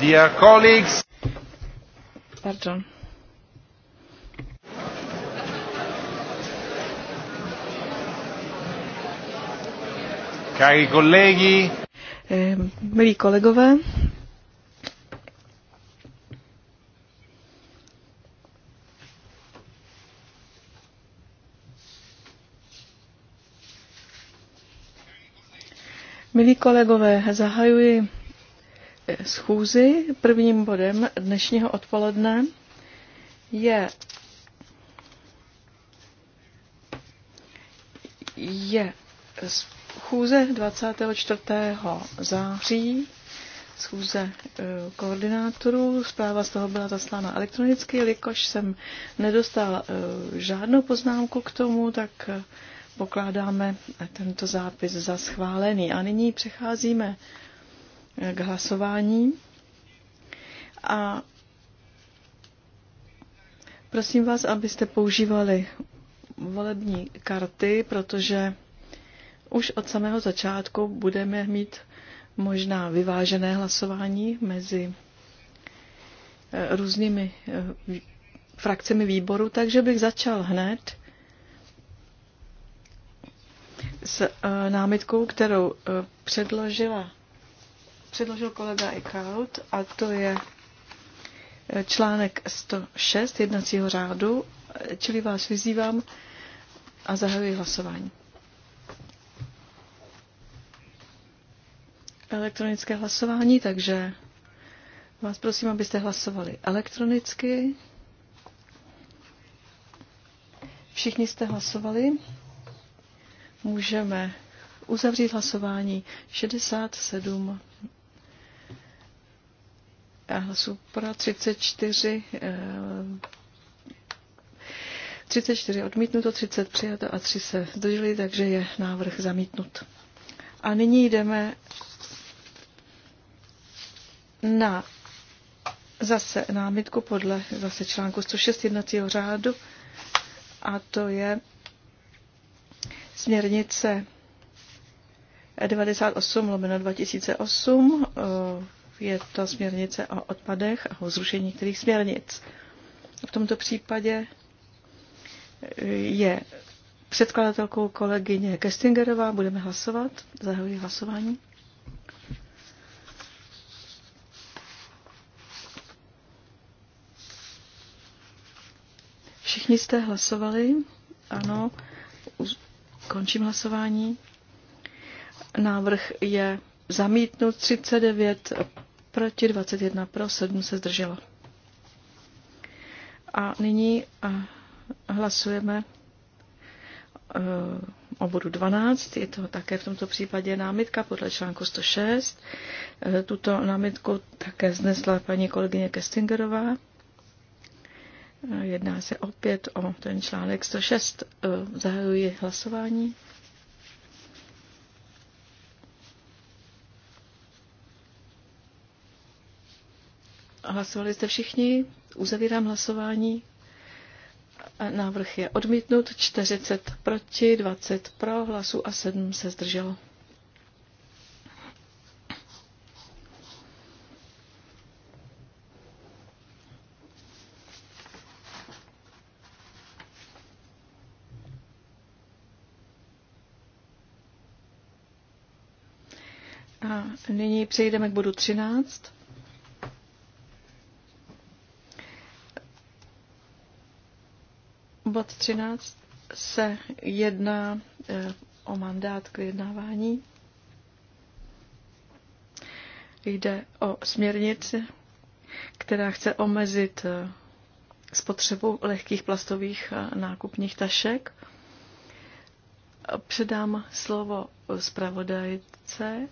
Dear colleagues. Pardon. Cari colleghi. Eh, milí kolegové. Milí kolegové, zahajuji schůzi. Prvním bodem dnešního odpoledne je je schůze 24. září, schůze eh, koordinátorů. Zpráva z toho byla zaslána elektronicky, jelikož jsem nedostal eh, žádnou poznámku k tomu, tak eh, pokládáme tento zápis za schválený. A nyní přecházíme k hlasování. A prosím vás, abyste používali volební karty, protože už od samého začátku budeme mít možná vyvážené hlasování mezi eh, různými eh, frakcemi výboru, takže bych začal hned s eh, námitkou, kterou předložila předložil kolega Eckhout a to je eh, článek 106 jednacího řádu, čili vás vyzývám a zahajuji hlasování. Elektronické hlasování, takže vás prosím, abyste hlasovali elektronicky. Všichni jste hlasovali. Můžeme uzavřít hlasování 67 hlasů pro 34, 34 eh, odmítnuto, 30 přijato a 3 se zdrželi, takže je návrh zamítnut. A nyní jdeme na zase námitku podle zase článku 106 jednacího řádu a to je směrnice 98 lomeno 2008 je to směrnice o odpadech a o zrušení některých směrnic. V tomto případě eh, je předkladatelkou kolegyně Kestingerová. Budeme hlasovat. Zahajuji hlasování. Všichni jste hlasovali? Ano. Končím hlasování. Návrh je zamítnut 39 proti, 21 pro, 7 se zdrželo. A nyní hlasujeme eh, o bodu 12. Je to také v tomto případě námitka podle článku 106. Eh, tuto námitku také znesla paní kolegyně Kestingerová. Eh, jedná se opět o ten článek 106. Zahajuji hlasování. Hlasovali jste všichni? Uzavírám hlasování. Návrh je odmítnut. 40 proti, 20 pro hlasů a 7 se zdrželo. A nyní přejdeme k bodu 13. Bod 13 se jedná eh, o mandát k vyjednávání. Jde o směrnici, která chce omezit eh, spotřebu lehkých plastových eh, nákupních tašek. Předám slovo zpravodajce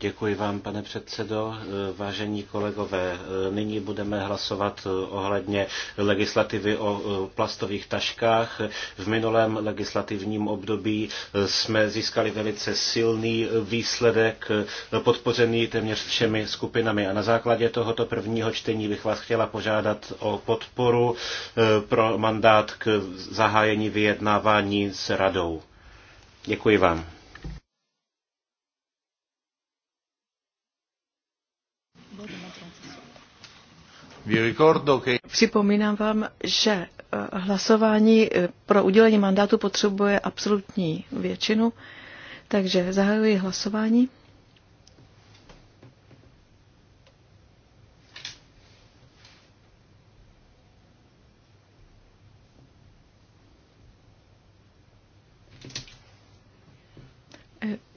Děkuji vám, pane předsedo. Eh, vážení kolegové, eh, nyní budeme hlasovat eh, ohledně legislativy o plastových taškách. V minulém legislativním období jsme získali velice silný výsledek, podpořený téměř všemi skupinami. A na základě tohoto prvního čtení bych vás chtěla požádat o podporu pro mandát k zahájení vyjednávání s radou. Děkuji vám. Připomínám vám, že eh, hlasování eh, pro udělení mandátu potřebuje absolutní většinu, takže zahajuji hlasování.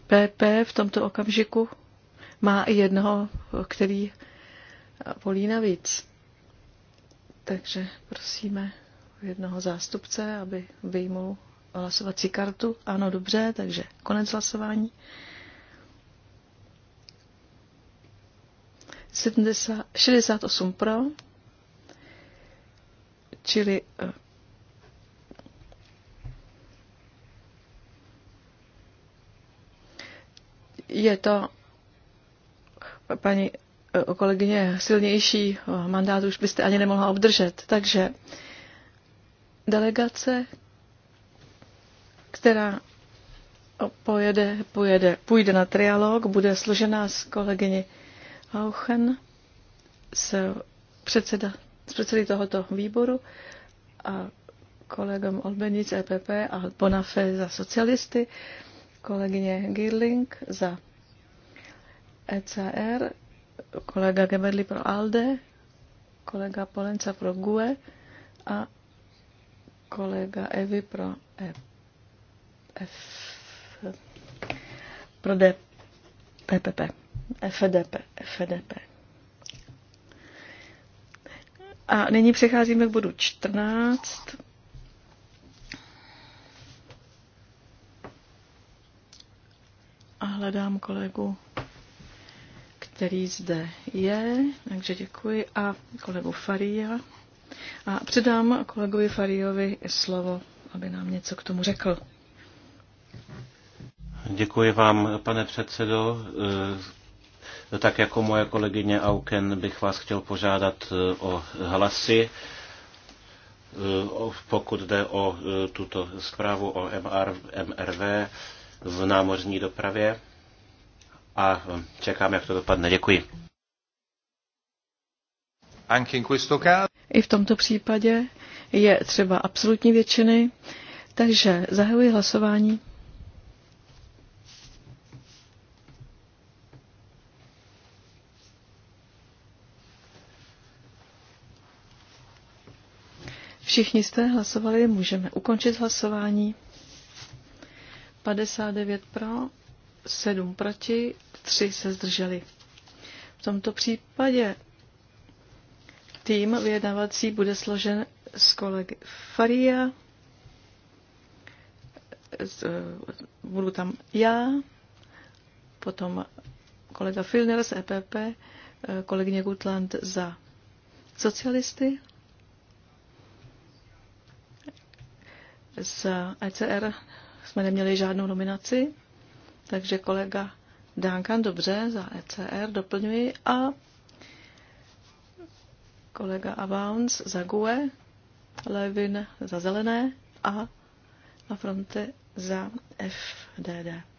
PP v tomto okamžiku má i jednoho, který volí navíc. Takže prosíme jednoho zástupce, aby vyjmul hlasovací kartu. Ano, dobře, takže konec hlasování. 68 pro, čili eh, je to paní kolegyně, silnější mandát už byste ani nemohla obdržet. Takže delegace, která pojede, pojede, půjde na trialog, bude složená z kolegyně Auchen, z, předseda, z předsedy tohoto výboru a kolegom Olbenic EPP a Bonafé za socialisty, kolegyně Girling za ECR, kolega Geberli pro ALDE, kolega Polenca pro GUE a kolega Evy pro e, F, pro D, PPP, FDP, FDP. A nyní přecházíme k bodu 14. A hledám kolegu který zde je, takže děkuji a kolegu Faria. A předám kolegovi Fariovi slovo, aby nám něco k tomu řekl. Děkuji vám, pane předsedo. E, tak jako moje kolegyně Auken bych vás chtěl požádat e, o hlasy, e, pokud jde o tuto zprávu o MR, MRV v námořní dopravě a čekám, jak to dopadne. Děkuji. I v tomto případě je třeba absolutní většiny, takže zahajuji hlasování. Všichni jste hlasovali, můžeme ukončit hlasování. 59 pro, 7 proti, 3 se zdrželi. V tomto případě tým vyjednavací bude složen z kolegy Faria, z, budu tam já, potom kolega Filner z EPP, kolegyně Gutland za socialisty, z ECR jsme neměli žádnou nominaci, takže kolega Dánka dobře, za ECR doplňuji a kolega Avance za GUE, Levin za zelené a na Fronte za FDD.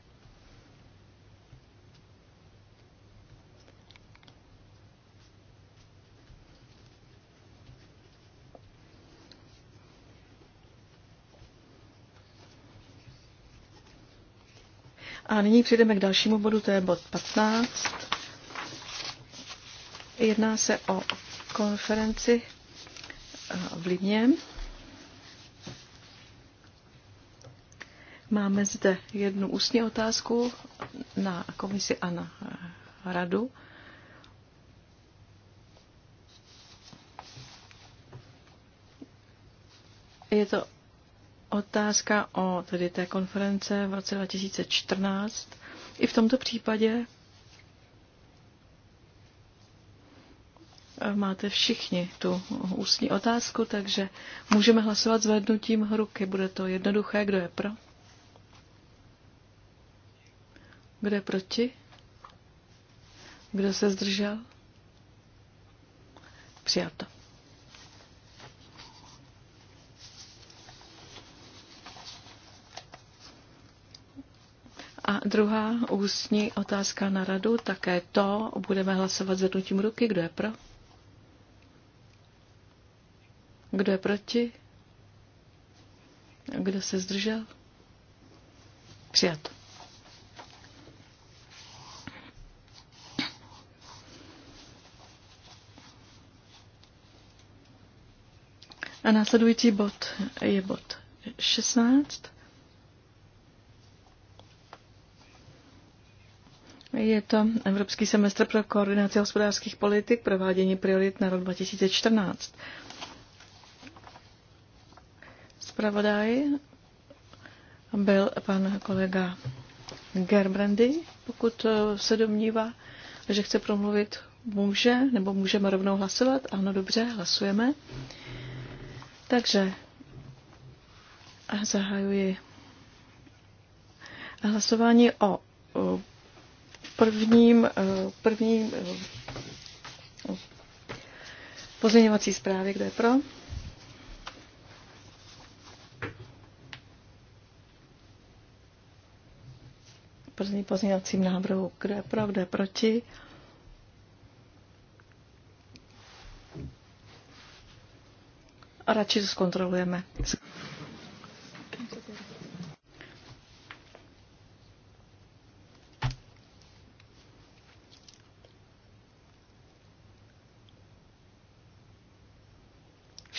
A nyní přejdeme k dalšímu bodu, to je bod 15. Jedná se o konferenci eh, v Lidně. Máme zde jednu ústní otázku na komisi a na eh, radu. Je to Otázka o tedy té konference v roce 2014. I v tomto případě máte všichni tu ústní otázku, takže můžeme hlasovat zvednutím ruky. Bude to jednoduché. Kdo je pro? Kdo je proti? Kdo se zdržel? Přijato. druhá ústní otázka na radu, také to budeme hlasovat zvednutím ruky. Kdo je pro? Kdo je proti? Kdo se zdržel? Přijat. A následující bod je bod 16 Je to Evropský semestr pro koordinaci hospodářských politik, provádění priorit na rok 2014. Zpravodaj byl pan kolega Gerbrandy, pokud eh, se domnívá, že chce promluvit, může, nebo můžeme rovnou hlasovat. Ano, dobře, hlasujeme. Takže zahajuji hlasování o, o prvním, eh, prvním eh, pozměňovací zprávě, kde je pro. První pozměňovacím návrhu, kde je pro, kde je proti. A radši to zkontrolujeme.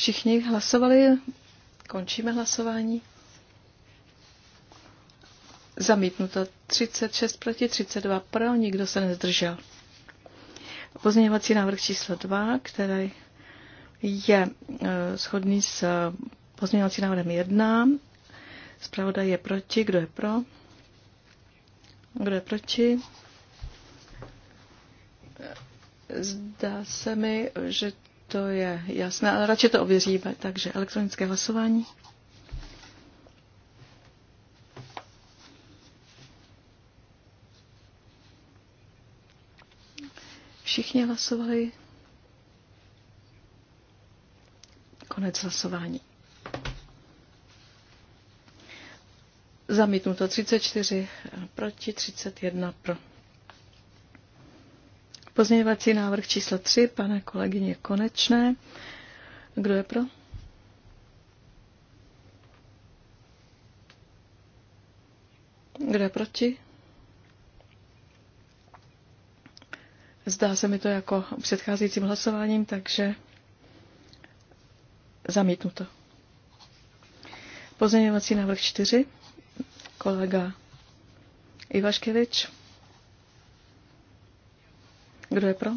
Všichni hlasovali? Končíme hlasování. Zamítnuto 36 proti 32 pro, nikdo se nezdržel. Pozměňovací návrh číslo 2, který je e, shodný s pozměňovací návrhem 1. Zpravodaj je proti. Kdo je pro? Kdo je proti? Zdá se mi, že to je jasné, ale radši to ověříme. Takže elektronické hlasování. Všichni hlasovali. Konec hlasování. Zamítnuto 34 proti 31 pro. Pozměňovací návrh číslo 3, pane kolegyně Konečné. Kdo je pro? Kdo je proti? Zdá se mi to jako předcházejícím hlasováním, takže zamítnu to. Pozměňovací návrh 4, kolega Ivaškevič. Kdo je pro?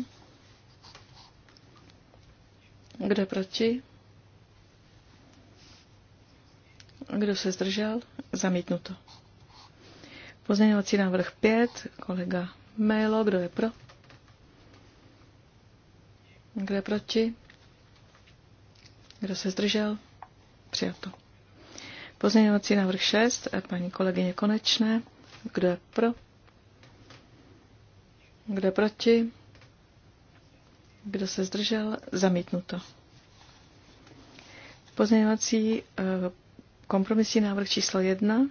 Kdo je proti? Kdo se zdržel? Zamítnuto. Pozměňovací návrh 5, kolega Melo, kdo je pro? Kdo je proti? Kdo se zdržel? Přijato. Pozměňovací návrh 6, paní kolegyně Konečné, kdo je pro? Kdo je proti? Kdo se zdržel? Zamítnuto. Pozměňovací eh, kompromisní návrh číslo jedna.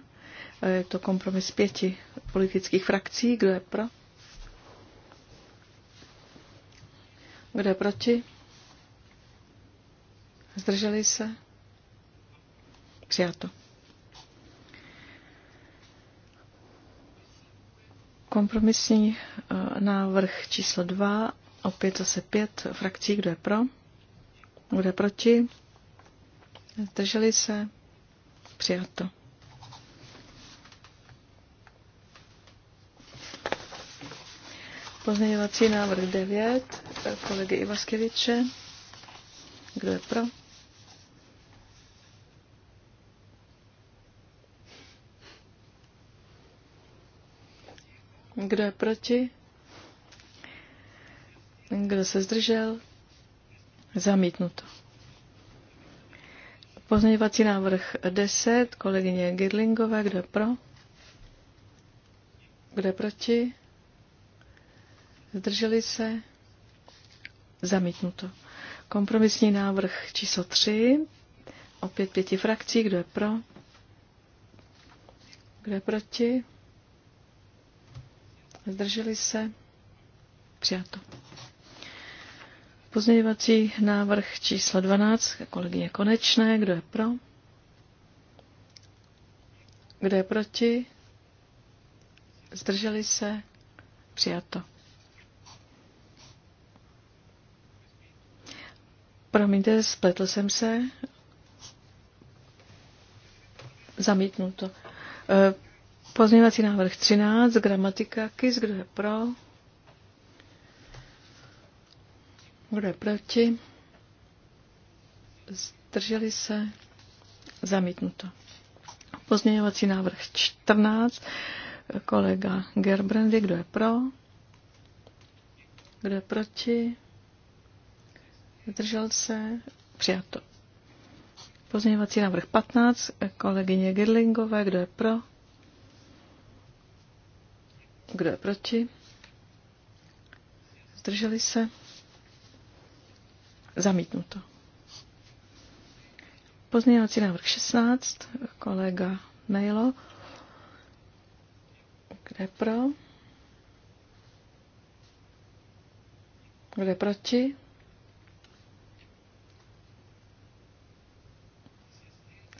Eh, je to kompromis pěti politických frakcí. Kdo je pro? Kdo je proti? Zdrželi se? Přijato. Kompromisní eh, návrh číslo 2 Opět zase pět frakcí, kdo je pro, kdo je proti. Zdrželi se. Přijato. Pozměňovací návrh 9 kolegy Ivaskeviče. Kdo je pro? Kdo je proti? Kdo se zdržel? Zamítnuto. Pozměňovací návrh 10, kolegyně Girlingové, kdo je pro? Kdo je proti? Zdrželi se? Zamítnuto. Kompromisní návrh číslo 3, opět pěti frakcí, kdo je pro? Kdo je proti? Zdrželi se? Přijato. Pozměňovací návrh číslo 12, je Konečné, kdo je pro? Kdo je proti? Zdrželi se? Přijato. Promiňte, spletl jsem se. Zamítnuto. E, pozměňovací návrh 13, gramatika KIS, kdo je pro? Kdo je proti? Zdrželi se? Zamítnuto. Pozměňovací návrh 14. Kolega Gerbrandy, kdo je pro? Kdo je proti? Zdržel se? Přijato. Pozměňovací návrh 15. Kolegyně Girlingové, kdo je pro? Kdo je proti? Zdrželi se? Zamítnuto. Pozměňovací návrh 16, kolega Mejlo. Kde pro? Kde proti?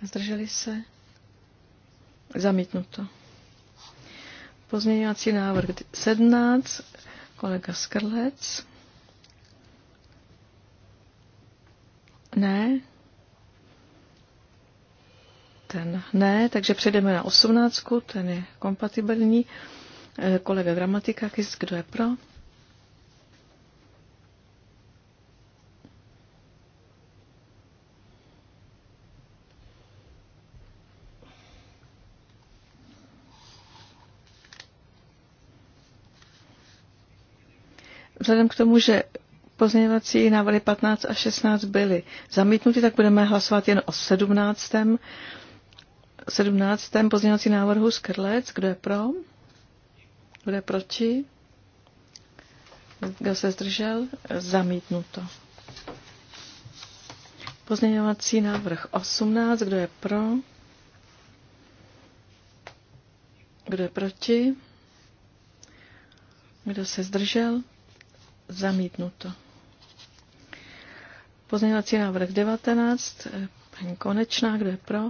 Zdrželi se? Zamítnuto. Pozměňovací návrh 17, kolega Skrlec. Ne. Ten ne, takže přejdeme na osmnáctku, ten je kompatibilní. Eh, kolega gramatika, kdo je pro? vzhledem k tomu, že Pozměňovací návrhy 15 a 16 byly zamítnuty, tak budeme hlasovat jen o 17. 17. pozměňovací návrhu Skrlec. Kdo je pro? Kdo je proti? Kdo se zdržel? Zamítnuto. Pozměňovací návrh 18. Kdo je pro? Kdo je proti? Kdo se zdržel? Zamítnuto. Pozměňovací návrh 19, paní Konečná, kdo je pro?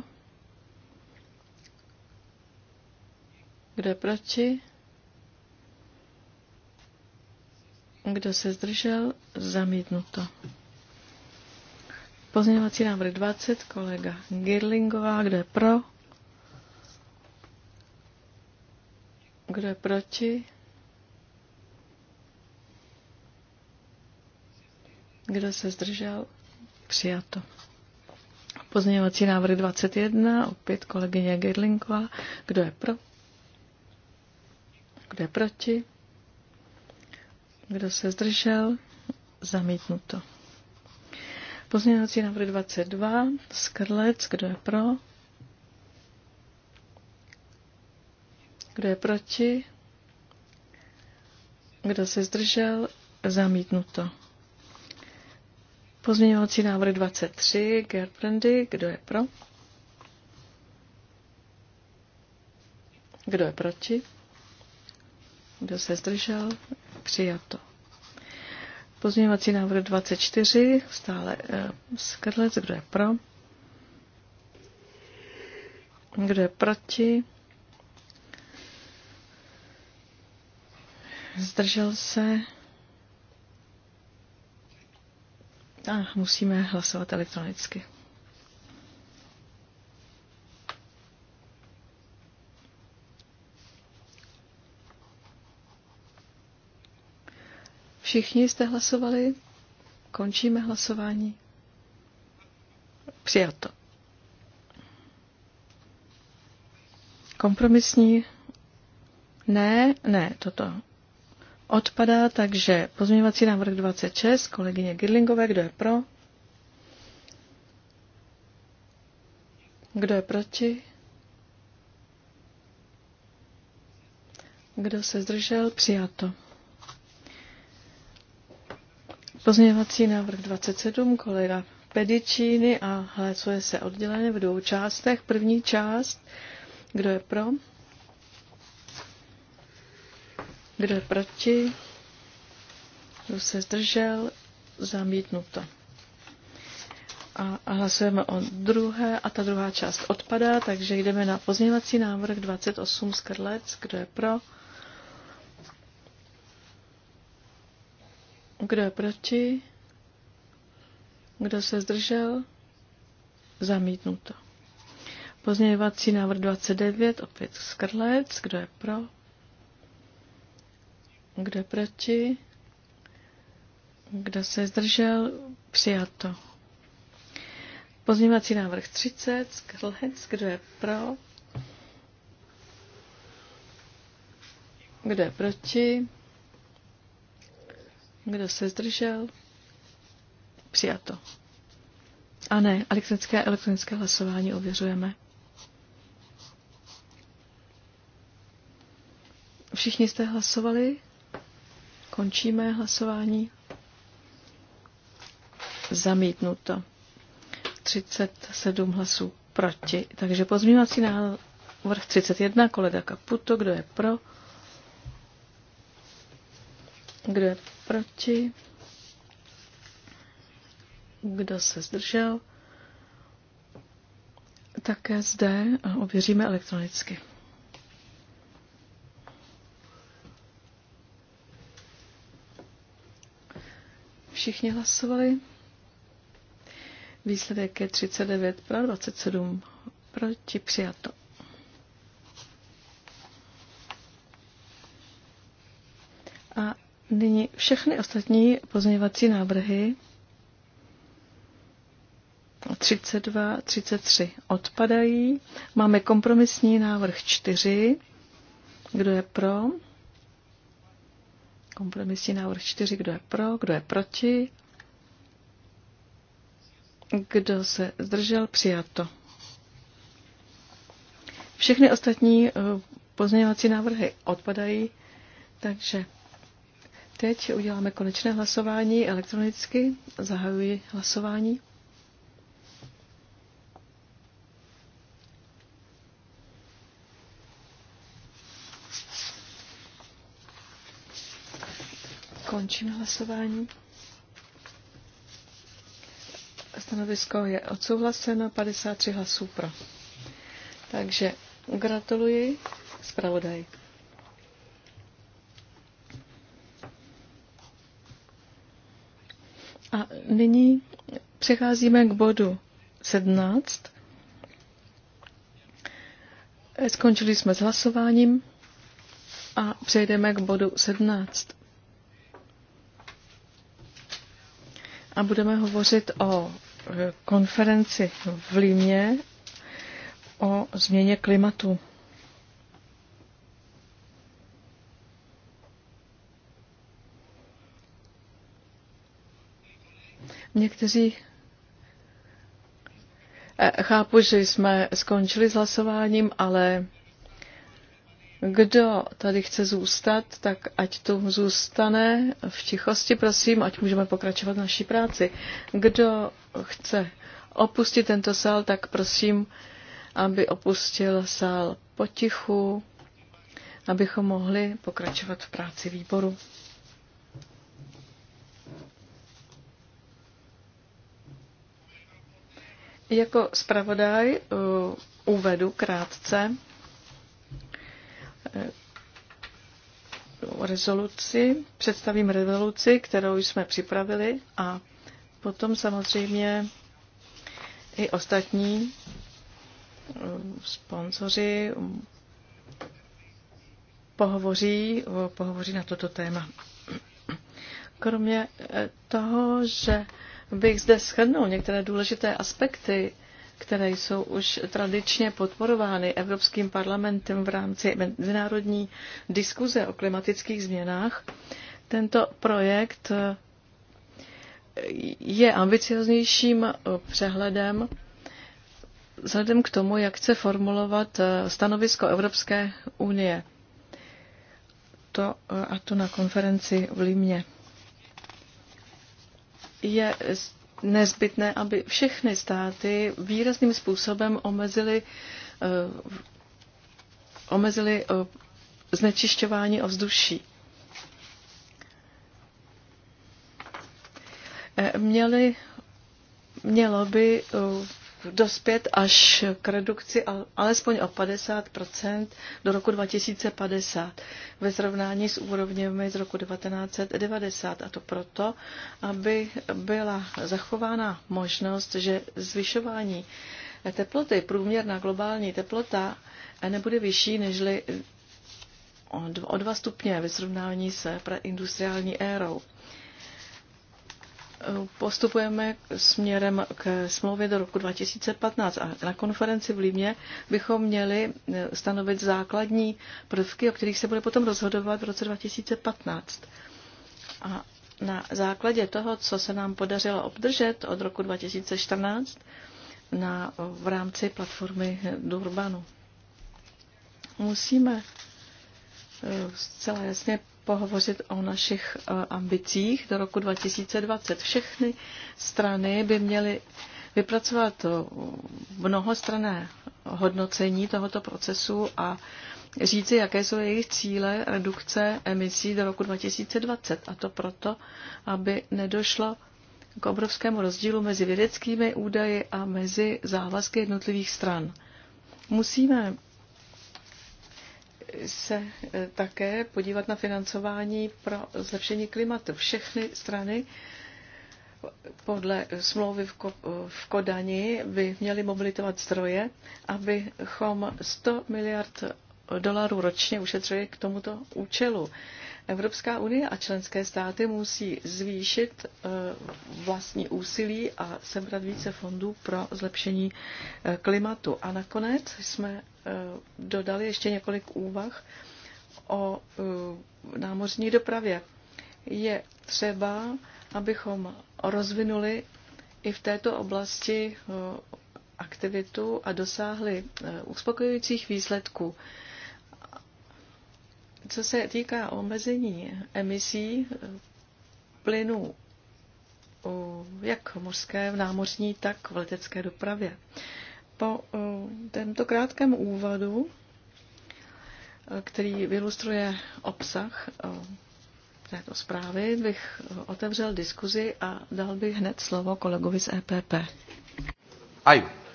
Kdo je proti? Kdo se zdržel? Zamítnuto. Pozměňovací návrh 20, kolega Girlingová, kdo je pro? Kdo je proti? Kdo se zdržel? Přijato. Pozměňovací návrh 21, opět kolegyně Gerlinková. Kdo je pro? Kdo je proti? Kdo se zdržel? Zamítnuto. Pozměňovací návrh 22, Skrlec, kdo je pro? Kdo je proti? Kdo se zdržel? Zamítnuto. Pozměňovací návrh 23, Gerbrandy, kdo je pro? Kdo je proti? Kdo se zdržel? Přijato. Pozměňovací návrh 24, stále eh, skrlec, kdo je pro? Kdo je proti? Zdržel se? A musíme hlasovat elektronicky. Všichni jste hlasovali? Končíme hlasování. Přijato. Kompromisní? Ne, ne, toto odpadá, takže pozměňovací návrh 26, kolegyně Girlingové, kdo je pro? Kdo je proti? Kdo se zdržel? Přijato. Pozměňovací návrh 27, kolega Pedičíny a hlasuje se odděleně v dvou částech. První část, kdo je pro? Kdo je proti? Kdo se zdržel? Zamítnuto. A, hlasujeme o druhé a ta druhá část odpadá, takže jdeme na pozměňovací návrh 28 skrlec. Kdo je pro? Kdo je proti? Kdo se zdržel? Zamítnuto. Pozměňovací návrh 29, opět skrlec. Kdo je pro? Kde proti? Kdo se zdržel? Přijato. Pozměňovací návrh 30, Skrlec, kdo je pro? Kdo je proti? Kdo se zdržel? Přijato. A ne, elektronické, elektronické hlasování ověřujeme. Všichni jste hlasovali? Končíme hlasování. Zamítnuto. 37 hlasů proti. Takže pozměňovací návrh 31, kolega Kaputo, kdo je pro? Kdo je proti? Kdo se zdržel? Také zde ověříme elektronicky. Všichni hlasovali. Výsledek je 39 pro 27 proti přijato. A nyní všechny ostatní pozměňovací návrhy 32, 33 odpadají. Máme kompromisní návrh 4. Kdo je pro? Kompromisní návrh 4. Kdo je pro? Kdo je proti? Kdo se zdržel? Přijato. Všechny ostatní eh, pozměňovací návrhy odpadají, takže teď uděláme konečné hlasování elektronicky. Zahajuji hlasování. Končím hlasování. Stanovisko je odsouhlaseno, 53 hlasů pro. Takže gratuluji zpravodaj. A nyní přecházíme k bodu 17. Skončili jsme s hlasováním a přejdeme k bodu 17. a budeme hovořit o e, konferenci v Limě o změně klimatu. Někteří e, chápu, že jsme skončili s hlasováním, ale kdo tady chce zůstat, tak ať tu zůstane v tichosti, prosím, ať můžeme pokračovat v naší práci. Kdo chce opustit tento sál, tak prosím, aby opustil sál potichu, abychom mohli pokračovat v práci výboru. Jako zpravodaj uh, uvedu krátce Eh, rezoluci, představím rezoluci, kterou jsme připravili a potom samozřejmě i ostatní eh, sponzoři pohovoří, pohovoří na toto téma. Kromě eh, toho, že bych zde shrnul některé důležité aspekty které jsou už tradičně podporovány Evropským parlamentem v rámci mezinárodní diskuze o klimatických změnách, tento projekt je ambicioznějším přehledem vzhledem k tomu, jak chce formulovat stanovisko Evropské unie. To a to na konferenci v Limě. Je nezbytné, aby všechny státy výrazným způsobem omezily eh, omezili eh, znečišťování ovzduší. Eh, měli, mělo by dospět až k redukci alespoň o 50 do roku 2050 ve srovnání s úrovněmi z roku 1990. A to proto, aby byla zachována možnost, že zvyšování teploty, průměrná globální teplota, nebude vyšší než o 2 stupně ve srovnání s preindustriální érou postupujeme směrem k smlouvě do roku 2015 a na konferenci v Límě bychom měli eh, stanovit základní prvky, o kterých se bude potom rozhodovat v roce 2015. A na základě toho, co se nám podařilo obdržet od roku 2014 na, v rámci platformy Durbanu, musíme eh, zcela jasně pohovořit o našich eh, ambicích do roku 2020. Všechny strany by měly vypracovat mnohostrané hodnocení tohoto procesu a říci, jaké jsou jejich cíle redukce emisí do roku 2020. A to proto, aby nedošlo k obrovskému rozdílu mezi vědeckými údaji a mezi závazky jednotlivých stran. Musíme se eh, také podívat na financování pro zlepšení klimatu. Všechny strany podle smlouvy v Kodani by měly mobilitovat zdroje, abychom 100 miliard dolarů ročně ušetřuje k tomuto účelu. Evropská unie a členské státy musí zvýšit eh, vlastní úsilí a sebrat více fondů pro zlepšení eh, klimatu. A nakonec jsme eh, dodali ještě několik úvah o námořní dopravě. Je třeba, abychom rozvinuli i v této oblasti aktivitu a dosáhli uspokojujících výsledků. Co se týká omezení emisí plynů, jak mořské, v námořní, tak v letecké dopravě. Po tomto krátkém úvodu, který ilustruje obsah této zprávy, bych otevřel diskuzi a dal bych hned slovo kolegovi z EPP. Aj.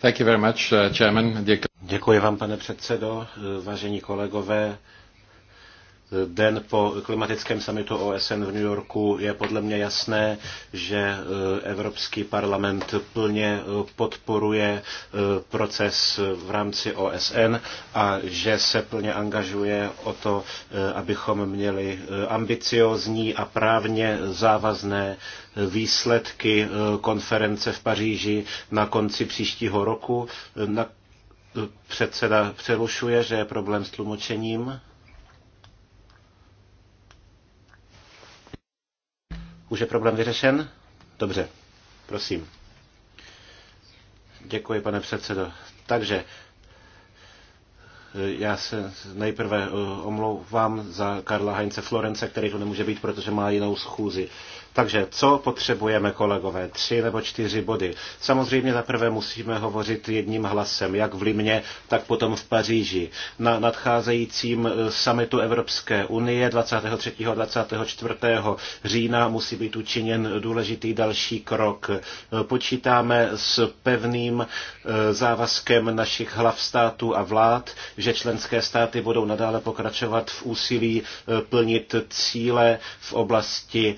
Thank you very much, uh, Děkuji vám, pane předsedo, vážení kolegové den po klimatickém samitu OSN v New Yorku je podle mě jasné, že eh, Evropský parlament plně eh, podporuje eh, proces v rámci OSN a že se plně angažuje o to, abychom měli ambiciozní a právně závazné výsledky konference v Paříži na konci příštího roku. Na Předseda přerušuje, že je problém s tlumočením. Už je problém vyřešen? Dobře, prosím. Děkuji, pane předsedo. Takže eh, já se nejprve eh, omlouvám za Karla Heinze Florence, který tu nemůže být, protože má jinou schůzi. Takže co potřebujeme, kolegové? Tři nebo čtyři body. Samozřejmě zaprvé musíme hovořit jedním hlasem, jak v Limě, tak potom v Paříži. Na nadcházejícím eh, summitu Evropské unie 23. a 24. října musí být učiněn důležitý další krok. Eh, počítáme s pevným eh, závazkem našich hlav států a vlád, že členské státy budou nadále pokračovat v úsilí plnit cíle v oblasti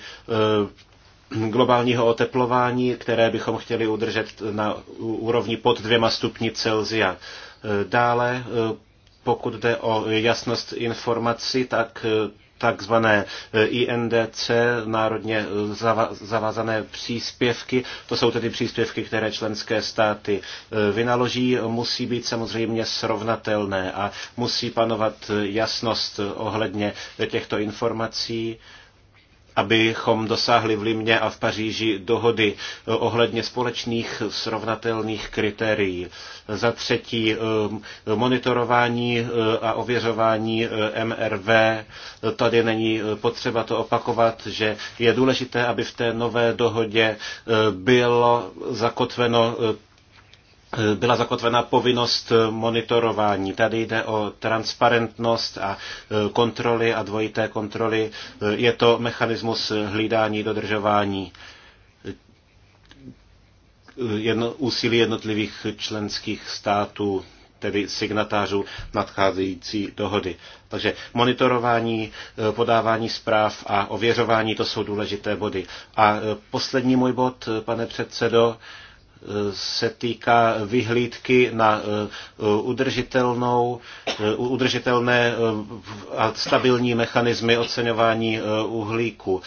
globálního oteplování, které bychom chtěli udržet na úrovni pod dvěma stupni Celsia. Dále, pokud jde o jasnost informací, tak takzvané INDC, národně zavázané příspěvky. To jsou tedy příspěvky, které členské státy eh, vynaloží, musí být samozřejmě srovnatelné a musí panovat jasnost ohledně těchto informací abychom dosáhli v Limě a v Paříži dohody eh, ohledně společných srovnatelných kritérií. Za třetí eh, monitorování eh, a ověřování MRV. Tady není potřeba to opakovat, že je důležité, aby v té nové dohodě bylo zakotveno byla zakotvena povinnost monitorování. Tady jde o transparentnost a e, kontroly a dvojité kontroly. E, je to mechanismus hlídání dodržování e, jedno, úsilí jednotlivých členských států, tedy signatářů nadcházející dohody. Takže monitorování, podávání zpráv a ověřování, to jsou důležité body. A poslední můj bod, pane předsedo, se týká vyhlídky na eh, udržitelnou, eh, udržitelné eh, a stabilní mechanismy oceňování uhlíku.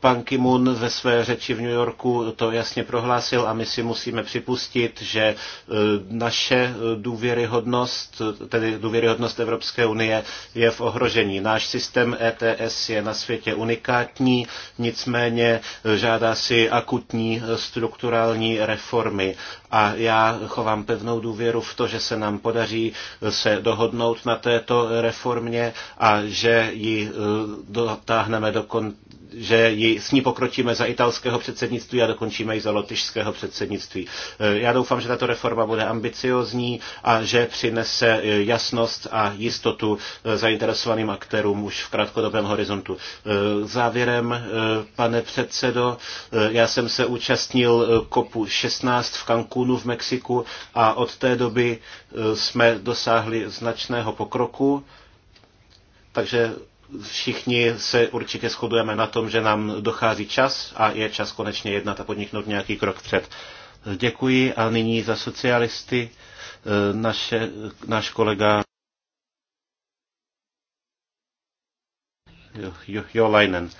Pan Kimun ve své řeči v New Yorku to jasně prohlásil a my si musíme připustit, že naše důvěryhodnost, tedy důvěryhodnost Evropské unie je v ohrožení. Náš systém ETS je na světě unikátní, nicméně žádá si akutní strukturální reformu formy a já chovám pevnou důvěru v to, že se nám podaří se dohodnout na této reformě a že ji eh, dotáhneme do, kon, že ji, s ní pokročíme za italského předsednictví a dokončíme ji za lotyšského předsednictví. Eh, já doufám, že tato reforma bude ambiciozní a že přinese eh, jasnost a jistotu eh, zainteresovaným aktérům už v krátkodobém horizontu. Závěrem, pane předsedo, já jsem se účastnil kopu 16 v Cancúnu v Mexiku a od té doby jsme dosáhli značného pokroku. Takže všichni se určitě shodujeme na tom, že nám dochází čas a je čas konečně jednat a podniknout nějaký krok před. Děkuji a nyní za socialisty eh, naše, náš kolega Jo, jo, jo Leinen.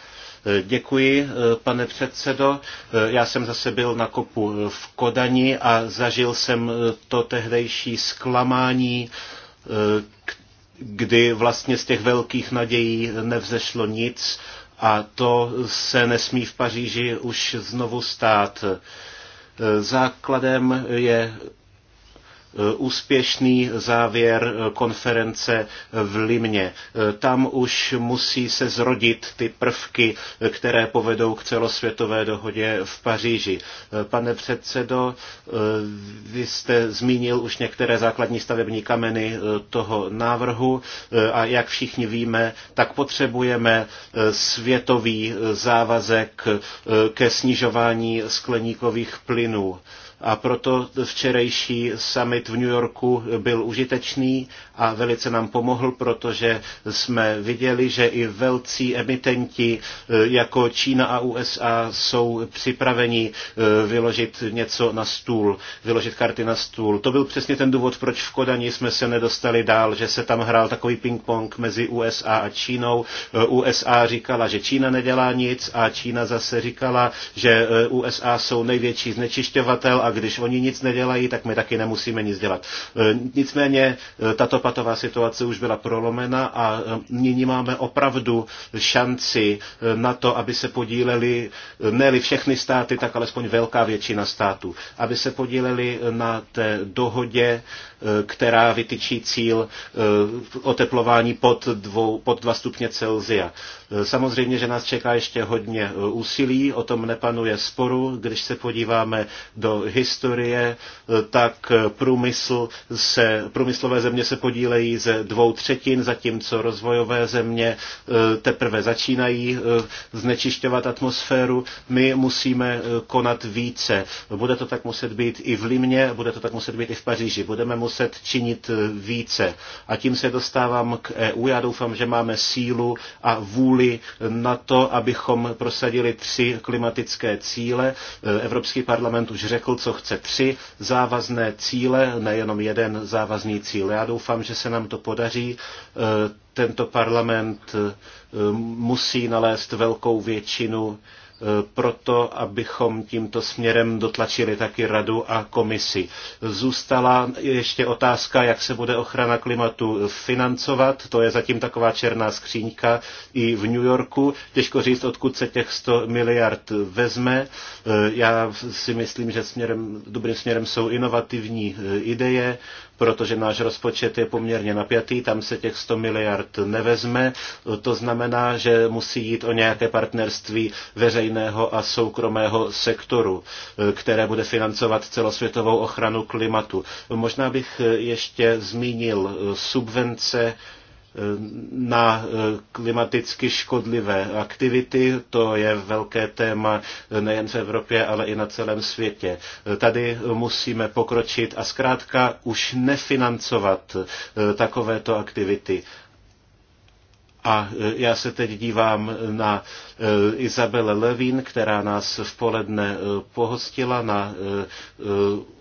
Eh, děkuji, eh, pane předsedo. Já jsem zase byl na kopu v Kodani a zažil jsem to tehdejší zklamání, kdy vlastně z těch velkých nadějí nevzešlo nic a to se nesmí v Paříži už znovu stát. Základem je úspěšný závěr konference v Limně. Tam už musí se zrodit ty prvky, které povedou k celosvětové dohodě v Paříži. Pane předsedo, vy jste zmínil už některé základní stavební kameny toho návrhu a jak všichni víme, tak potřebujeme světový závazek ke snižování skleníkových plynů a proto včerejší summit v New Yorku byl užitečný a velice nám pomohl, protože jsme viděli, že i velcí emitenti e, jako Čína a USA jsou připraveni e, vyložit něco na stůl, vyložit karty na stůl. To byl přesně ten důvod, proč v Kodani jsme se nedostali dál, že se tam hrál takový ping-pong mezi USA a Čínou. E, USA říkala, že Čína nedělá nic a Čína zase říkala, že USA jsou největší znečišťovatel a když oni nic nedělají, tak my taky nemusíme nic dělat. E, nicméně e, tato patová situace už byla prolomena a e, nyní máme opravdu šanci na to, aby se podíleli, ne všechny státy, tak alespoň velká většina států, aby se podíleli na té dohodě, která vytyčí cíl oteplování pod, dvou, pod 2 stupně Celzia. Samozřejmě, že nás čeká ještě hodně úsilí, o tom nepanuje sporu. Když se podíváme do historie, eh, tak eh, průmysl se, průmyslové země se podílejí ze dvou třetin, zatímco rozvojové země eh, teprve začínají znečišťovat atmosféru. My musíme konat více. Bude to tak muset být i v Limě, bude to tak muset být i v Paříži. Budeme muset činit více. A tím se dostávám k EU. Já doufám, že máme sílu a vůli na to, abychom prosadili tři klimatické cíle. Evropský parlament už řekl, co chce tři závazné cíle, nejenom jeden závazný cíl. Já doufám, že se nám to podaří. E, tento parlament e, musí nalézt velkou většinu E, proto, abychom tímto směrem dotlačili taky radu a komisi. Zůstala ještě otázka, jak se bude ochrana klimatu financovat. To je zatím taková černá skříňka i v New Yorku. Těžko říct, odkud se těch 100 miliard vezme. E, já si myslím, že směrem, dobrým směrem jsou inovativní e, ideje, protože náš rozpočet je poměrně napjatý, tam se těch 100 miliard nevezme. To znamená, že musí jít o nějaké partnerství veřejného a soukromého sektoru, které bude financovat celosvětovou ochranu klimatu. Možná bych ještě zmínil subvence Eh, na eh, klimaticky škodlivé aktivity. To je velké téma eh, nejen v Evropě, ale i na celém světě. Tady musíme pokročit a zkrátka už nefinancovat takovéto aktivity. A já se teď dívám na Izabele Levin, která nás v poledne pohostila na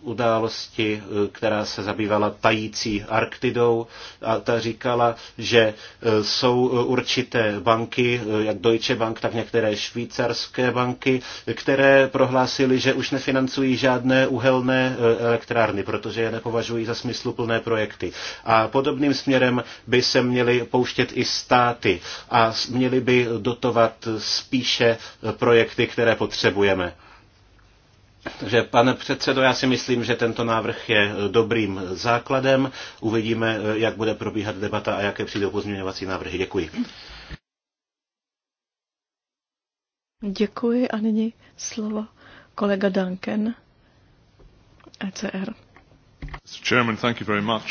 události, eh, která se zabývala tající Arktidou a ta říkala, že eh, jsou eh, určité banky, jak Deutsche Bank, tak některé švýcarské banky, které prohlásily, že už nefinancují žádné uhelné elektrárny, protože je nepovažují za smysluplné projekty. A podobným směrem by se měly pouštět i státy a měly by dotovat spíše projekty, které potřebujeme. Takže, pane předsedo, já si myslím, že tento návrh je dobrým základem. Uvidíme, jak bude probíhat debata a jaké přijdou pozměňovací návrhy. Děkuji. Děkuji a nyní slovo kolega Duncan, ECR. Chairman, thank you very much.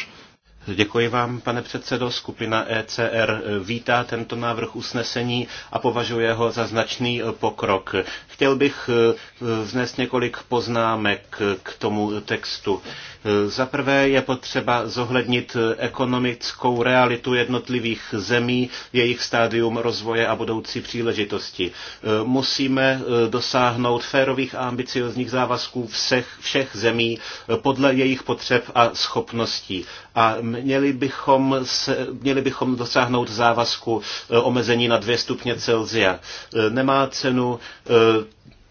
Děkuji vám, pane předsedo. Skupina ECR vítá tento návrh usnesení a považuje ho za značný pokrok. Chtěl bych eh, vznést několik poznámek k tomu textu. Eh, za prvé je potřeba zohlednit eh, ekonomickou realitu jednotlivých zemí, jejich stádium rozvoje a budoucí příležitosti. Musíme dosáhnout férových a ambiciozních závazků všech, všech zemí podle jejich potřeb a schopností. A měli bychom, se, měli bychom dosáhnout závazku omezení na dvě stupně Celzia. Nemá cenu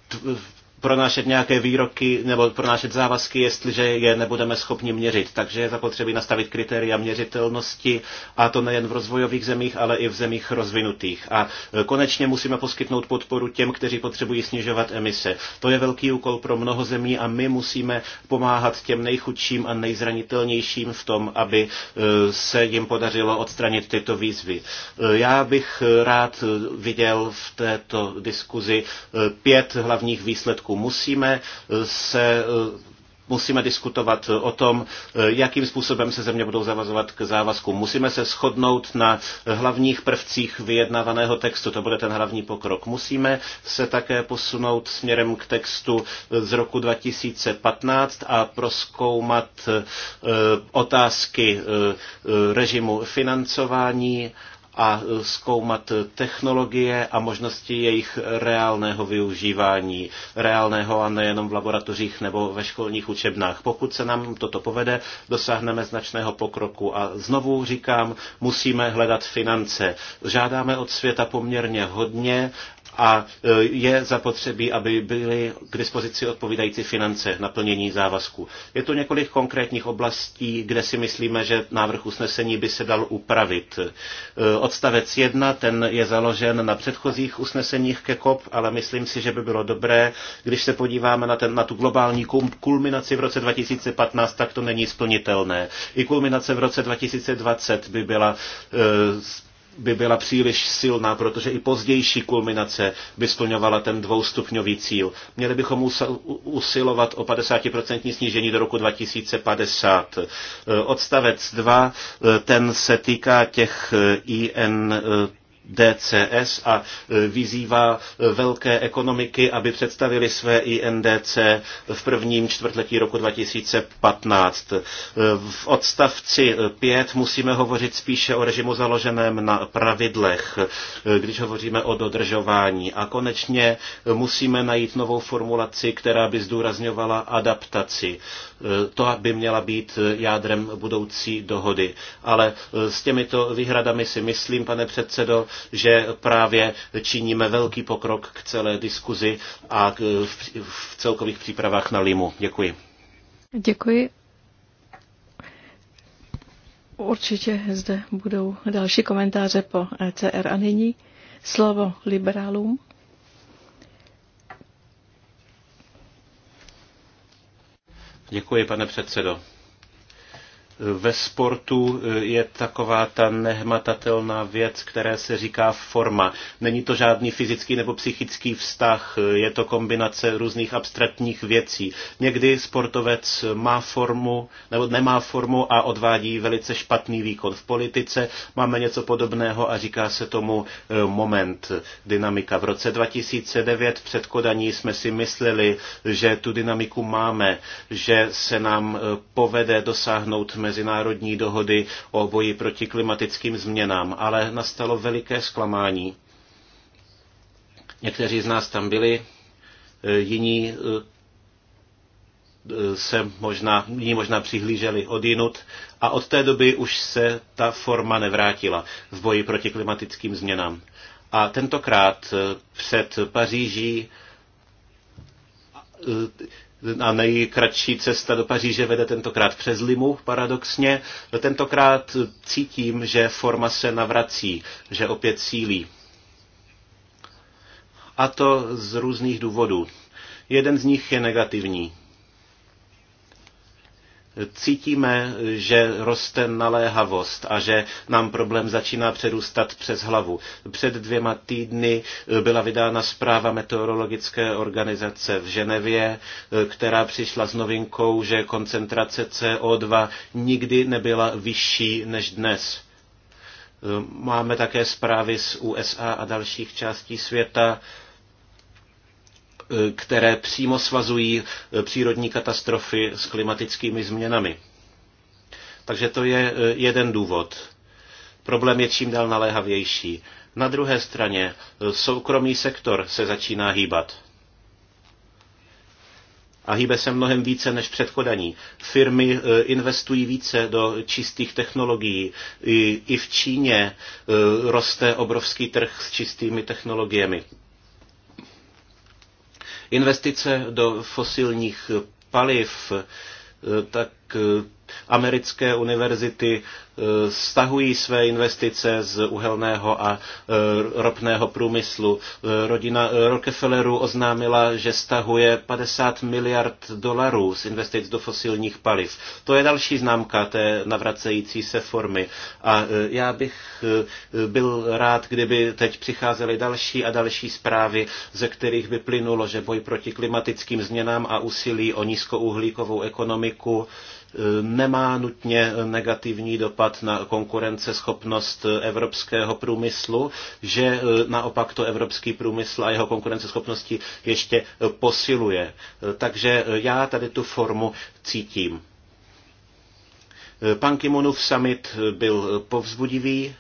t- pronášet nějaké výroky nebo pronášet závazky, jestliže je nebudeme schopni měřit. Takže je zapotřebí nastavit kritéria měřitelnosti a to nejen v rozvojových zemích, ale i v zemích rozvinutých. A e, konečně musíme poskytnout podporu těm, kteří potřebují snižovat emise. To je velký úkol pro mnoho zemí a my musíme pomáhat těm nejchudším a nejzranitelnějším v tom, aby e, se jim podařilo odstranit tyto výzvy. E, já bych rád viděl v této diskuzi pět hlavních výsledků roku. Musíme eh, se eh, musíme diskutovat eh, o tom, jakým způsobem se země budou zavazovat k závazku. Musíme se shodnout na hlavních prvcích vyjednávaného textu, to bude ten hlavní pokrok. Musíme se také posunout směrem k textu z roku 2015 a proskoumat otázky režimu financování, a zkoumat technologie a možnosti jejich reálného využívání, reálného a nejenom v laboratořích nebo ve školních učebnách. Pokud se nám toto povede, dosáhneme značného pokroku a znovu říkám, musíme hledat finance. Žádáme od světa poměrně hodně a e, je zapotřebí, aby byly k dispozici odpovídající finance na plnění závazků. Je tu několik konkrétních oblastí, kde si myslíme, že návrh usnesení by se dal upravit. E, odstavec 1, ten je založen na předchozích usneseních ke COP, ale myslím si, že by bylo dobré, když se podíváme na, ten, na tu globální kulminaci v roce 2015, tak to není splnitelné. I kulminace v roce 2020 by byla e, by byla příliš silná, protože i pozdější kulminace by splňovala ten dvoustupňový cíl. Měli bychom usilovat o 50% snížení do roku 2050. E, odstavec 2, e, ten se týká těch e, IN DCS a e, vyzývá e, velké ekonomiky, aby představili své INDC v prvním čtvrtletí roku 2015. E, v odstavci 5 musíme hovořit spíše o režimu založeném na pravidlech, když hovoříme o dodržování. A konečně musíme najít novou formulaci, která by zdůrazňovala adaptaci. To by měla být jádrem budoucí dohody. Ale s těmito výhradami si myslím, pane předsedo, že právě činíme velký pokrok k celé diskuzi a k, v, v celkových přípravách na Limu. Děkuji. Děkuji. Určitě zde budou další komentáře po e CR a nyní slovo liberálům. Děkuji, pane předsedo ve sportu eh, je taková ta nehmatatelná věc, které se říká forma. Není to žádný fyzický nebo psychický vztah, eh, je to kombinace různých abstraktních věcí. Někdy sportovec má formu nebo nemá formu a odvádí velice špatný výkon. V politice máme něco podobného a říká se tomu eh, moment, dynamika. V roce 2009 před Kodaní jsme si mysleli, že tu dynamiku máme, že se nám povede dosáhnout mezinárodní dohody o boji proti klimatickým změnám, ale nastalo veliké zklamání. Někteří z nás tam byli, e, jiní e, e, se možná, jiní možná přihlíželi odinut a od té doby už se ta forma nevrátila v boji proti klimatickým změnám. A tentokrát před Paříží a nejkratší cesta do Paříže vede tentokrát přes Limu, paradoxně. Tentokrát cítím, že forma se navrací, že opět sílí. A to z různých důvodů. Jeden z nich je negativní cítíme, že roste naléhavost a že nám problém začíná přerůstat přes hlavu. Před dvěma týdny byla vydána zpráva meteorologické organizace v Ženevě, která přišla s novinkou, že koncentrace CO2 nikdy nebyla vyšší než dnes. Máme také zprávy z USA a dalších částí světa které přímo svazují eh, přírodní katastrofy s klimatickými změnami. Takže to je eh, jeden důvod. Problém je čím dál naléhavější. Na druhé straně eh, soukromý sektor se začíná hýbat. A hýbe se mnohem více než předkodaní. Firmy investují více do čistých technologií. I v Číně roste obrovský trh s čistými technologiemi. Investice do fosilních paliv, tak americké univerzity stahují e, své investice z uhelného a e, ropného průmyslu. E, rodina Rockefellerů oznámila, že stahuje 50 miliard dolarů z investic do fosilních paliv. To je další známka té navracející se formy. A já bych byl rád, kdyby teď přicházely další a další zprávy, ze kterých by plynulo, že boj proti klimatickým změnám a úsilí o nízkouhlíkovou ekonomiku nemá nutně negativní dopad na konkurenceschopnost evropského průmyslu, že naopak to evropský průmysl a jeho konkurenceschopnosti ještě posiluje. Takže já tady tu formu cítím. Pan Kimonův summit byl povzbudivý,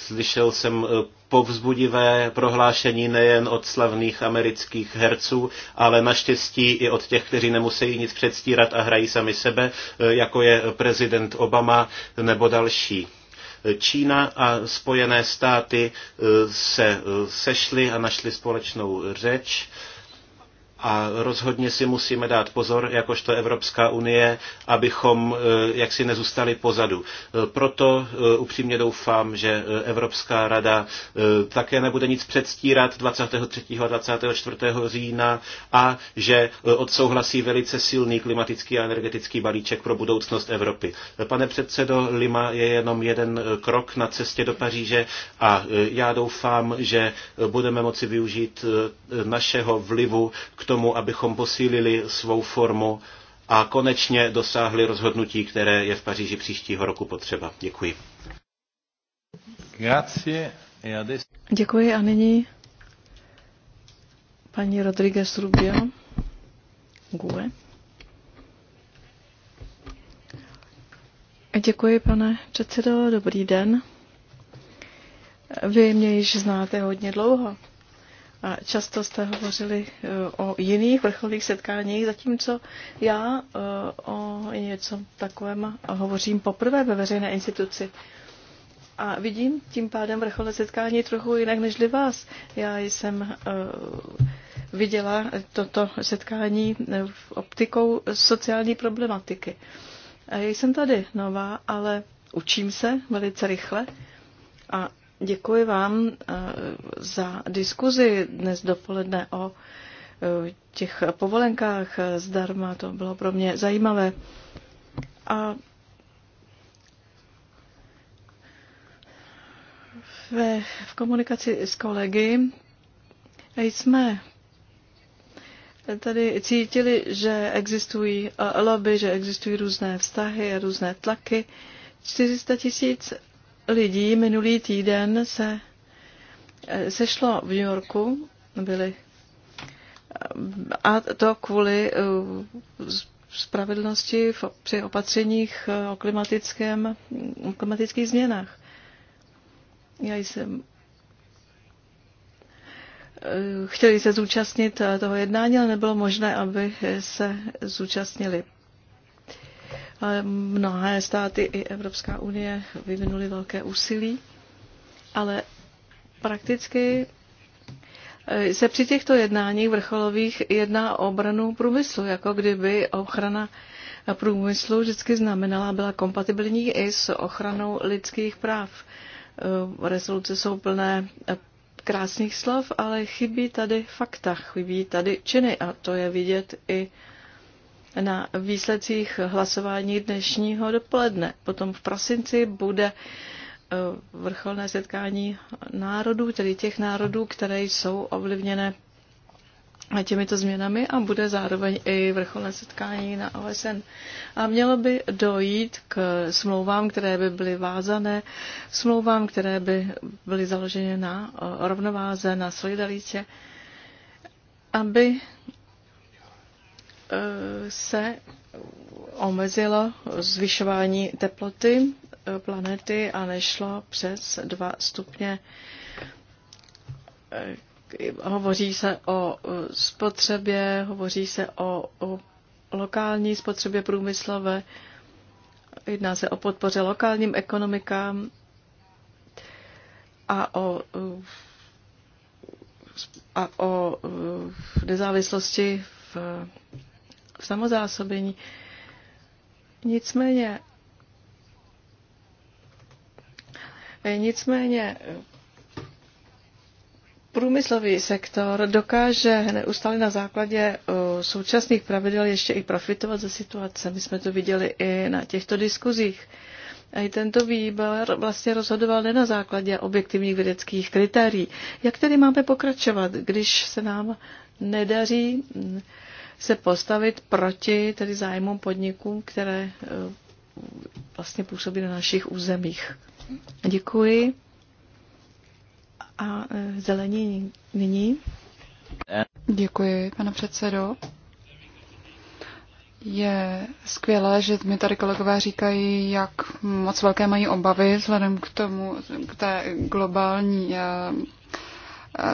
slyšel jsem povzbudivé prohlášení nejen od slavných amerických herců, ale naštěstí i od těch, kteří nemusí nic předstírat a hrají sami sebe, eh, jako je prezident Obama nebo další. Čína a Spojené státy eh, se eh, sešly a našli společnou řeč a rozhodně si musíme dát pozor, jakožto Evropská unie, abychom eh, jaksi nezůstali pozadu. Eh, proto eh, upřímně doufám, že Evropská rada také nebude nic předstírat 23. a 24. října a že odsouhlasí velice silný klimatický a energetický balíček pro budoucnost Evropy. Pane předsedo, Lima je jenom jeden krok na cestě do Paříže a já doufám, že budeme moci využít našeho vlivu k tomu, abychom posílili svou formu a konečně dosáhli rozhodnutí, které je v Paříži příštího roku potřeba. Děkuji. E Děkuji a nyní paní Rodriguez Rubio. Gue. Děkuji, pane předsedo. Dobrý den. Vy mě již znáte hodně dlouho. A často jste hovořili eh, o jiných vrcholných setkáních, zatímco já eh, o něco takovém hovořím poprvé ve veřejné instituci. A vidím tím pádem vrcholné setkání trochu jinak než vás. Já jsem eh, viděla toto setkání v optikou sociální problematiky. Já jsem tady nová, ale učím se velice rychle a Děkuji vám eh, za diskuzi dnes dopoledne o eh, těch povolenkách zdarma. To bylo pro mě zajímavé. A ve, v komunikaci s kolegy jsme tady cítili, že existují eh, lobby, že existují různé vztahy a různé tlaky. 400 tisíc lidí minulý týden se eh, sešlo v New Yorku, byli a to kvůli eh, spravedlnosti při opatřeních eh, o, klimatickém, o klimatických změnách. Já jsem chtěli se zúčastnit toho jednání, ale nebylo možné, aby se zúčastnili. Mnohé státy i Evropská unie vyvinuli velké úsilí, ale prakticky eh, se při těchto jednáních vrcholových jedná o obranu průmyslu, jako kdyby ochrana průmyslu vždycky znamenala, byla kompatibilní i s ochranou lidských práv. Eh, rezoluce jsou plné krásných slov, ale chybí tady fakta, chybí tady činy a to je vidět i na výsledcích hlasování dnešního dopoledne. Potom v prosinci bude e, vrcholné setkání národů, tedy těch národů, které jsou ovlivněné těmito změnami a bude zároveň i vrcholné setkání na OSN. A mělo by dojít k smlouvám, které by byly vázané, smlouvám, které by byly založeny na e, rovnováze, na solidaritě, aby Eh, se omezilo zvyšování teploty eh, planety a nešlo přes 2 stupně. Eh, hovoří se o spotřebě, hovoří se o, o lokální spotřebě průmyslové, jedná se o podpoře lokálním ekonomikám a o, a o nezávislosti v v samozásobení. Nicméně, nicméně průmyslový sektor dokáže neustále na základě uh, současných pravidel ještě i profitovat ze situace. My jsme to viděli i na těchto diskuzích. A i tento výbor vlastně rozhodoval ne na základě objektivních vědeckých kritérií. Jak tedy máme pokračovat, když se nám nedaří se postavit proti tedy zájmům podniků, které e, vlastně působí na našich územích. Děkuji. A e, zelení nyní. Děkuji, pane předsedo. Je skvělé, že mi tady kolegové říkají, jak moc velké mají obavy vzhledem k tomu, k té globální e,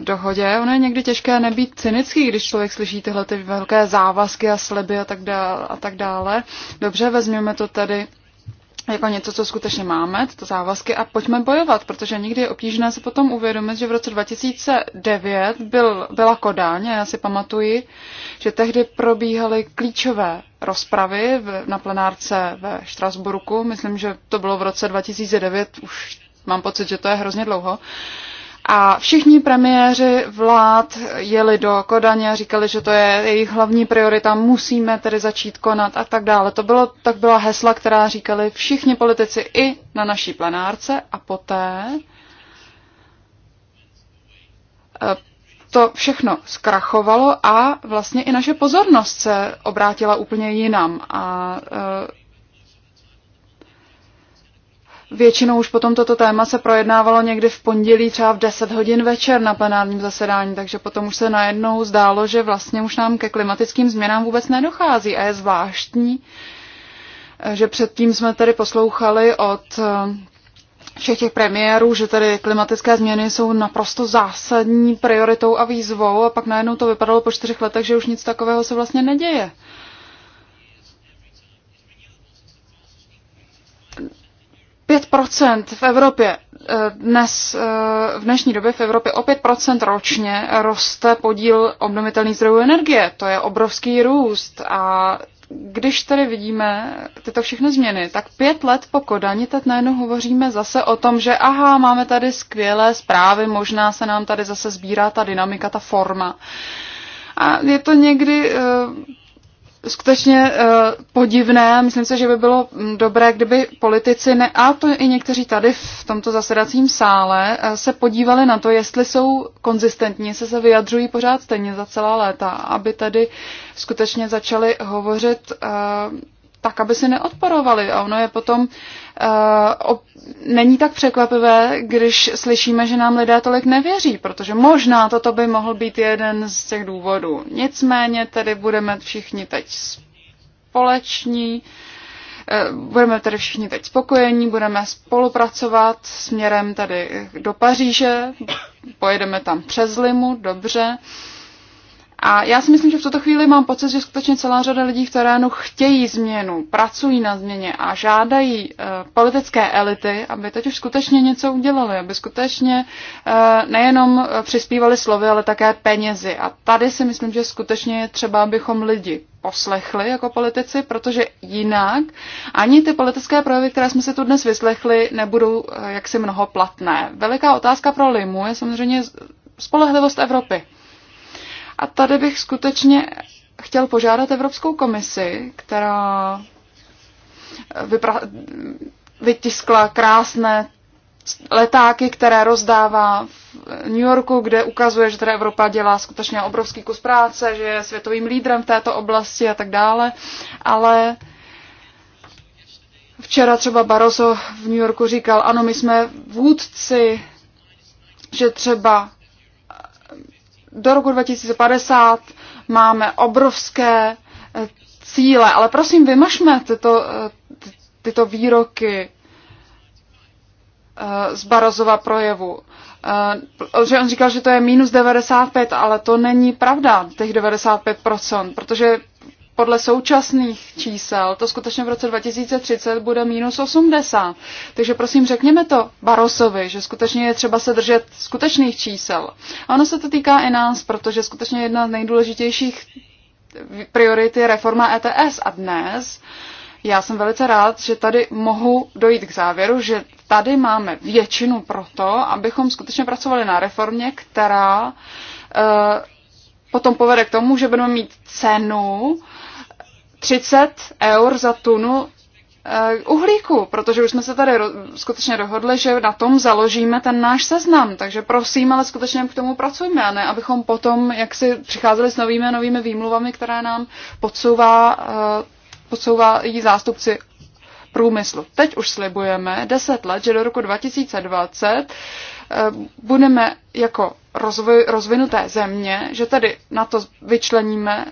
dohodě. Ono je někdy těžké nebýt cynický, když člověk slyší tyhle ty velké závazky a sliby a tak, dále, a tak dále. Dobře, vezměme to tady jako něco, co skutečně máme, tyto závazky a pojďme bojovat, protože nikdy je obtížné se potom uvědomit, že v roce 2009 byl, byla Kodáň a já si pamatuji, že tehdy probíhaly klíčové rozpravy v, na plenárce ve Štrasburku, myslím, že to bylo v roce 2009, už mám pocit, že to je hrozně dlouho, uh, a všichni premiéři vlád jeli do Kodaně a říkali, že to je jejich hlavní priorita, musíme tedy začít konat a tak dále. To bylo, tak byla hesla, která říkali všichni politici i na naší plenárce a poté eh, to všechno zkrachovalo a vlastně i naše pozornost se obrátila úplně jinam. A eh, Většinou už potom toto téma se projednávalo někdy v pondělí třeba v 10 hodin večer na plenárním zasedání, takže potom už se najednou zdálo, že vlastně už nám ke klimatickým změnám vůbec nedochází a je zvláštní, že předtím jsme tady poslouchali od eh, všech těch premiérů, že tady klimatické změny jsou naprosto zásadní prioritou a výzvou a pak najednou to vypadalo po čtyřech letech, že už nic takového se vlastně neděje. 5% v Evropě eh, dnes, eh, v dnešní době v Evropě o 5% ročně roste podíl obnovitelných zdrojů energie. To je obrovský růst a když tady vidíme tyto všechny změny, tak pět let po Kodani teď najednou hovoříme zase o tom, že aha, máme tady skvělé zprávy, možná se nám tady zase sbírá ta dynamika, ta forma. A je to někdy eh, skutečně eh, podivné. Myslím si, že by bylo mm, dobré, kdyby politici, ne, a to i někteří tady v tomto zasedacím sále, eh, se podívali na to, jestli jsou konzistentní, jestli se vyjadřují pořád stejně za celá léta, aby tady skutečně začali hovořit eh, tak, aby si neodporovali. A ono je potom, uh, eh, op- není tak překvapivé, když slyšíme, že nám lidé tolik nevěří, protože možná toto by mohl být jeden z těch důvodů. Nicméně tedy budeme všichni teď společní, uh, budeme tedy všichni teď spokojení, budeme spolupracovat směrem tady do Paříže, pojedeme tam přes Limu, dobře. Uh, a já si myslím, že v tuto chvíli mám pocit, že skutečně celá řada lidí v terénu chtějí změnu, pracují na změně a žádají uh, politické elity, aby teď už skutečně něco udělali, aby skutečně uh, nejenom eh, přispívali slovy, ale také penězi. A tady si myslím, že skutečně je třeba, abychom lidi poslechli jako politici, protože jinak ani ty politické projevy, které jsme si tu dnes vyslechli, nebudou jaksi mnoho platné. Veliká otázka pro Limu je samozřejmě spolehlivost Evropy. A tady bych skutečně chtěl požádat Evropskou komisi, která vypra- vytiskla krásné letáky, které rozdává v New Yorku, kde ukazuje, že teda Evropa dělá skutečně obrovský kus práce, že je světovým lídrem v této oblasti a tak dále, ale včera třeba Barroso v New Yorku říkal, ano, my jsme vůdci, že třeba do roku 2050 máme obrovské eh, cíle, ale prosím, vymažme tyto, eh, tyto výroky eh, z Barozova projevu. Že on říkal, že to je minus 95, ale to není pravda, těch 95%, protože podle současných čísel to skutečně v roce 2030 bude minus 80. Takže prosím řekněme to Barosovi, že skutečně je třeba se držet skutečných čísel. A ono se to týká i nás, protože skutečně jedna z nejdůležitějších priorit je reforma ETS. A dnes já jsem velice rád, že tady mohu dojít k závěru, že tady máme většinu pro to, abychom skutečně pracovali na reformě, která uh, potom povede k tomu, že budeme mít cenu, 30 eur za tunu eh, uhlíku, protože už jsme se tady skutečně dohodli, že na tom založíme ten náš seznam. Takže prosím, ale skutečně k tomu pracujme, a ne abychom potom, jak si přicházeli s novými a novými výmluvami, které nám podsouvá, eh, podsouvají zástupci průmyslu. Teď už slibujeme 10 let, že do roku 2020 eh, budeme jako rozvoj, rozvinuté země, že tady na to vyčleníme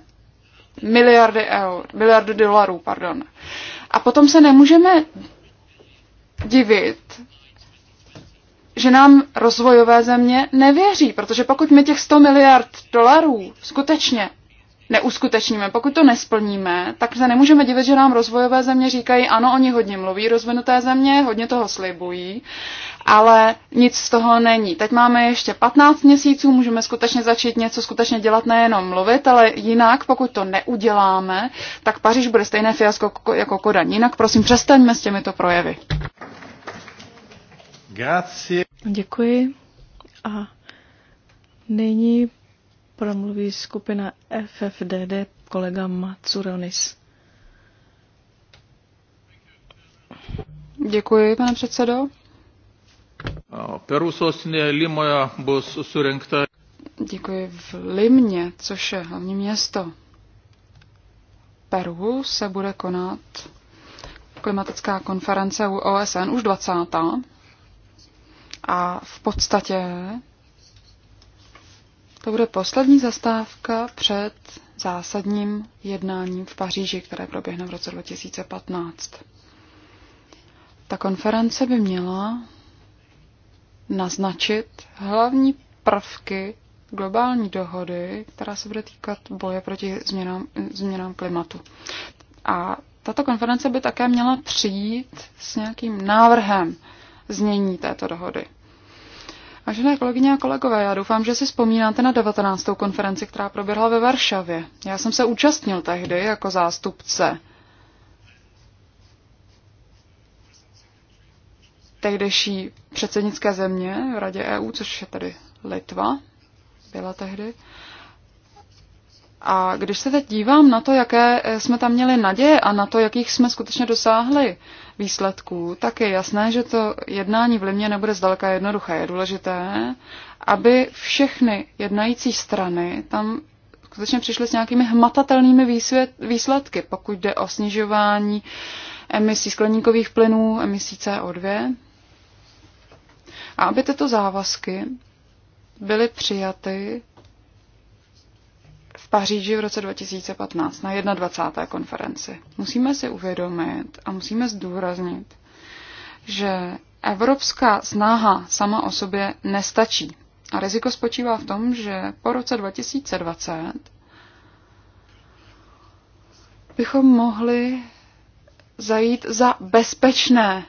miliardy eur, miliardy dolarů, pardon. A potom se nemůžeme divit, že nám rozvojové země nevěří, protože pokud my těch 100 miliard dolarů skutečně neuskutečníme, pokud to nesplníme, tak se nemůžeme divit, že nám rozvojové země říkají, ano, oni hodně mluví, rozvinuté země hodně toho slibují, ale nic z toho není. Teď máme ještě 15 měsíců, můžeme skutečně začít něco skutečně dělat, nejenom mluvit, ale jinak, pokud to neuděláme, tak Paříž bude stejné fiasko jako Kodaň. Jinak prosím, přestaňme s těmito projevy. Grazie. Děkuji. A nyní promluví skupina FFDD kolega Matsuronis. Děkuji, pane předsedo. Peru sostinė Limoje bus surinkta. Děkuji. V Limně, což je hlavní město Peru, se bude konat klimatická konference u OSN už 20. A v podstatě to bude poslední zastávka před zásadním jednáním v Paříži, které proběhne v roce 2015. Ta konference by měla naznačit hlavní prvky globální dohody, která se bude týkat boje proti změnám, změnám klimatu. A tato konference by také měla přijít s nějakým návrhem znění této dohody. Vážené kolegyně a kolegové, já doufám, že si vzpomínáte na 19. konferenci, která proběhla ve Varšavě. Já jsem se účastnil tehdy jako zástupce tehdejší předsednické země v Radě EU, což je tedy Litva, byla tehdy. A když se teď dívám na to, jaké jsme tam měli naděje a na to, jakých jsme skutečně dosáhli výsledků, tak je jasné, že to jednání v Limě nebude zdaleka jednoduché. Je důležité, aby všechny jednající strany tam skutečně přišly s nějakými hmatatelnými výsvět, výsledky, pokud jde o snižování emisí skleníkových plynů, emisí CO2. A aby tyto závazky byly přijaty Paříži v roce 2015 na 21. konferenci. Musíme si uvědomit a musíme zdůraznit, že evropská snaha sama o sobě nestačí. A riziko spočívá v tom, že po roce 2020 bychom mohli zajít za bezpečné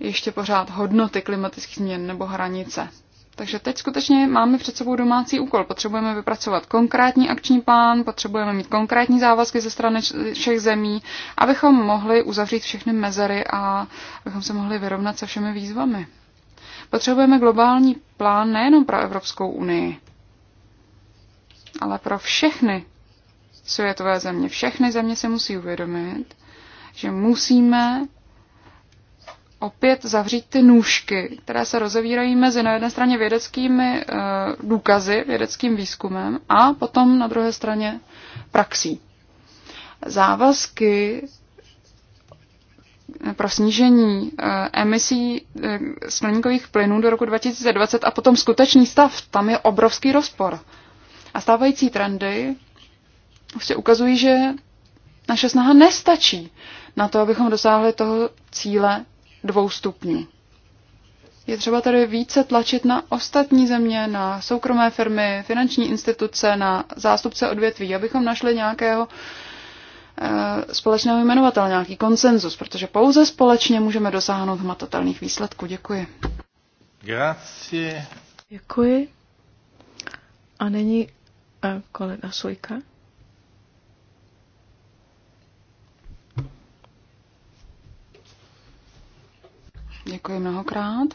ještě pořád hodnoty klimatických změn nebo hranice. Takže teď skutečně máme před sebou domácí úkol. Potřebujeme vypracovat konkrétní akční plán, potřebujeme mít konkrétní závazky ze strany všech zemí, abychom mohli uzavřít všechny mezery a abychom se mohli vyrovnat se všemi výzvami. Potřebujeme globální plán nejenom pro Evropskou unii, ale pro všechny světové země. Všechny země se musí uvědomit, že musíme opět zavřít ty nůžky, které se rozevírají mezi na jedné straně vědeckými eh, důkazy, vědeckým výzkumem a potom na druhé straně praxí. Závazky eh, pro snížení eh, emisí skleníkových plynů do roku 2020 a potom skutečný stav, tam je obrovský rozpor. A stávající trendy vlastně ukazují, že naše snaha nestačí na to, abychom dosáhli toho cíle dvou stupňů. Je třeba tady více tlačit na ostatní země, na soukromé firmy, finanční instituce, na zástupce odvětví, abychom našli nějakého eh, společného jmenovatele, nějaký konsenzus, protože pouze společně můžeme dosáhnout hmatatelných výsledků. Děkuji. Grazie. Děkuji. A nyní eh, kolega Sujka. Děkuji mnohokrát.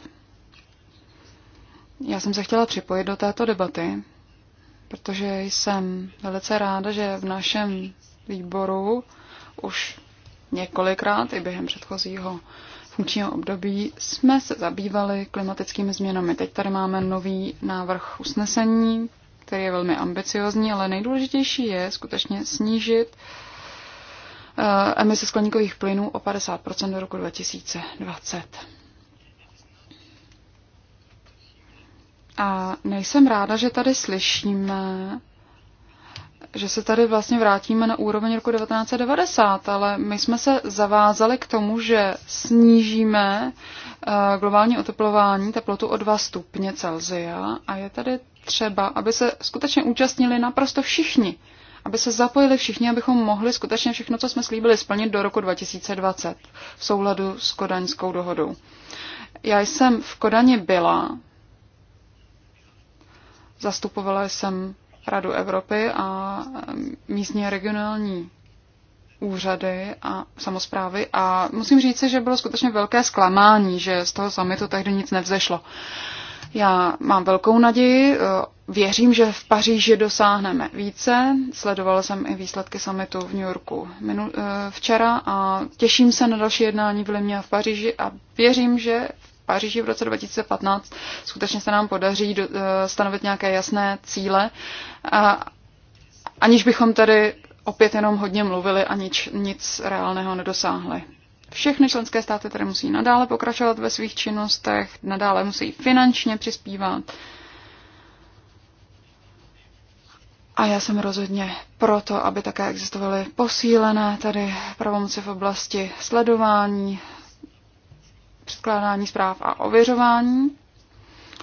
Já jsem se chtěla připojit do této debaty, protože jsem velice ráda, že v našem výboru už několikrát i během předchozího funkčního období jsme se zabývali klimatickými změnami. Teď tady máme nový návrh usnesení, který je velmi ambiciozní, ale nejdůležitější je skutečně snížit eh, emise skleníkových plynů o 50 do roku 2020. A nejsem ráda, že tady slyšíme, že se tady vlastně vrátíme na úroveň roku 1990, ale my jsme se zavázali k tomu, že snížíme eh, globální oteplování teplotu o 2 stupně Celzia a je tady třeba, aby se skutečně účastnili naprosto všichni, aby se zapojili všichni, abychom mohli skutečně všechno, co jsme slíbili, splnit do roku 2020 v souladu s kodaňskou dohodou. Já jsem v Kodani byla Zastupovala jsem Radu Evropy a místní a regionální úřady a samozprávy a musím říct, že bylo skutečně velké zklamání, že z toho samitu tehdy nic nevzešlo. Já mám velkou naději, eh, věřím, že v Paříži dosáhneme více. Sledovala jsem i výsledky samitu v New Yorku eh, včera a těším se na další jednání v Limě a v Paříži a věřím, že Paříži v roce 2015 skutečně se nám podaří eh, stanovit nějaké jasné cíle, a, aniž bychom tady opět jenom hodně mluvili a nič, nic reálného nedosáhli. Všechny členské státy tedy musí nadále pokračovat ve svých činnostech, nadále musí finančně přispívat. A já jsem rozhodně proto, aby také existovaly posílené tady pravomoci v oblasti sledování, předkládání zpráv a ověřování.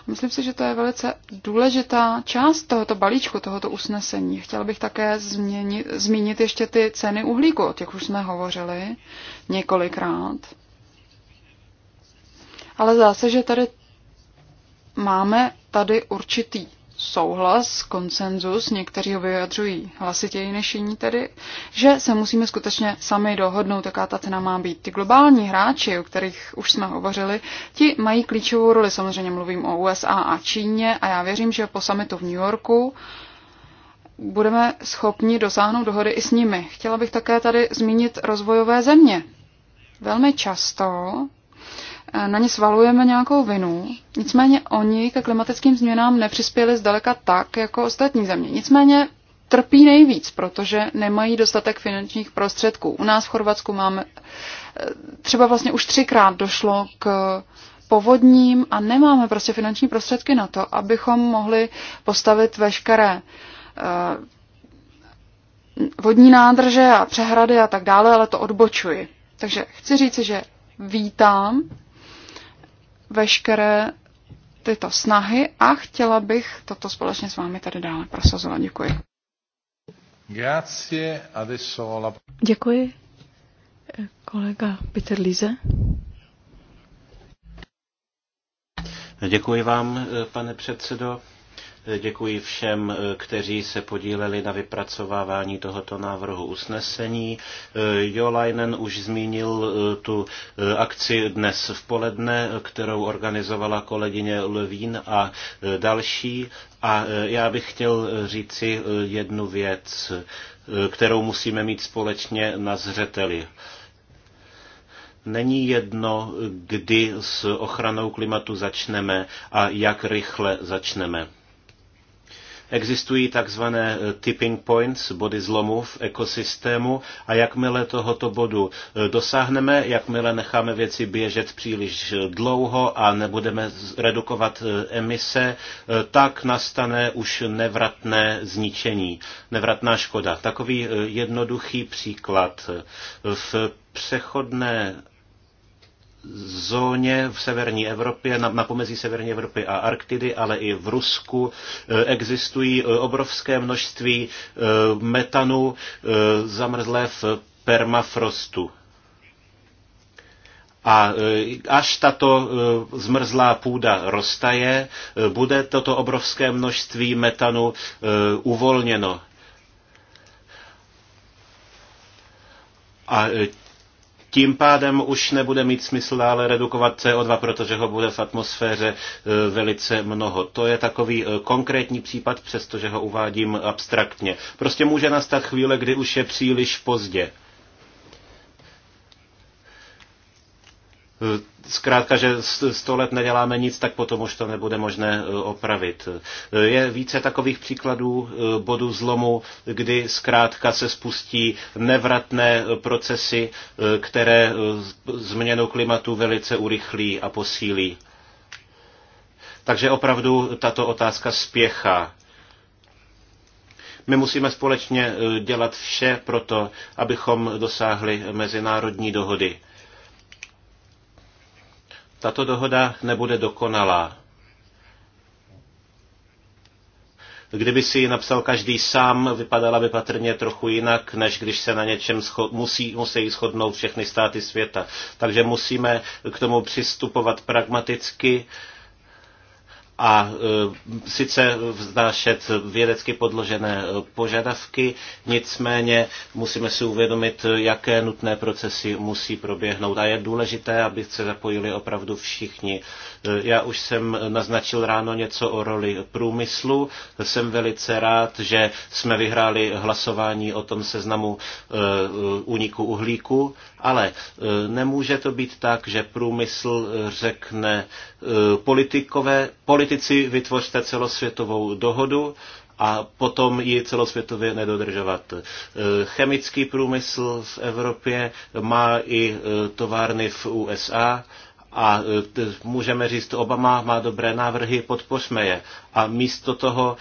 Myslím si, že to je velice důležitá část tohoto balíčku, tohoto usnesení. Chtěl bych také změnit, zmínit ještě ty ceny uhlíku, o těch už jsme hovořili několikrát. Ale zase, že tady máme tady určitý souhlas, konsenzus, někteří ho vyjadřují hlasitěji než jiní tedy, že se musíme skutečně sami dohodnout, jaká ta cena má být. Ty globální hráči, o kterých už jsme hovořili, ti mají klíčovou roli. Samozřejmě mluvím o USA a Číně a já věřím, že po summitu v New Yorku budeme schopni dosáhnout dohody i s nimi. Chtěla bych také tady zmínit rozvojové země. Velmi často Eh, na ně svalujeme nějakou vinu, nicméně oni ke klimatickým změnám nepřispěli zdaleka tak, jako ostatní země. Nicméně trpí nejvíc, protože nemají dostatek finančních prostředků. U nás v Chorvatsku máme, eh, třeba vlastně už třikrát došlo k povodním a nemáme prostě finanční prostředky na to, abychom mohli postavit veškeré eh, vodní nádrže a přehrady a tak dále, ale to odbočuji. Takže chci říct, že vítám veškeré tyto snahy a chtěla bych toto společně s vámi tady dále prosazovat. Děkuji. Děkuji. Kolega Peter Lize. Děkuji vám, eh, pane předsedo. Děkuji všem, eh, kteří se podíleli na vypracovávání tohoto návrhu usnesení. Eh, jo Leinen už zmínil eh, tu akci dnes v poledne, kterou organizovala kolegyně Levín a další. A já bych chtěl říci jednu věc, kterou musíme mít společně na zřeteli není jedno, kdy s ochranou klimatu začneme a jak rychle začneme. Existují takzvané eh, tipping points, body zlomu v ekosystému a jakmile tohoto bodu eh, dosáhneme, jakmile necháme věci běžet příliš eh, dlouho a nebudeme redukovat emise, tak nastane už nevratné zničení, nevratná škoda. Takový jednoduchý příklad. V přechodné zóně v severní Evropě, na, na pomezí severní Evropy a Arktidy, ale i v Rusku e, existují e, obrovské množství e, metanu zamrzlé v permafrostu. A až tato zmrzlá půda roztaje, bude toto obrovské množství metanu uvolněno. A tím pádem už nebude mít smysl dále redukovat CO2, protože ho bude v atmosféře e, velice mnoho. To je takový e, konkrétní případ, přestože ho uvádím abstraktně. Prostě může nastat chvíle, kdy už je příliš pozdě. Eh, zkrátka, že sto let neděláme nic, tak potom už to nebude možné eh, opravit. Eh, je více takových příkladů bodů zlomu, kdy zkrátka se spustí nevratné procesy, které změnu klimatu velice urychlí a posílí. Takže opravdu tato otázka spěchá. My musíme společně dělat vše pro to, abychom dosáhli mezinárodní dohody tato dohoda nebude dokonalá. Kdyby si ji napsal každý sám, vypadala by patrně trochu jinak, než když se na něčem scho- musí, musí shodnout všechny státy světa. Takže musíme k tomu přistupovat pragmaticky. Uh, a e, sice vznášet vědecky podložené e, požadavky, nicméně musíme si uvědomit, jaké nutné procesy musí proběhnout a je důležité, aby se zapojili opravdu všichni. E, já už jsem naznačil ráno něco o roli průmyslu. Jsem velice rád, že jsme vyhráli hlasování o tom seznamu úniku uhlíku, ale nemůže to být tak, že průmysl řekne politikové, politikové politici, vytvořte celosvětovou dohodu a potom ji celosvětově nedodržovat. E, chemický průmysl v Evropě má i e, továrny v USA a e, můžeme říct, Obama má dobré návrhy, podpořme je. A místo toho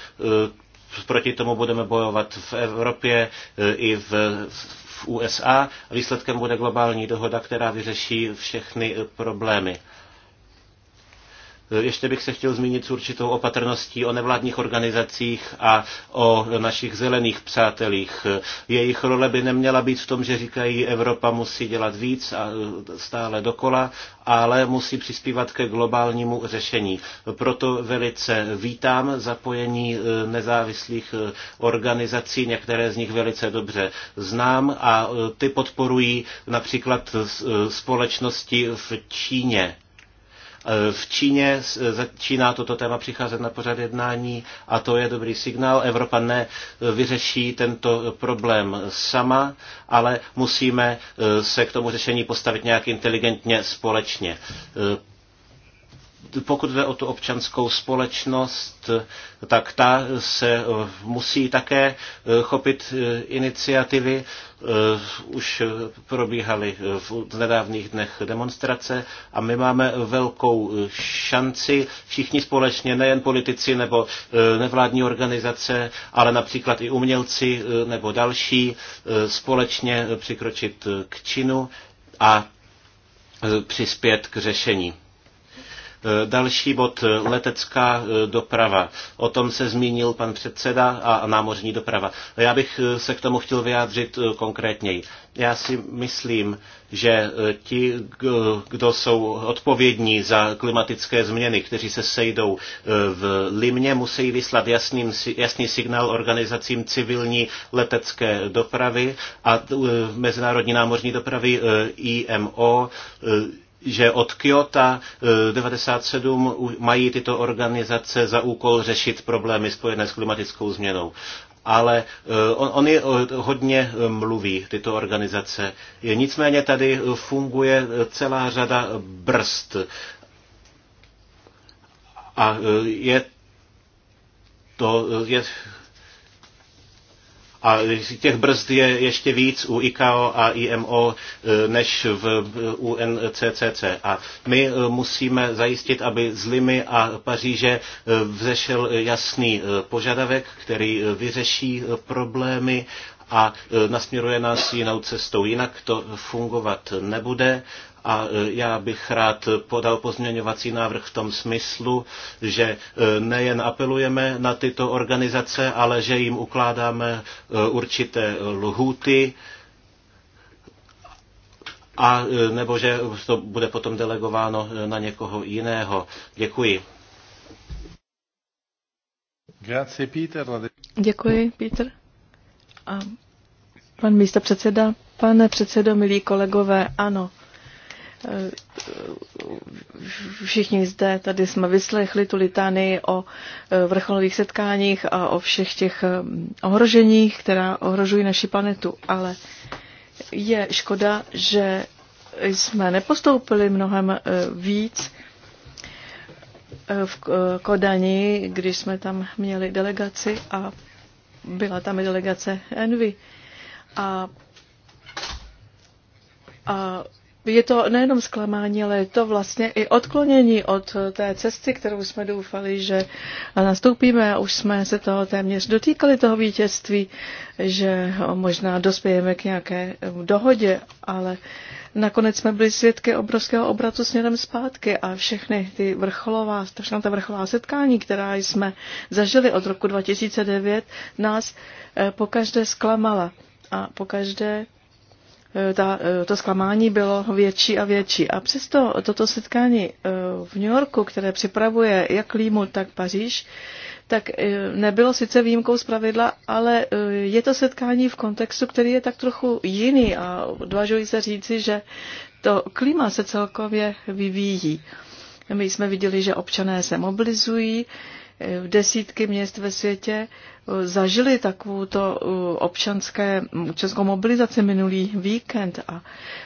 proti tomu budeme bojovat v Evropě i v, v USA. Výsledkem bude globální dohoda, která vyřeší všechny problémy. Eh, ještě bych se chtěl zmínit s určitou opatrností o nevládních organizacích a o našich zelených přátelích. Eh, jejich role by neměla být v tom, že říkají, Evropa musí dělat víc a eh, stále dokola, ale musí přispívat ke globálnímu řešení. Proto velice vítám zapojení nezávislých organizací, některé z nich velice dobře znám a ty podporují například společnosti v Číně Eh, v Číně eh, začíná toto téma přicházet na pořad jednání a to je dobrý signál. Evropa nevyřeší eh, tento problém sama, ale musíme se k tomu řešení postavit nějak inteligentně společně pokud jde o tu občanskou společnost, tak ta se eh, musí také eh, chopit eh, iniciativy. Už probíhaly v nedávných dnech demonstrace a my máme velkou šanci všichni společně, nejen politici nebo nevládní organizace, ale například i umělci nebo další, společně přikročit k činu a přispět k řešení. Eh, další bod eh, letecká eh, doprava. O tom se zmínil pan předseda a námořní doprava. Já bych se k tomu chtěl vyjádřit konkrétněji. Já si myslím, že ti, kdo jsou odpovědní za klimatické změny, kteří se sejdou v Limně, musí vyslat jasný, jasný signál organizacím civilní letecké dopravy a mezinárodní námořní dopravy IMO, že od Kyoto 97 eh, mají tyto organizace za úkol řešit problémy spojené s klimatickou změnou ale eh, on, on je eh, hodně mluví, tyto organizace. Nicméně tady funguje celá řada brzd. A je to je a těch brzd je ještě víc u ICAO a IMO e, než v UNCCC. A my e, musíme zajistit, aby z Limy a Paříže e, vzešel jasný požadavek, který vyřeší problémy a nasměruje nás jinou cestou. Jinak to fungovat nebude a e, já bych rád podal pozměňovací návrh v tom smyslu, že e, nejen apelujeme na tyto organizace, ale že jim ukládáme e, určité lhůty, a nebo že to bude potom delegováno na někoho jiného. Děkuji. Děkuji, Peter. A pan místo předseda, pane předsedo, milí kolegové, ano, Všichni zde tady jsme vyslechli tu litány o vrcholových setkáních a o všech těch mm, ohroženích, která ohrožují naši planetu, ale je škoda, že jsme nepostoupili mnohem e, víc e, v e, Kodani, když jsme tam měli delegaci a byla tam i delegace Envy. A, a je to nejenom zklamání, ale je to vlastně i odklonění od té cesty, kterou jsme doufali, že nastoupíme a už jsme se toho téměř dotýkali toho vítězství, že možná dospějeme k nějaké eh, dohodě, ale nakonec jsme byli svědky obrovského obratu směrem zpátky a všechny ty vrcholová, všechna ta vrcholová setkání, která jsme zažili od roku 2009, nás eh, pokaždé zklamala a pokaždé Eh, ta, eh, to zklamání bylo větší a větší. A přesto toto setkání eh, v New Yorku, které připravuje jak Límu, tak Paříž, tak nebylo sice výjimkou z pravidla, ale je to setkání v kontextu, který je tak trochu jiný a odvažuji se říci, že to klima se celkově vyvíjí. My jsme viděli, že občané se mobilizují v desítky měst ve světě zažili to uh, občanské, občanskou mobilizaci minulý víkend a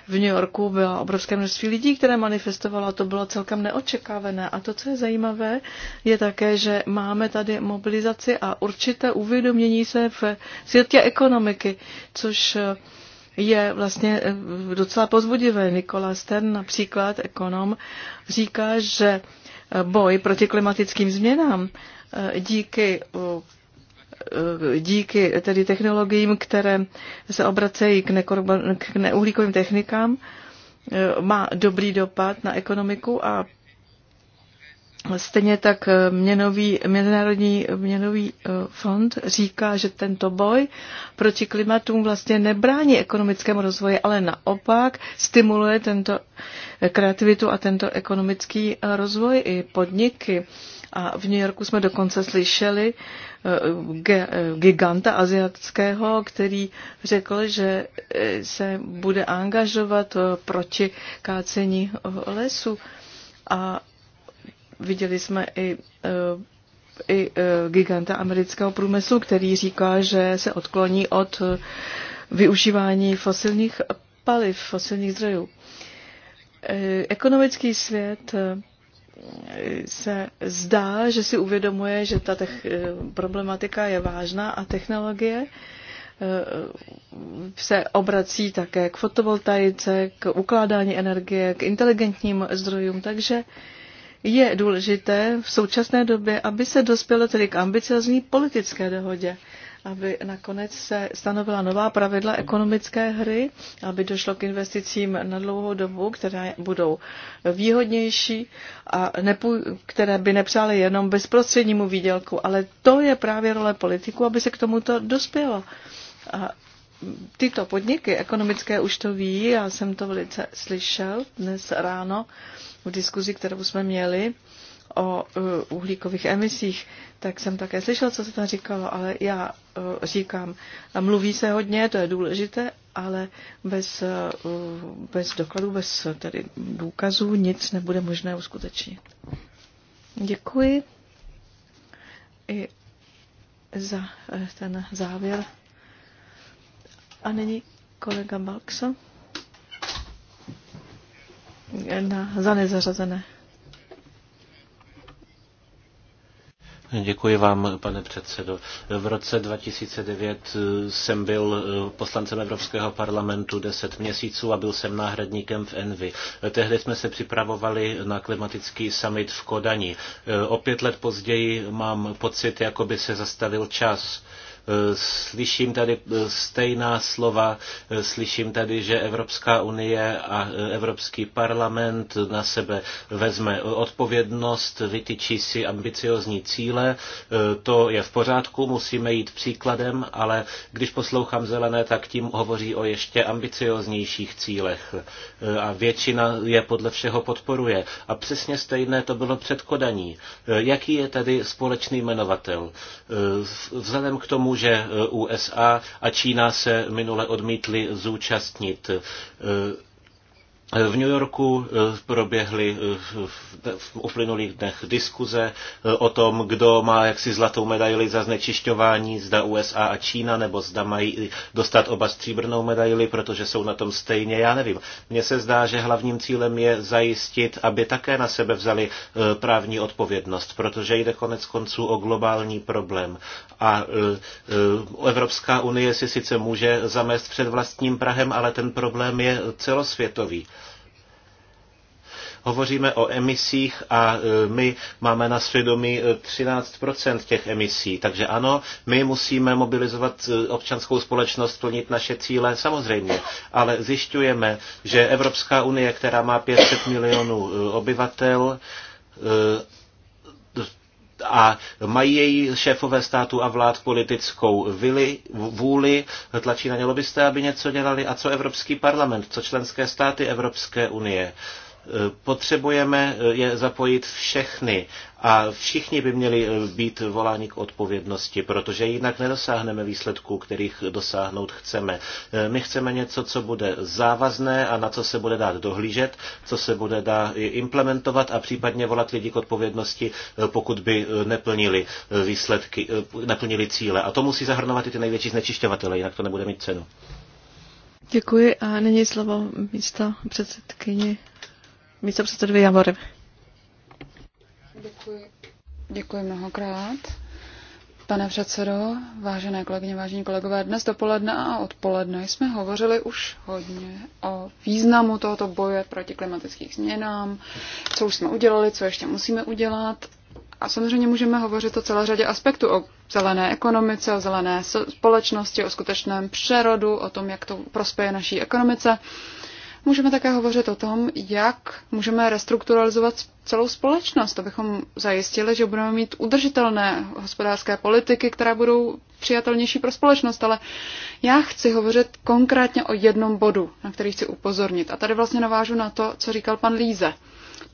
v New Yorku bylo obrovské množství lidí, které manifestovalo a to bylo celkem neočekávané. A to, co je zajímavé, je také, že máme tady mobilizaci a určité uvědomění se v světě ekonomiky, což uh, je vlastně uh, docela pozbudivé. Nikola Stern, například ekonom, říká, že boj proti klimatickým změnám díky díky tedy technologiím, které se obracejí k, nekorban, k neuhlíkovým technikám, má dobrý dopad na ekonomiku a Stejně tak měnový, Mezinárodní měnový eh, fond říká, že tento boj proti klimatům vlastně nebrání ekonomickému rozvoji, ale naopak stimuluje tento kreativitu a tento ekonomický eh, rozvoj i podniky. A v New Yorku jsme dokonce slyšeli, Eh, eh, giganta aziatského, který řekl, že eh, se bude angažovat proti kácení lesu. A viděli jsme i i giganta amerického průmyslu, který říká, že se odkloní od využívání fosilních paliv, fosilních zdrojů. Ekonomický svět se zdá, že si uvědomuje, že ta eh, problematika je vážná a technologie eh, se obrací také k fotovoltaice, k ukládání energie, k inteligentním zdrojům, takže je důležité v současné době, aby se dospělo tedy k ambiciozní politické dohodě aby nakonec se stanovila nová pravidla ekonomické hry, aby došlo k investicím na dlouhou dobu, které budou výhodnější a nepů- které by nepřáli jenom bezprostřednímu výdělku. Ale to je právě role politiku, aby se k tomuto dospělo. A tyto podniky ekonomické už to ví, já jsem to velice slyšel dnes ráno v diskuzi, kterou jsme měli o e, uhlíkových emisích, tak jsem také slyšela, co se tam říkalo, ale já e, říkám, mluví se hodně, to je důležité, ale bez, e, bez dokladů, bez tedy důkazů nic nebude možné uskutečnit. Děkuji i za ten závěr. A nyní kolega Balkso na, za nezařazené. Děkuji vám, pane předsedo. V roce 2009 eh, jsem byl eh, poslancem Evropského parlamentu 10 měsíců a byl jsem náhradníkem v Envy. Tehdy jsme se připravovali na klimatický summit v Kodani. Eh, o pět let později mám pocit, jako by se zastavil čas Eh, slyším tady eh, stejná slova, eh, slyším tady, že Evropská unie a Evropský parlament na sebe vezme odpovědnost, vytyčí si ambiciozní cíle. To je v pořádku, musíme jít příkladem, ale když poslouchám zelené, tak tím hovoří o ještě ambicioznějších cílech. A většina je podle všeho podporuje. A přesně stejné to bylo předkodaní. Jaký je tady společný jmenovatel? Vzhledem k tomu, tomu, že eh, USA a Čína se minule odmítly zúčastnit eh, v New Yorku eh, proběhly eh, v uplynulých dnech diskuze eh, o tom, kdo má jaksi zlatou medaili za znečišťování, zda USA a Čína, nebo zda mají dostat oba stříbrnou medaili, protože jsou na tom stejně, já nevím. Mně se zdá, že hlavním cílem je zajistit, aby také na sebe vzali právní odpovědnost, protože jde konec konců o globální problém. A Evropská unie si sice může zamést před vlastním Prahem, ale ten problém je celosvětový. Hovoříme o emisích a e, my máme na svědomí 13% e, těch emisí. Takže ano, my musíme mobilizovat e, občanskou společnost, plnit naše cíle, samozřejmě. Ale zjišťujeme, že Evropská unie, která má 500 milionů obyvatel, a mají její šéfové státu a vlád politickou vili, vůli, tlačí na ně lobbysté, aby něco dělali a co Evropský parlament, co členské státy Evropské unie. Potřebujeme je zapojit všechny a všichni by měli eh, být voláni k odpovědnosti, protože jinak nedosáhneme výsledků, kterých dosáhnout chceme. Eh, my chceme něco, co bude závazné a na co se bude dát dohlížet, co se bude dá implementovat a případně volat lidi k odpovědnosti, eh, pokud by neplnili výsledky, neplnili cíle. A to musí zahrnovat i ty největší znečišťovatele, jinak to nebude mít cenu. Děkuji a nyní slovo místa předsedkyni místopředsedovi Javory. Děkuji. Děkuji mnohokrát. Pane předsedo, vážené kolegyně, vážení kolegové, dnes dopoledne a odpoledne jsme hovořili už hodně o významu tohoto boje proti klimatickým změnám, co už jsme udělali, co ještě musíme udělat. A samozřejmě můžeme hovořit o celé řadě aspektů, o zelené ekonomice, o zelené společnosti, o skutečném přerodu, o tom, jak to prospěje naší ekonomice. Můžeme také hovořit o tom, jak můžeme restrukturalizovat celou společnost, abychom zajistili, že budeme mít udržitelné hospodářské politiky, které budou přijatelnější pro společnost. Ale já chci hovořit konkrétně o jednom bodu, na který chci upozornit. A tady vlastně navážu na to, co říkal pan Líze.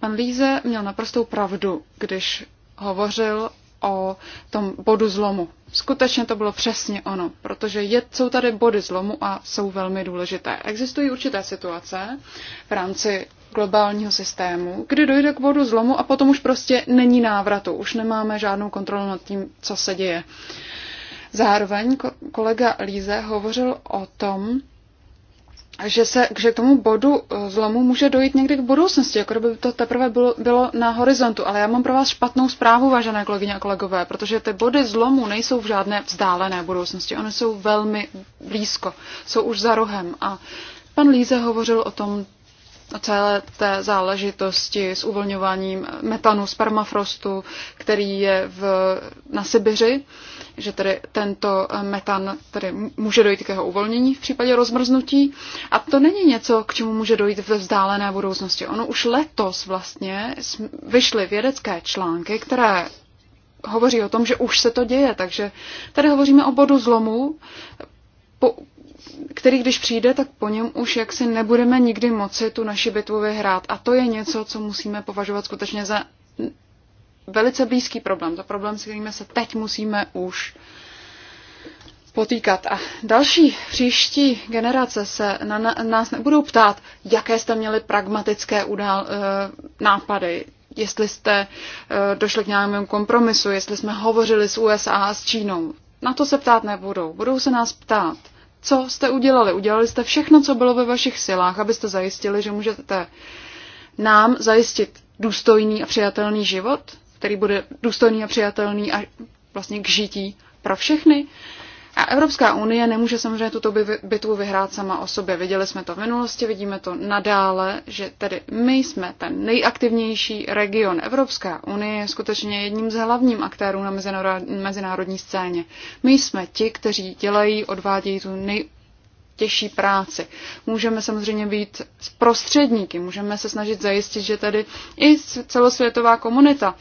Pan Líze měl naprostou pravdu, když hovořil o tom bodu zlomu skutečně to bylo přesně ono, protože je, jsou tady body zlomu a jsou velmi důležité. Existují určité situace v rámci globálního systému, kdy dojde k bodu zlomu a potom už prostě není návratu, už nemáme žádnou kontrolu nad tím, co se děje. Zároveň kolega Líze hovořil o tom, že se že k tomu bodu eh, zlomu může dojít někdy k budoucnosti, jako by to teprve bylo, bylo na horizontu. Ale já mám pro vás špatnou zprávu, vážené kolegyně a kolegové, protože ty body zlomu nejsou v žádné vzdálené budoucnosti. Ony jsou velmi blízko, jsou už za rohem. A pan Líze hovořil o tom, o celé té záležitosti s uvolňováním metanu z permafrostu, který je v, na Sibiři. Uh, že tedy tento metan tedy může dojít k jeho uvolnění v případě rozmrznutí. A to není něco, k čemu může dojít ve vzdálené budoucnosti. Ono už letos vlastně vyšly vědecké články, které hovoří o tom, že už se to děje. Takže tady hovoříme o bodu zlomu, po, který když přijde, tak po něm už jaksi nebudeme nikdy moci tu naši bitvu vyhrát. A to je něco, co musíme považovat skutečně za velice blízký problém. To problém, s kterým se teď musíme už potýkat. A další příští generace se na, na nás nebudou ptát, jaké jste měli pragmatické udál, e, nápady, jestli jste e, došli k nějakému kompromisu, jestli jsme hovořili s USA a s Čínou. Na to se ptát nebudou. Budou se nás ptát, co jste udělali. Udělali jste všechno, co bylo ve vašich silách, abyste zajistili, že můžete nám zajistit důstojný a přijatelný život? který bude důstojný a přijatelný a vlastně k žití pro všechny. A Evropská unie nemůže samozřejmě tuto bitvu vyhrát sama o sobě. Viděli jsme to v minulosti, vidíme to nadále, že tedy my jsme ten nejaktivnější region. Evropská unie je skutečně jedním z hlavních aktérů na mezinárodní scéně. My jsme ti, kteří dělají, odvádějí tu nej, těžší práci. Můžeme samozřejmě být prostředníky, můžeme se snažit zajistit, že tady i celosvětová komunita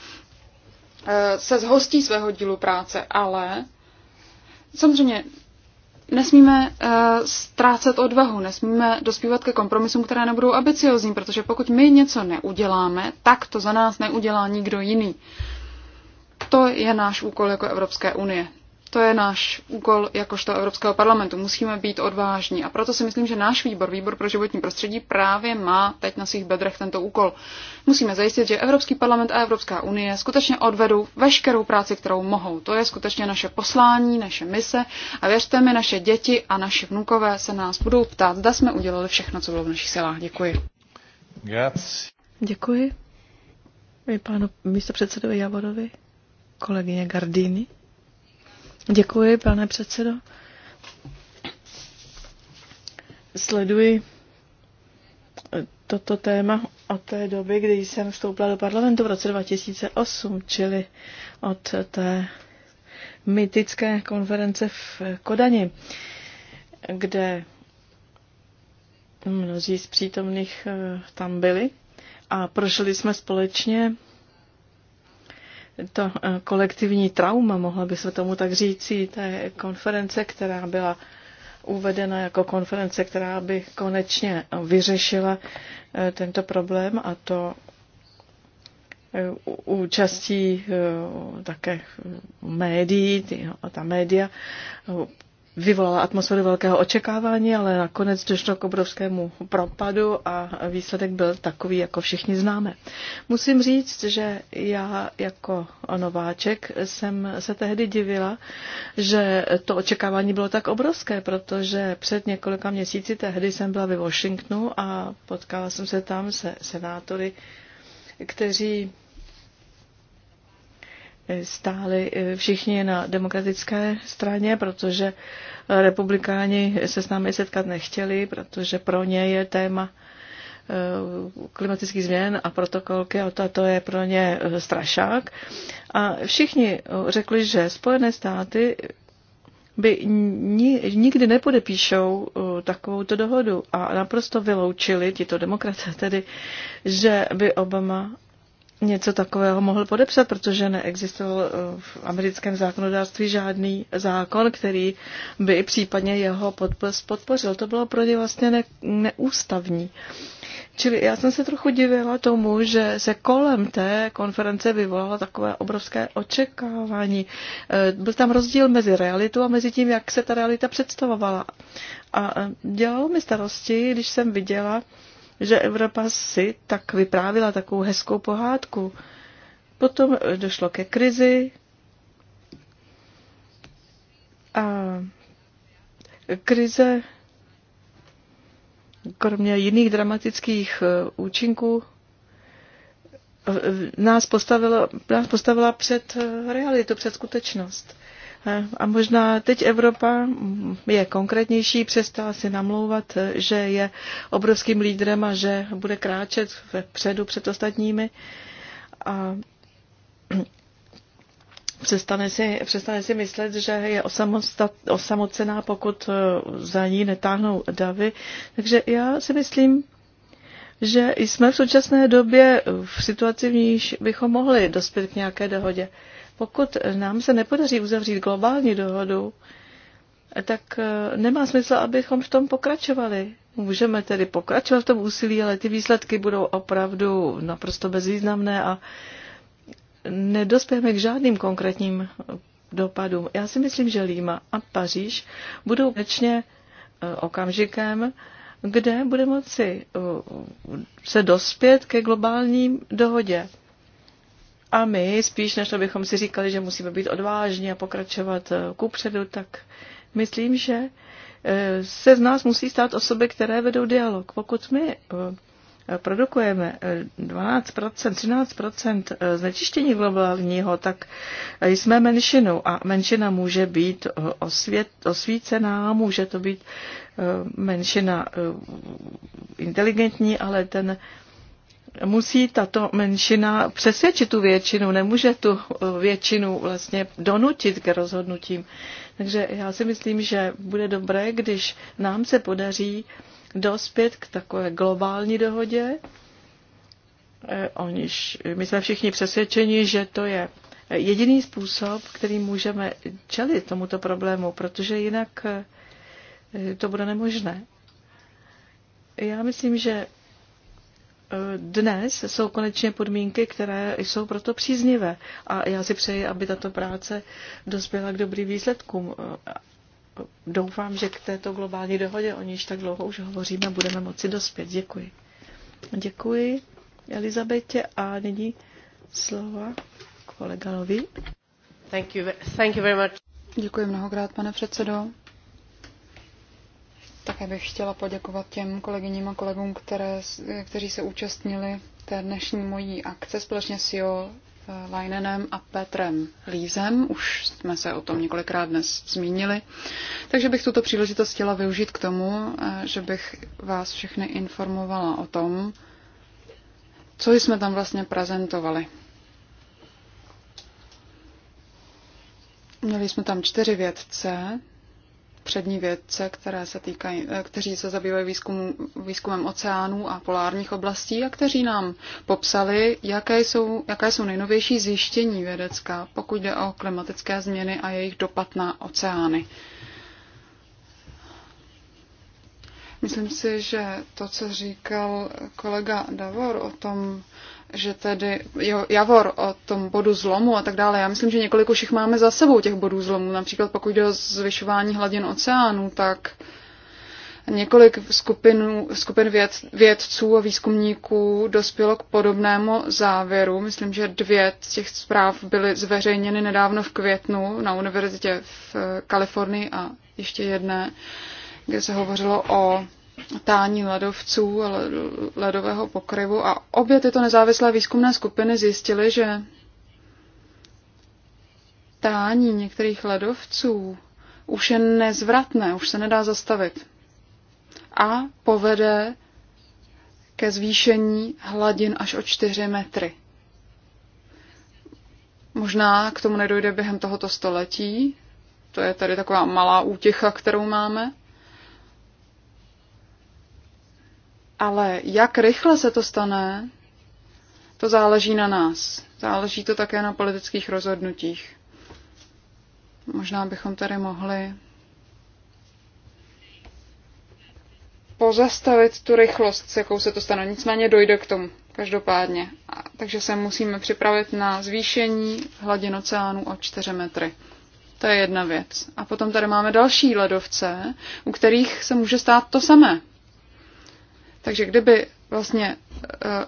Eh, se zhostí svého dílu práce, ale samozřejmě nesmíme uh, ztrácet odvahu, nesmíme dospívat ke kompromisům, které nebudou ambiciozní, protože pokud my něco neuděláme, tak to za nás neudělá nikdo jiný. To je náš úkol jako Evropské unie. To je náš úkol jakožto Evropského parlamentu. Musíme být odvážní. A proto si myslím, že náš výbor, výbor pro životní prostředí, právě má teď na svých bedrech tento úkol. Musíme zajistit, že Evropský parlament a Evropská unie skutečně odvedou veškerou práci, kterou mohou. To je skutečně naše poslání, naše mise. A věřte mi, naše děti a naši vnukové se nás budou ptát, zda jsme udělali všechno, co bylo v našich silách. Děkuji. Grazie. Děkuji. Pánu místopředsedovi Javorovi, kolegyně Gardini. Děkuji, pane předsedo. Sleduji toto téma od té doby, kdy jsem vstoupila do parlamentu v roce 2008, čili od té mytické konference v Kodani, kde mnozí z přítomných eh, tam byli a prošli jsme společně to eh, kolektivní trauma, mohla by se tomu tak říci, té konference, která byla uvedena jako konference, která by konečně vyřešila eh, tento problém a to eh, účastí také médií, ta média vyvolala atmosféru velkého očekávání, ale nakonec došlo k obrovskému propadu a výsledek byl takový, jako všichni známe. Musím říct, že já jako nováček jsem se tehdy divila, že to očekávání bylo tak obrovské, protože před několika měsíci tehdy jsem byla ve Washingtonu a potkala jsem se tam se senátory, kteří stáli eh, všichni na demokratické straně, protože eh, republikáni se s námi setkat nechtěli, protože pro ně je téma eh, klimatických změn a protokol Kyoto, to je pro ně strašák. A všichni řekli, že Spojené státy by nikdy nepodepíšou takovouto dohodu a naprosto vyloučili, tito demokraté tedy, že by Obama něco takového mohl podepsat, protože neexistoval eh, v americkém zákonodárství žádný zákon, který by případně jeho podpis podpořil. To bylo pro ně vlastně ne, neústavní. Čili já jsem se trochu divila tomu, že se kolem té konference vyvolalo takové obrovské očekávání. Eh, byl tam rozdíl mezi realitou a mezi tím, jak se ta realita představovala. A eh, dělalo mi starosti, když jsem viděla, že Evropa si tak vyprávila takovou hezkou pohádku. Potom došlo ke krizi a krize, kromě jiných dramatických eh, účinků, eh, nás, postavila, nás postavila před eh, realitu, před skutečnost. A možná teď Evropa je konkrétnější, přestala si namlouvat, že je obrovským lídrem a že bude kráčet vpředu před ostatními. A přestane si, přestane si myslet, že je osamocená, pokud eh, za ní netáhnou davy. Takže já si myslím, že jsme v současné době v situaci, v níž bychom mohli dospět k nějaké dohodě. Pokud nám se nepodaří uzavřít globální dohodu, tak eh, nemá smysl, abychom v tom pokračovali. Můžeme tedy pokračovat v tom úsilí, ale ty výsledky budou opravdu naprosto bezvýznamné a nedospějeme k žádným konkrétním dopadům. Já si myslím, že Líma a Paříž budou věčně eh, okamžikem, kde bude moci eh, se dospět ke globální dohodě. A my, spíš než bychom si říkali, že musíme být odvážní a pokračovat eh, kupředu, tak myslím, že eh, se z nás musí stát osoby, které vedou dialog. Pokud my eh, produkujeme 12%, 13% znečištění globálního, tak jsme menšinou a menšina může být osvět, osvícená, může to být menšina inteligentní, ale ten musí tato menšina přesvědčit tu většinu, nemůže tu eh, většinu vlastně donutit k rozhodnutím. Takže já si myslím, že bude dobré, když nám se podaří dospět k takové globální dohodě, eh, o níž my jsme všichni přesvědčeni, že to je jediný způsob, který můžeme čelit tomuto problému, protože jinak eh, to bude nemožné. Já myslím, že dnes jsou konečně podmínky, které jsou proto příznivé. A já si přeji, aby tato práce dospěla k dobrým výsledkům. Doufám, že k této globální dohodě, o níž tak dlouho už hovoříme, budeme moci dospět. Děkuji. Děkuji Elizabetě a nyní slova kolegalovi. Thank you, thank you very much. Děkuji mnohokrát, pane předsedo. Také bych chtěla poděkovat těm kolegyním a kolegům, které, kteří se účastnili té dnešní mojí akce společně s Jo eh, Leinenem a Petrem Lízem. Už jsme se o tom několikrát dnes zmínili. Takže bych tuto příležitost chtěla využít k tomu, eh, že bych vás všechny informovala o tom, co jsme tam vlastně prezentovali. Měli jsme tam čtyři vědce, přední vědce, které se týkají, eh, kteří se zabývají výzkum, výzkumem oceánů a polárních oblastí a kteří nám popsali, jaké jsou, jaké jsou nejnovější zjištění vědecká, pokud jde o klimatické změny a jejich dopad na oceány. Myslím si, že to, co říkal kolega Davor o tom, že tedy jo, Javor o tom bodu zlomu a tak dále. Já myslím, že několik už jich máme za sebou, těch bodů zlomu. Například pokud jde o zvyšování hladin oceánů, tak několik skupinu, skupin věd, vědců a výzkumníků dospělo k podobnému závěru. Myslím, že dvě z těch zpráv byly zveřejněny nedávno v květnu na univerzitě v Kalifornii a ještě jedné, kde se hovořilo o tání ledovců a ledového pokryvu a obě tyto nezávislé výzkumné skupiny zjistily, že tání některých ledovců už je nezvratné, už se nedá zastavit a povede ke zvýšení hladin až o 4 metry. Možná k tomu nedojde během tohoto století, to je tady taková malá útěcha, kterou máme, Ale jak rychle se to stane, to záleží na nás. Záleží to také na politických rozhodnutích. Možná bychom tady mohli pozastavit tu rychlost, s jakou se to stane. Nicméně dojde k tomu, každopádně. A, takže se musíme připravit na zvýšení hladin oceánu o 4 metry. To je jedna věc. A potom tady máme další ledovce, u kterých se může stát to samé. Takže kdyby vlastně e,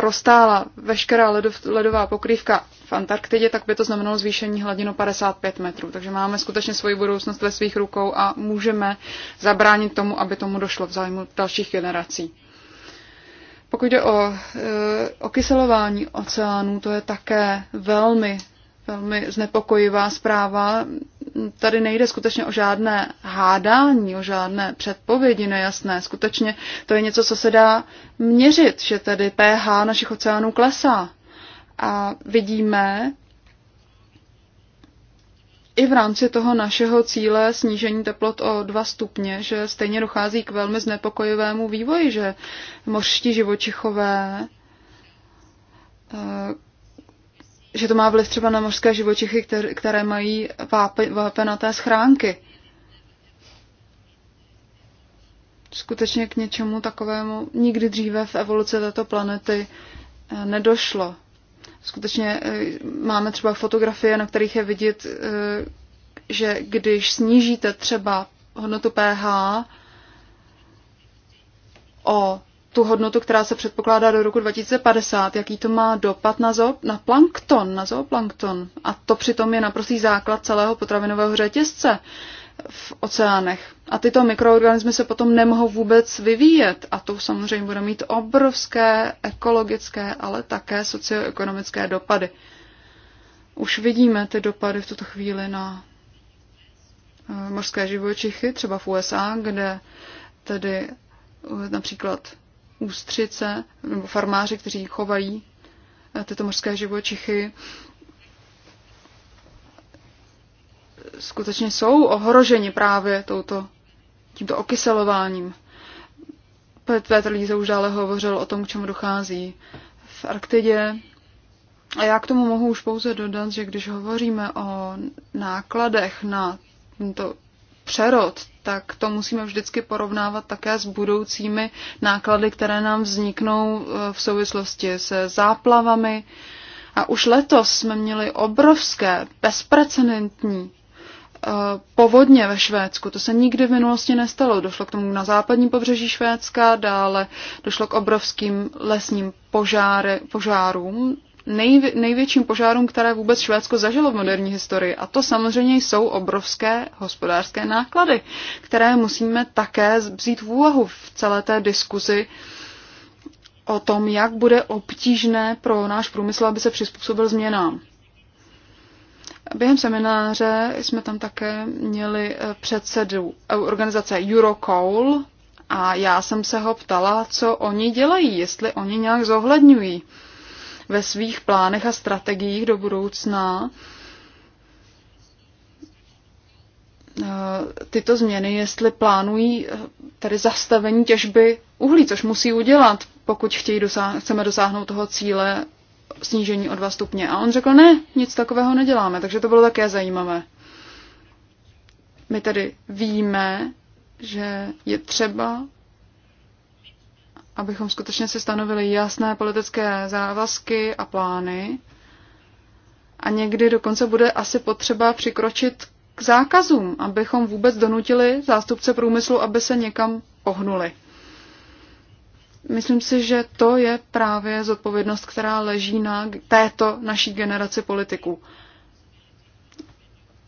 roztála veškerá ledov, ledová pokrývka v Antarktidě, tak by to znamenalo zvýšení hladinu 55 metrů. Takže máme skutečně svoji budoucnost ve svých rukou a můžeme zabránit tomu, aby tomu došlo v zájmu dalších generací. Pokud jde o e, okyselování oceánů, to je také velmi velmi znepokojivá zpráva. Tady nejde skutečně o žádné hádání, o žádné předpovědi nejasné. Skutečně to je něco, co se dá měřit, že tedy pH našich oceánů klesá. A vidíme i v rámci toho našeho cíle snížení teplot o 2 stupně, že stejně dochází k velmi znepokojivému vývoji, že mořští živočichové eh, že to má vliv třeba na mořské živočichy, které, které mají vápenaté schránky. Skutečně k něčemu takovému nikdy dříve v evoluci této planety eh, nedošlo. Skutečně eh, máme třeba fotografie, na kterých je vidět, eh, že když snížíte třeba hodnotu pH o tu hodnotu, která se předpokládá do roku 2050, jaký to má dopad na, zoo, na plankton, na zooplankton. A to přitom je naprostý základ celého potravinového řetězce v oceánech. A tyto mikroorganismy se potom nemohou vůbec vyvíjet a to samozřejmě bude mít obrovské ekologické, ale také socioekonomické dopady. Už vidíme ty dopady v tuto chvíli na eh, mořské živočichy, třeba v USA, kde tedy eh, například ústřice nebo farmáři, kteří chovají eh, tyto mořské živočichy, skutečně jsou ohroženi právě touto, tímto okyselováním. Petr Líze už dále hovořil o tom, k čemu dochází v Arktidě. A já k tomu mohu už pouze dodat, že když hovoříme o nákladech na tento přerod, tak to musíme vždycky porovnávat také s budoucími náklady, které nám vzniknou eh, v souvislosti se záplavami. A už letos jsme měli obrovské, bezprecedentní eh, povodně ve Švédsku. To se nikdy v minulosti nestalo. Došlo k tomu na západním pobřeží Švédska, dále došlo k obrovským lesním požáry, požárům nejvě- největším požárům, které vůbec Švédsko zažilo v moderní historii. A to samozřejmě jsou obrovské hospodářské náklady, které musíme také vzít v úvahu v celé té diskuzi o tom, jak bude obtížné pro náš průmysl, aby se přizpůsobil změnám. Během semináře jsme tam také měli eh, předsedu eh, organizace Eurocoal a já jsem se ho ptala, co oni dělají, jestli oni nějak zohledňují ve svých plánech a strategiích do budoucna eh, tyto změny, jestli plánují eh, tedy zastavení těžby uhlí, což musí udělat, pokud chtějí dosáh- chceme dosáhnout toho cíle snížení o 2 stupně. A on řekl, ne, nic takového neděláme, takže to bylo také zajímavé. My tedy víme, že je třeba abychom skutečně si stanovili jasné politické závazky a plány. A někdy dokonce bude asi potřeba přikročit k zákazům, abychom vůbec donutili zástupce průmyslu, aby se někam pohnuli. Myslím si, že to je právě zodpovědnost, která leží na této naší generaci politiků.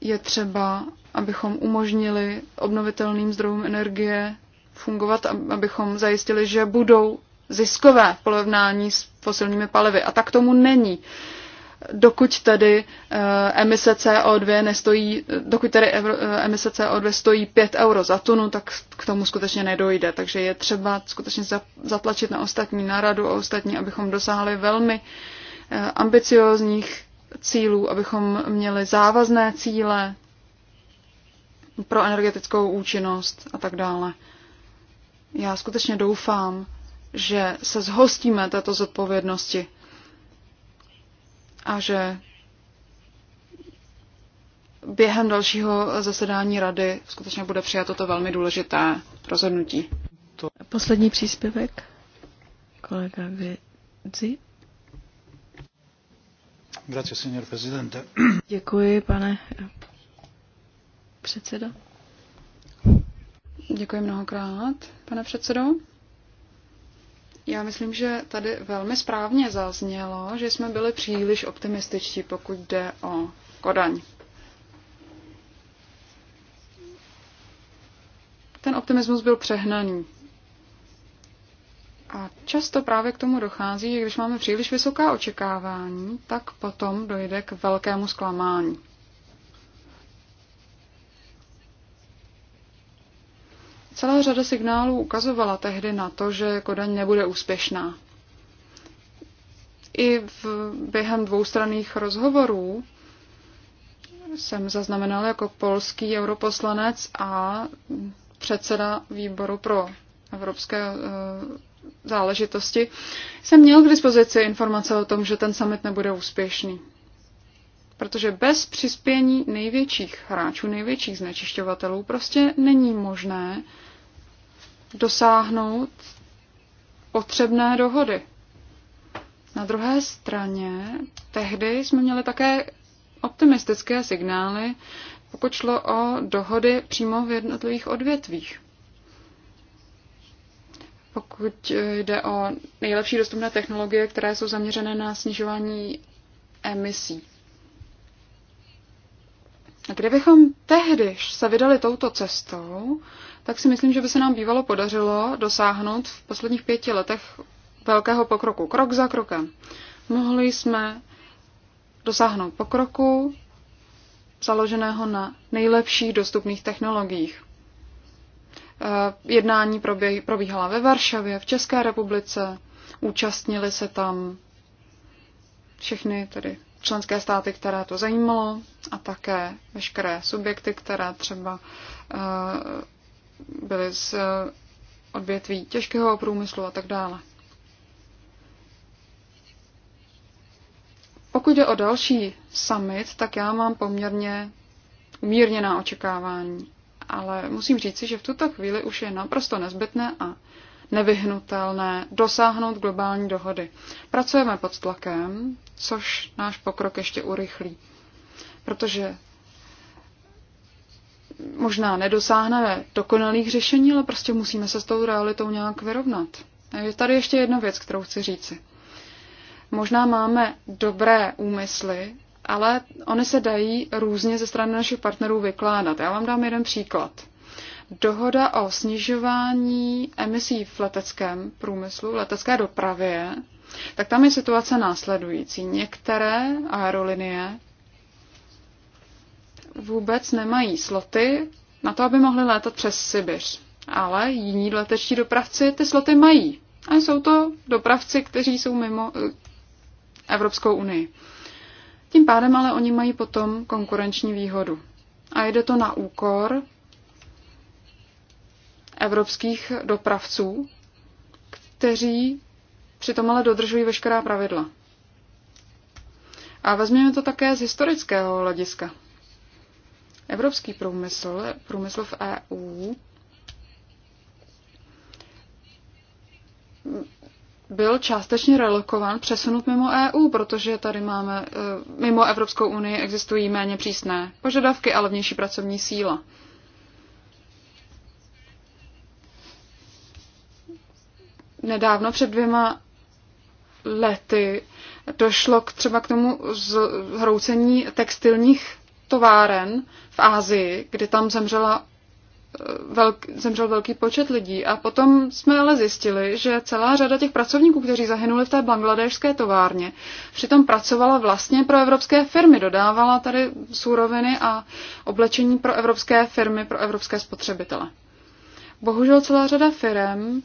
Je třeba, abychom umožnili obnovitelným zdrojům energie fungovat, abychom zajistili, že budou ziskové v s fosilními palivy. A tak tomu není. Dokud tedy eh, emise CO2 nestojí, dokud tedy eh, emise CO2 stojí 5 euro za tunu, tak k tomu skutečně nedojde. Takže je třeba skutečně zatlačit na ostatní, náradu a ostatní, abychom dosáhli velmi eh, ambiciozních cílů, abychom měli závazné cíle pro energetickou účinnost a tak dále. Já skutečně doufám, že se zhostíme této zodpovědnosti a že během dalšího zasedání rady skutečně bude přijato to velmi důležité rozhodnutí. Poslední příspěvek, kolega Vědzi. Grazie, signor Presidente. Děkuji, pane předsedo. Děkuji mnohokrát, pane předsedo. Já myslím, že tady velmi správně zaznělo, že jsme byli příliš optimističtí, pokud jde o Kodaň. Ten optimismus byl přehnaný. A často právě k tomu dochází, že když máme příliš vysoká očekávání, tak potom dojde k velkému zklamání. Celá řada signálů ukazovala tehdy na to, že Kodaň nebude úspěšná. I v, během dvoustranných rozhovorů jsem zaznamenal jako polský europoslanec a předseda výboru pro evropské e, záležitosti, jsem měl k dispozici informace o tom, že ten summit nebude úspěšný. Protože bez přispění největších hráčů, největších znečišťovatelů prostě není možné dosáhnout potřebné dohody. Na druhé straně, tehdy jsme měli také optimistické signály, pokud šlo o dohody přímo v jednotlivých odvětvích. Pokud jde o nejlepší dostupné technologie, které jsou zaměřené na snižování emisí. A kdybychom tehdy se vydali touto cestou, tak si myslím, že by se nám bývalo podařilo dosáhnout v posledních pěti letech velkého pokroku, krok za krokem. Mohli jsme dosáhnout pokroku založeného na nejlepších dostupných technologiích. Eh, jednání probíhala ve Varšavě, v České republice, účastnili se tam všechny tedy členské státy, které to zajímalo a také veškeré subjekty, které třeba eh, byli z eh, odvětví těžkého průmyslu a tak dále. Pokud jde o další summit, tak já mám poměrně umírněná očekávání. Ale musím říci, že v tuto chvíli už je naprosto nezbytné a nevyhnutelné dosáhnout globální dohody. Pracujeme pod tlakem, což náš pokrok ještě urychlí. Protože možná nedosáhneme dokonalých řešení, ale prostě musíme se s tou realitou nějak vyrovnat. Takže tady ještě jedna věc, kterou chci říci. Možná máme dobré úmysly, ale oni se dají různě ze strany našich partnerů vykládat. Já vám dám jeden příklad. Dohoda o snižování emisí v leteckém průmyslu, v letecké dopravě, tak tam je situace následující. Některé aerolinie vůbec nemají sloty na to, aby mohli létat přes Sibiř. Ale jiní leteční dopravci ty sloty mají. A jsou to dopravci, kteří jsou mimo eh, Evropskou unii. Tím pádem ale oni mají potom konkurenční výhodu. A jde to na úkor evropských dopravců, kteří přitom ale dodržují veškerá pravidla. A vezměme to také z historického hlediska. Evropský průmysl, průmysl v EU, byl částečně relokován, přesunut mimo EU, protože tady máme, eh, mimo Evropskou unii existují méně přísné požadavky a levnější pracovní síla. Nedávno před dvěma lety došlo k, třeba k tomu zhroucení textilních továren v Ázii, kdy tam zemřela eh, velk, zemřel velký počet lidí. A potom jsme ale zjistili, že celá řada těch pracovníků, kteří zahynuli v té bangladéšské továrně, přitom pracovala vlastně pro evropské firmy, dodávala tady suroviny a oblečení pro evropské firmy, pro evropské spotřebitele. Bohužel celá řada firm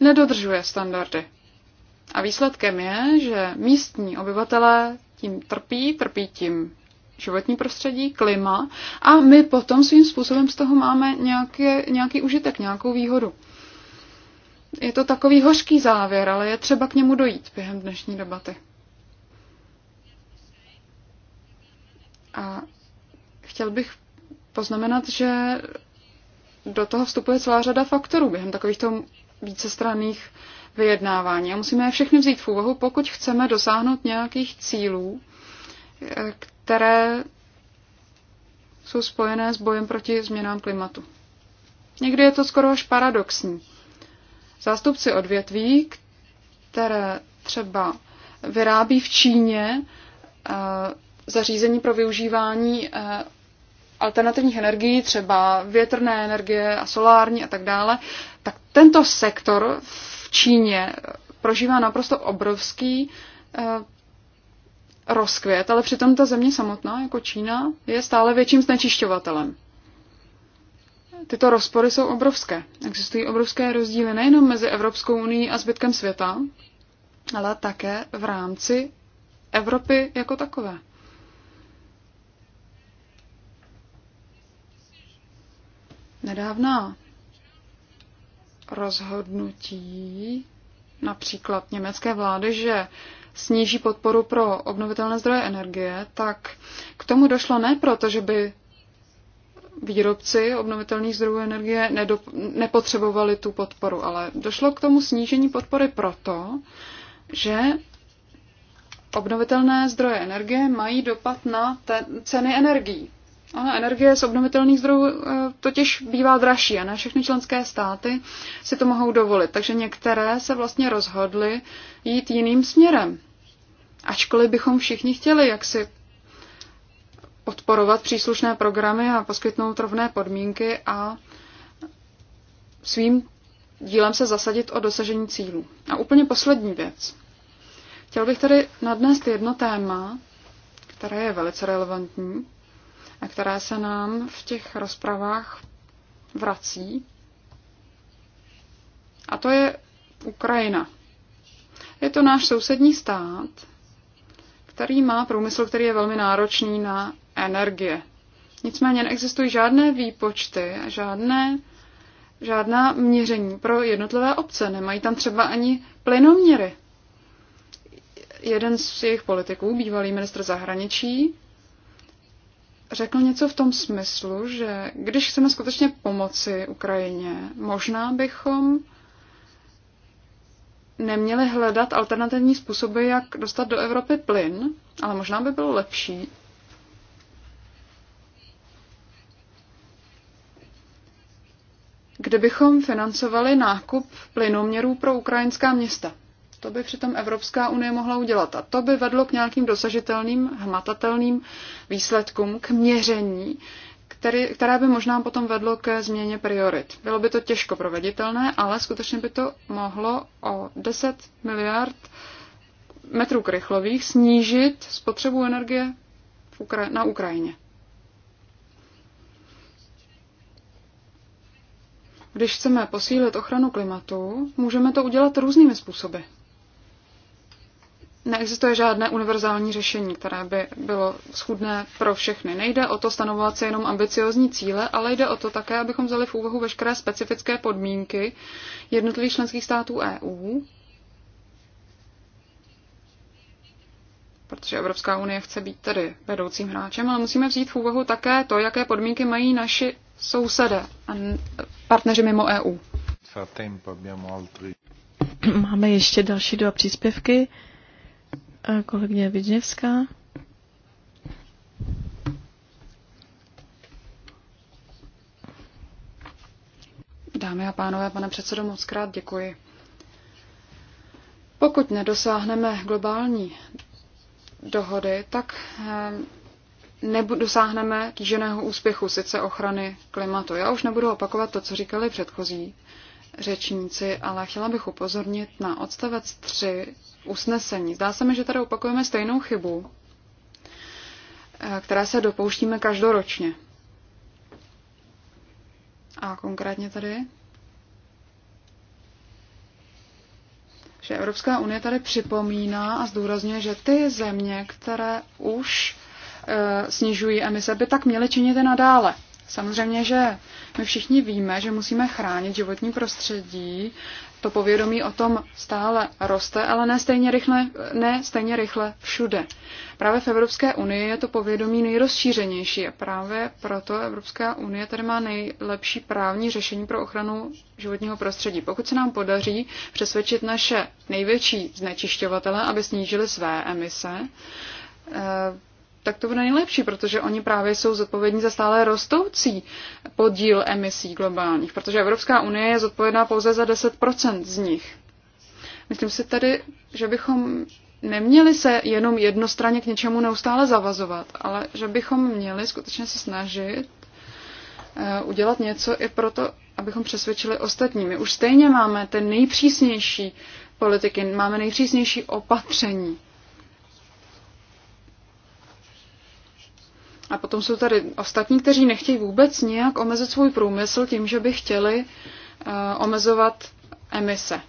nedodržuje standardy. A výsledkem je, že místní obyvatelé tím trpí, trpí tím životní prostředí, klima a my potom svým způsobem z toho máme nějaké, nějaký užitek, nějakou výhodu. Je to takový hořký závěr, ale je třeba k němu dojít během dnešní debaty. A chtěl bych poznamenat, že do toho vstupuje celá řada faktorů během takovýchto vícestranných vyjednávání. A musíme je všechny vzít v úvahu, pokud chceme dosáhnout nějakých cílů, které jsou spojené s bojem proti změnám klimatu. Někdy je to skoro až paradoxní. Zástupci odvětví, které třeba vyrábí v Číně eh, zařízení pro využívání eh, alternativních energií, třeba větrné energie a solární a tak dále, tak tento sektor v Číně prožívá naprosto obrovský eh, rozkvět, ale přitom ta země samotná, jako Čína, je stále větším znečišťovatelem. Tyto rozpory jsou obrovské. Existují obrovské rozdíly nejenom mezi Evropskou unii a zbytkem světa, ale také v rámci Evropy jako takové. Nedávná rozhodnutí například německé vlády, že sníží podporu pro obnovitelné zdroje energie, tak k tomu došlo ne proto, že by výrobci obnovitelných zdrojů energie nedop- nepotřebovali tu podporu, ale došlo k tomu snížení podpory proto, že obnovitelné zdroje energie mají dopad na ceny energií. Ale energie z obnovitelných zdrojů eh, totiž bývá dražší a ne všechny členské státy si to mohou dovolit. Takže některé se vlastně rozhodly jít jiným směrem. Ačkoliv bychom všichni chtěli jaksi podporovat příslušné programy a poskytnout rovné podmínky a svým dílem se zasadit o dosažení cílů. A úplně poslední věc. Chtěl bych tady nadnést jedno téma, které je velice relevantní, a která se nám v těch rozpravách vrací. A to je Ukrajina. Je to náš sousední stát, který má průmysl, který je velmi náročný na energie. Nicméně neexistují žádné výpočty a žádné, žádná měření pro jednotlivé obce. Nemají tam třeba ani plynoměry. Jeden z jejich politiků, bývalý ministr zahraničí, řekl něco v tom smyslu, že když chceme skutečně pomoci Ukrajině, možná bychom neměli hledat alternativní způsoby, jak dostat do Evropy plyn, ale možná by bylo lepší kdybychom financovali nákup plynoměrů pro ukrajinská města. To by přitom Evropská unie mohla udělat. A to by vedlo k nějakým dosažitelným, hmatatelným výsledkům, k měření, který, které by možná potom vedlo ke změně priorit. Bylo by to těžko proveditelné, ale skutečně by to mohlo o 10 miliard metrů krychlových snížit spotřebu energie na Ukrajině. Když chceme posílit ochranu klimatu, můžeme to udělat různými způsoby neexistuje žádné univerzální řešení, které by bylo schudné pro všechny. Nejde o to stanovovat se jenom ambiciozní cíle, ale jde o to také, abychom vzali v úvahu veškeré specifické podmínky jednotlivých členských států EU, protože Evropská unie chce být tedy vedoucím hráčem, ale musíme vzít v úvahu také to, jaké podmínky mají naši sousedé a partneři mimo EU. Máme ještě další dva příspěvky kolegyně Vidněvská. Dámy a pánové, pane předsedo, moc krát děkuji. Pokud nedosáhneme globální dohody, tak eh, dosáhneme kýženého úspěchu, sice ochrany klimatu. Já už nebudu opakovat to, co říkali předchozí řečníci, ale chtěla bych upozornit na odstavec 3 usnesení. Zdá se mi, že tady opakujeme stejnou chybu, eh, která se dopouštíme každoročně. A konkrétně tady, že Evropská unie tady připomíná a zdůrazňuje, že ty země, které už e, snižují emise, by tak měly činit i nadále. Samozřejmě, že my všichni víme, že musíme chránit životní prostředí, to povědomí o tom stále roste, ale ne stejně rychle, ne stejně rychle všude. Právě v Evropské unii je to povědomí nejrozšířenější a právě proto Evropská unie tady má nejlepší právní řešení pro ochranu životního prostředí. Pokud se nám podaří přesvědčit naše největší znečišťovatele, aby snížili své emise, eh, tak to bude nejlepší, protože oni právě jsou zodpovědní za stále rostoucí podíl emisí globálních, protože Evropská unie je zodpovědná pouze za 10% z nich. Myslím si tady, že bychom neměli se jenom jednostranně k něčemu neustále zavazovat, ale že bychom měli skutečně se snažit eh, udělat něco i proto, abychom přesvědčili ostatní. My už stejně máme ten nejpřísnější politiky, máme nejpřísnější opatření A potom jsou tady ostatní, kteří nechtějí vůbec nějak omezit svůj průmysl tím, že by chtěli eh, omezovat emise.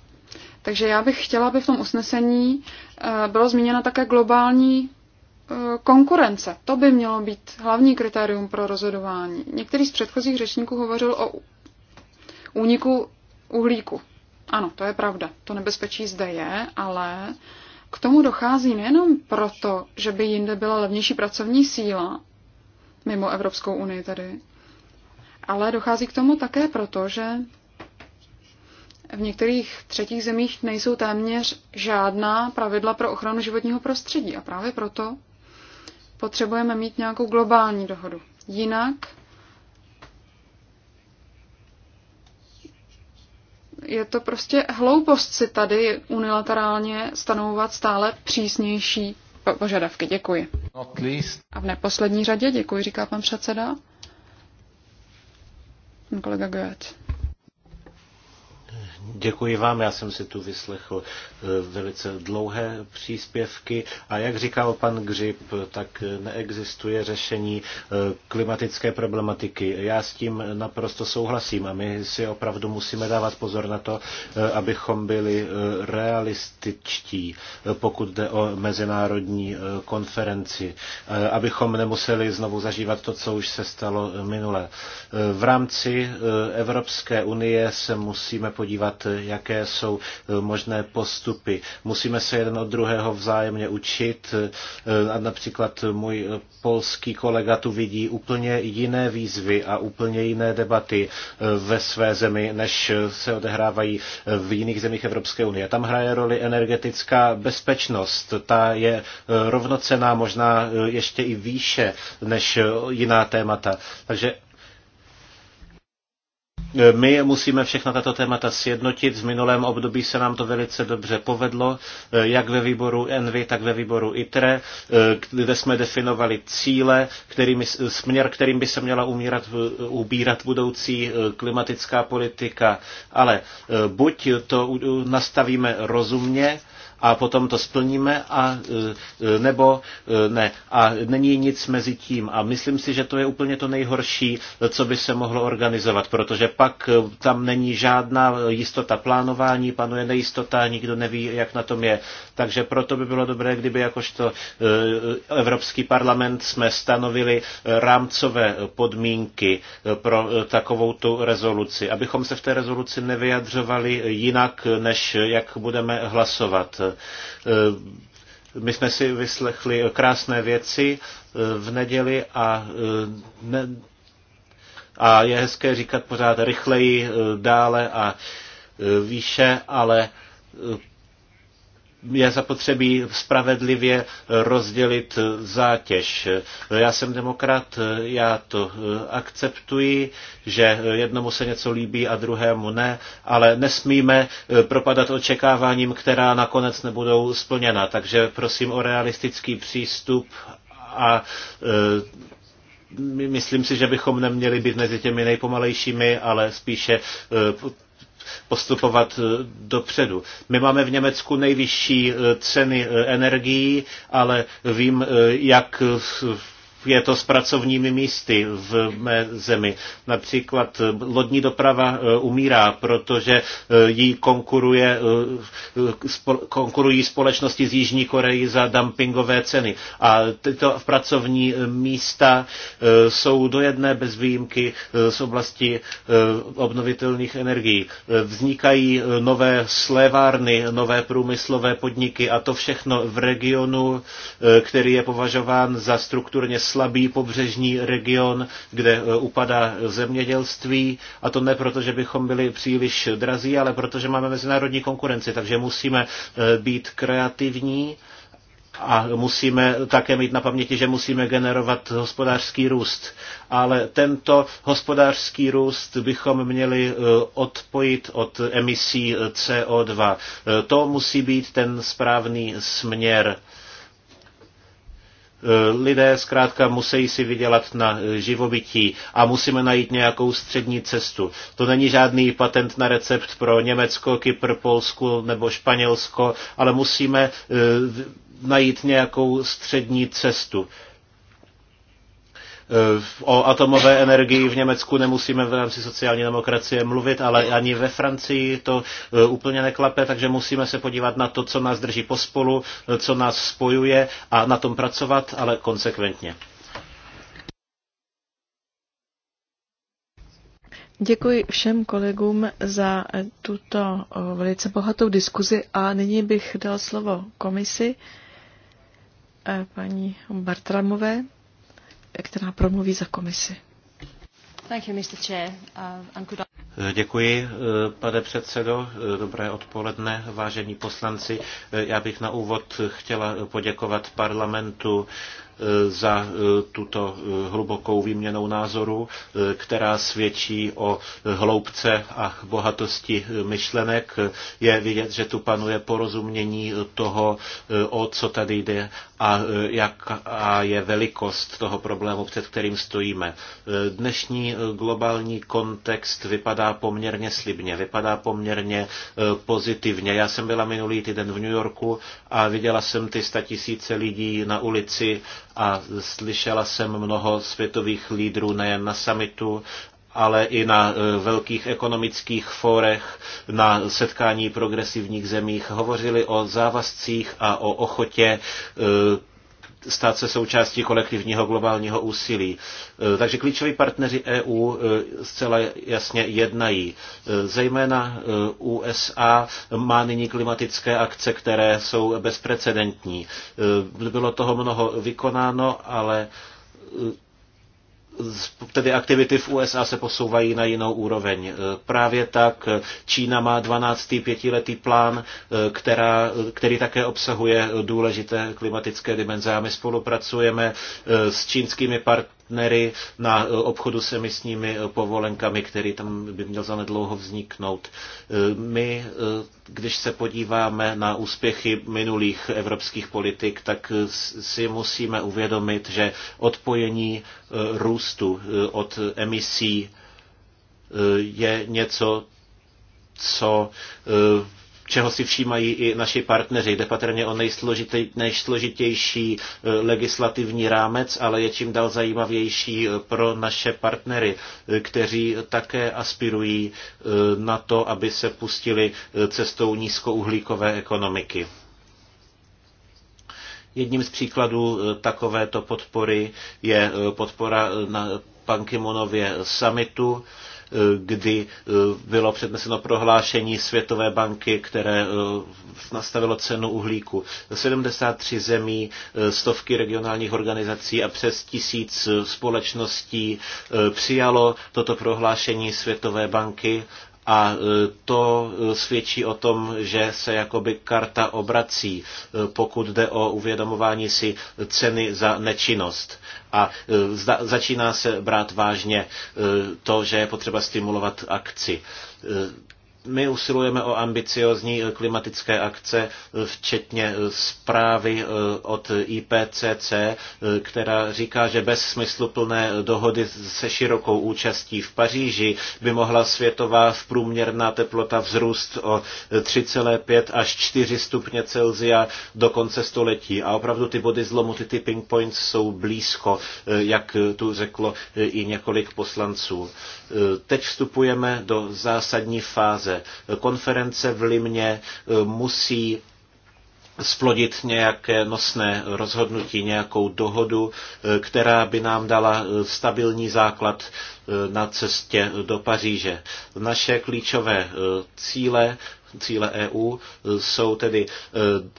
Takže já bych chtěla, aby v tom usnesení eh, bylo zmíněna také globální eh, konkurence. To by mělo být hlavní kritérium pro rozhodování. Některý z předchozích řečníků hovořil o úniku uhlíku. Ano, to je pravda. To nebezpečí zde je, ale k tomu dochází nejenom proto, že by jinde byla levnější pracovní síla, mimo Evropskou unii tedy. Ale dochází k tomu také proto, že v některých třetích zemích nejsou téměř žádná pravidla pro ochranu životního prostředí a právě proto potřebujeme mít nějakou globální dohodu. Jinak je to prostě hloupost si tady unilaterálně stanovovat stále přísnější požadavky. Děkuji. A v neposlední řadě děkuji, říká pan předseda. Pan kolega Goethe. Děkuji vám, já jsem si tu vyslechl eh, velice dlouhé příspěvky a jak říkal pan Gřib, tak neexistuje řešení eh, klimatické problematiky. Já s tím naprosto souhlasím a my si opravdu musíme dávat pozor na to, eh, abychom byli realističtí, pokud jde o mezinárodní konferenci, abychom nemuseli znovu zažívat to, co už se stalo minule. V rámci Evropské unie se musíme podívat podívat, jaké jsou eh, možné postupy. Musíme se jeden od druhého vzájemně učit eh, a například můj eh, polský kolega tu vidí úplně jiné výzvy a úplně jiné debaty ve své zemi, než se odehrávají v jiných zemích Evropské unie. Tam hraje roli energetická bezpečnost. Ta je rovnocená možná ještě i výše než jiná témata. Takže my musíme všechna tato témata sjednotit. V minulém období se nám to velice dobře povedlo, eh, jak ve výboru Envy, tak ve výboru ITRE, eh, kde jsme definovali cíle, kterými, směr, kterým by se měla umírat, ubírat budoucí eh, klimatická politika. Ale buď to nastavíme rozumně, a potom to splníme a e, e, nebo e, ne. A není nic mezi tím. A myslím si, že to je úplně to nejhorší, co by se mohlo organizovat, protože pak tam není žádná jistota plánování, panuje nejistota, nikdo neví, jak na tom je. Takže proto by bylo dobré, kdyby jakožto Evropský parlament jsme stanovili rámcové podmínky pro takovou tu rezoluci, abychom se v té rezoluci nevyjadřovali jinak, než jak budeme hlasovat. Eh, my jsme si vyslechli krásné věci eh, v neděli a eh, ne, a je hezké říkat pořád rychleji, dále a výše, ale je zapotřebí spravedlivě rozdělit zátěž. Já jsem demokrat, já to akceptuji, že jednomu se něco líbí a druhému ne, ale nesmíme propadat očekáváním, která nakonec nebudou splněna. Takže prosím o realistický přístup a e, myslím si, že bychom neměli být mezi těmi nejpomalejšími, ale spíše e, postupovat eh, dopředu. My máme v Německu nejvyšší eh, ceny eh, energií, ale vím, jak je to s pracovními místy v mé zemi. Například eh, lodní doprava eh, umírá, protože eh, jí konkuruje, konkurují společnosti z Jižní Koreji za dumpingové ceny. A tyto pracovní místa jsou dojedné bez výjimky z oblasti obnovitelných energií. Vznikají nové slévárny, nové průmyslové podniky a to všechno v regionu, který je považován za strukturně slabý pobřežní region, kde e, upadá zemědělství. A to ne proto, že bychom byli příliš drazí, ale protože máme mezinárodní konkurenci, takže musíme e, být kreativní. A musíme také mít na paměti, že musíme generovat hospodářský růst. Ale tento hospodářský růst bychom měli e, odpojit od emisí CO2. To musí být ten správný směr Lidé zkrátka musí si vydělat na eh, živobytí a musíme najít nějakou střední cestu. To není žádný patent na recept pro Německo, Kypr, Polsku nebo Španělsko, ale musíme eh, najít nějakou střední cestu. Eh, o atomové energii v Německu nemusíme v rámci sociální demokracie mluvit, ale ani ve Francii to eh, úplně neklape, takže musíme se podívat na to, co nás drží pospolu, eh, co nás spojuje a na tom pracovat, ale konsekventně. Děkuji všem kolegům za tuto velice bohatou diskuzi a nyní bych dal slovo komisi paní Bartramové která promluví za komisi. Uh, eh, děkuji, eh, pane předsedo. Eh, dobré odpoledne, vážení poslanci. Já bych na úvod chtěla poděkovat parlamentu Eh, za eh, tuto eh, hlubokou výměnou názoru, která svědčí o hloubce a bohatosti myšlenek. Je vidět, že tu panuje porozumění toho, o co tady jde a jaká je velikost toho problému, před kterým stojíme. Dnešní globální kontext vypadá poměrně slibně, vypadá poměrně pozitivně. Já jsem byla minulý týden v New Yorku a viděla jsem ty statisíce lidí na ulici a slyšela jsem mnoho světových lídrů nejen na summitu, ale i na e, velkých ekonomických fórech, na setkání progresivních zemích, hovořili o závazcích a o ochotě e, stát se součástí kolektivního globálního úsilí. E, takže klíčoví partneři EU e, zcela jasně jednají. E, zejména USA má nyní klimatické akce, které jsou bezprecedentní. Bylo toho mnoho vykonáno, ale tedy aktivity v USA se posouvají na jinou úroveň. E, právě tak e, Čína má 12. pětiletý plán, e, která, který také obsahuje důležité klimatické dimenze a my spolupracujeme s čínskými part, partnery na eh, obchodu s emisními eh, povolenkami, který tam by měl zanedlouho vzniknout. Eh, my, když se podíváme na úspěchy minulých evropských politik, tak si musíme uvědomit, že odpojení růstu od emisí je něco, co čeho si všímají i naši partneři. Jde patrně o nejsložitější eh, legislativní rámec, ale je čím dál zajímavější eh, pro naše partnery, eh, kteří také aspirují na to, aby se pustili cestou nízkouhlíkové ekonomiky. Jedním z příkladů takovéto podpory je podpora na Pankimonově summitu, kdy eh, bylo předneseno prohlášení Světové banky, které eh, nastavilo cenu uhlíku. 73 zemí, eh, stovky regionálních organizací a přes tisíc společností přijalo toto prohlášení Světové banky a e, to e, svědčí o tom, že se jakoby karta obrací, e, pokud jde o uvědomování si ceny za nečinnost. A začíná se brát vážně to, že je potřeba stimulovat akci my usilujeme o ambiciozní klimatické akce, včetně zprávy eh, od IPCC, eh, která říká, že bez smysluplné dohody se širokou účastí v Paříži by mohla světová vprůměrná teplota vzrůst o 3,5 až 4 stupně Celzia do konce století. A opravdu ty body zlomu, ty tipping points jsou blízko, eh, jak tu řeklo i několik poslanců. Teď vstupujeme do zásadní fáze konference. Konference v Limně eh, musí splodit nějaké nosné rozhodnutí, nějakou dohodu, eh, která by nám dala eh, stabilní základ na cestě do Paříže. Naše klíčové cíle cíle EU jsou tedy e,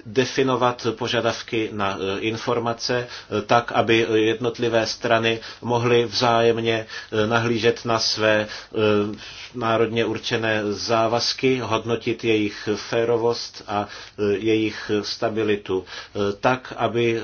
definovat požadavky na e, informace e, tak, aby jednotlivé strany mohly vzájemně nahlížet na své národně určené závazky, hodnotit jejich férovost a jejich stabilitu tak, aby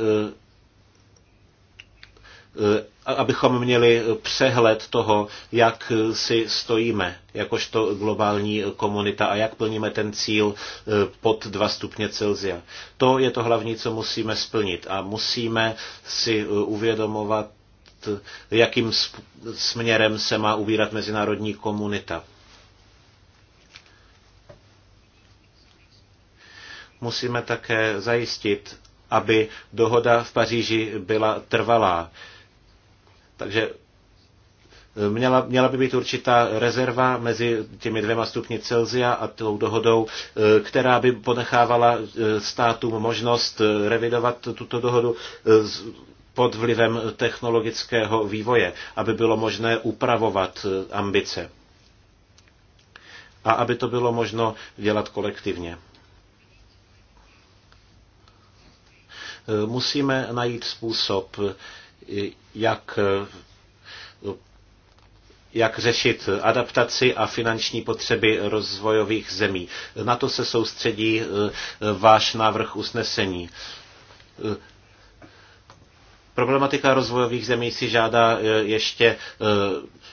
abychom měli přehled toho, jak si stojíme jakožto globální komunita a jak plníme ten cíl eh, pod 2 stupně Celsia. To je to hlavní, co musíme splnit a musíme si eh, uvědomovat, jakým směrem se má ubírat mezinárodní komunita. Musíme také zajistit, aby dohoda v Paříži byla trvalá takže e, Měla, měla by být určitá rezerva mezi těmi dvěma stupni Celzia a tou dohodou, e, která by ponechávala e, státům možnost revidovat tuto dohodu pod vlivem technologického vývoje, aby bylo možné upravovat ambice a aby to bylo možno dělat kolektivně. Musíme najít způsob, jak jak řešit adaptaci a finanční potřeby rozvojových zemí. Na to se soustředí eh, váš návrh usnesení. Eh, problematika rozvojových zemí si žádá eh, ještě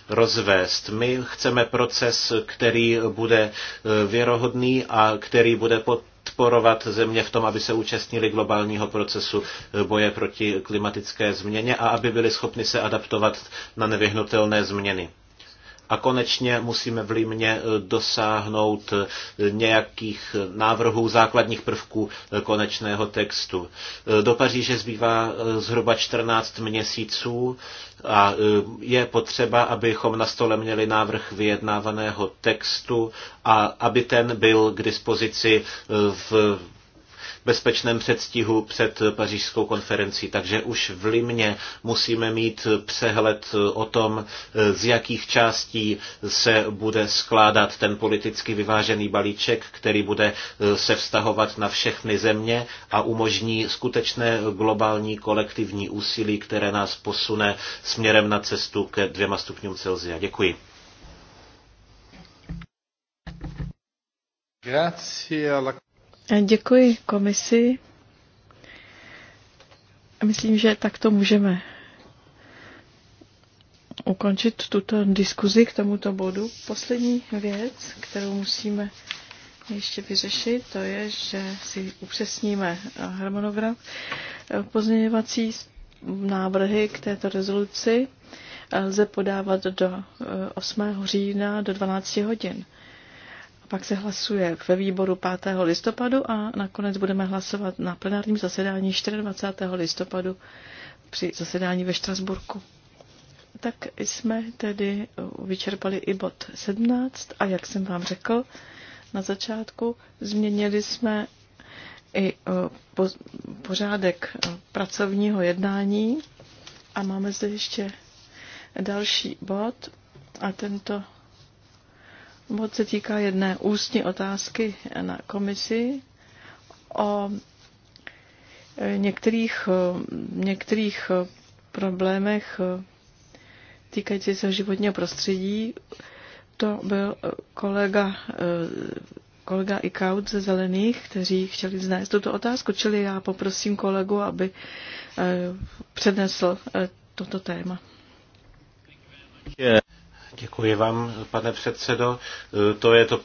rozvést. My chceme proces, který bude věrohodný a který bude pod podporovat země v tom, aby se účastnili globálního procesu boje proti klimatické změně a aby byli schopni se adaptovat na nevyhnutelné změny. A konečně musíme v Limně eh, dosáhnout eh, nějakých eh, návrhů základních prvků konečného textu. Do Paříže zbývá zhruba 14 měsíců a je potřeba, abychom na stole měli návrh vyjednávaného textu a aby ten byl k dispozici v bezpečném předstihu před pařížskou konferencí. Takže už v Limně musíme mít přehled o tom, z jakých částí se bude skládat ten politicky vyvážený balíček, který bude eh, se vztahovat na všechny země a umožní skutečné globální kolektivní úsilí, které nás posune směrem na cestu ke dvěma stupňům Celsia. Děkuji. Děkuji komisi. Myslím, že takto můžeme ukončit tuto diskuzi k tomuto bodu. Poslední věc, kterou musíme ještě vyřešit, to je, že si upřesníme harmonogram pozměňovací návrhy k této rezoluci lze podávat do 8. Eh, října do 12 hodin pak se hlasuje ve výboru 5. listopadu a nakonec budeme hlasovat na plenárním zasedání 24. listopadu při zasedání ve Štrasburku. Tak jsme tedy vyčerpali i bod 17 a jak jsem vám řekl na začátku, změnili jsme i pořádek pracovního jednání a máme zde ještě další bod a tento Bod se týká jedné ústní otázky na komisi o e, některých, e, některých e, problémech týkající se životního prostředí. To byl kolega, kolega Ikaut ze Zelených, kteří chtěli znést tuto otázku, čili já poprosím kolegu, aby přednesl toto téma. Děkuji vám, pane předsedo. To je to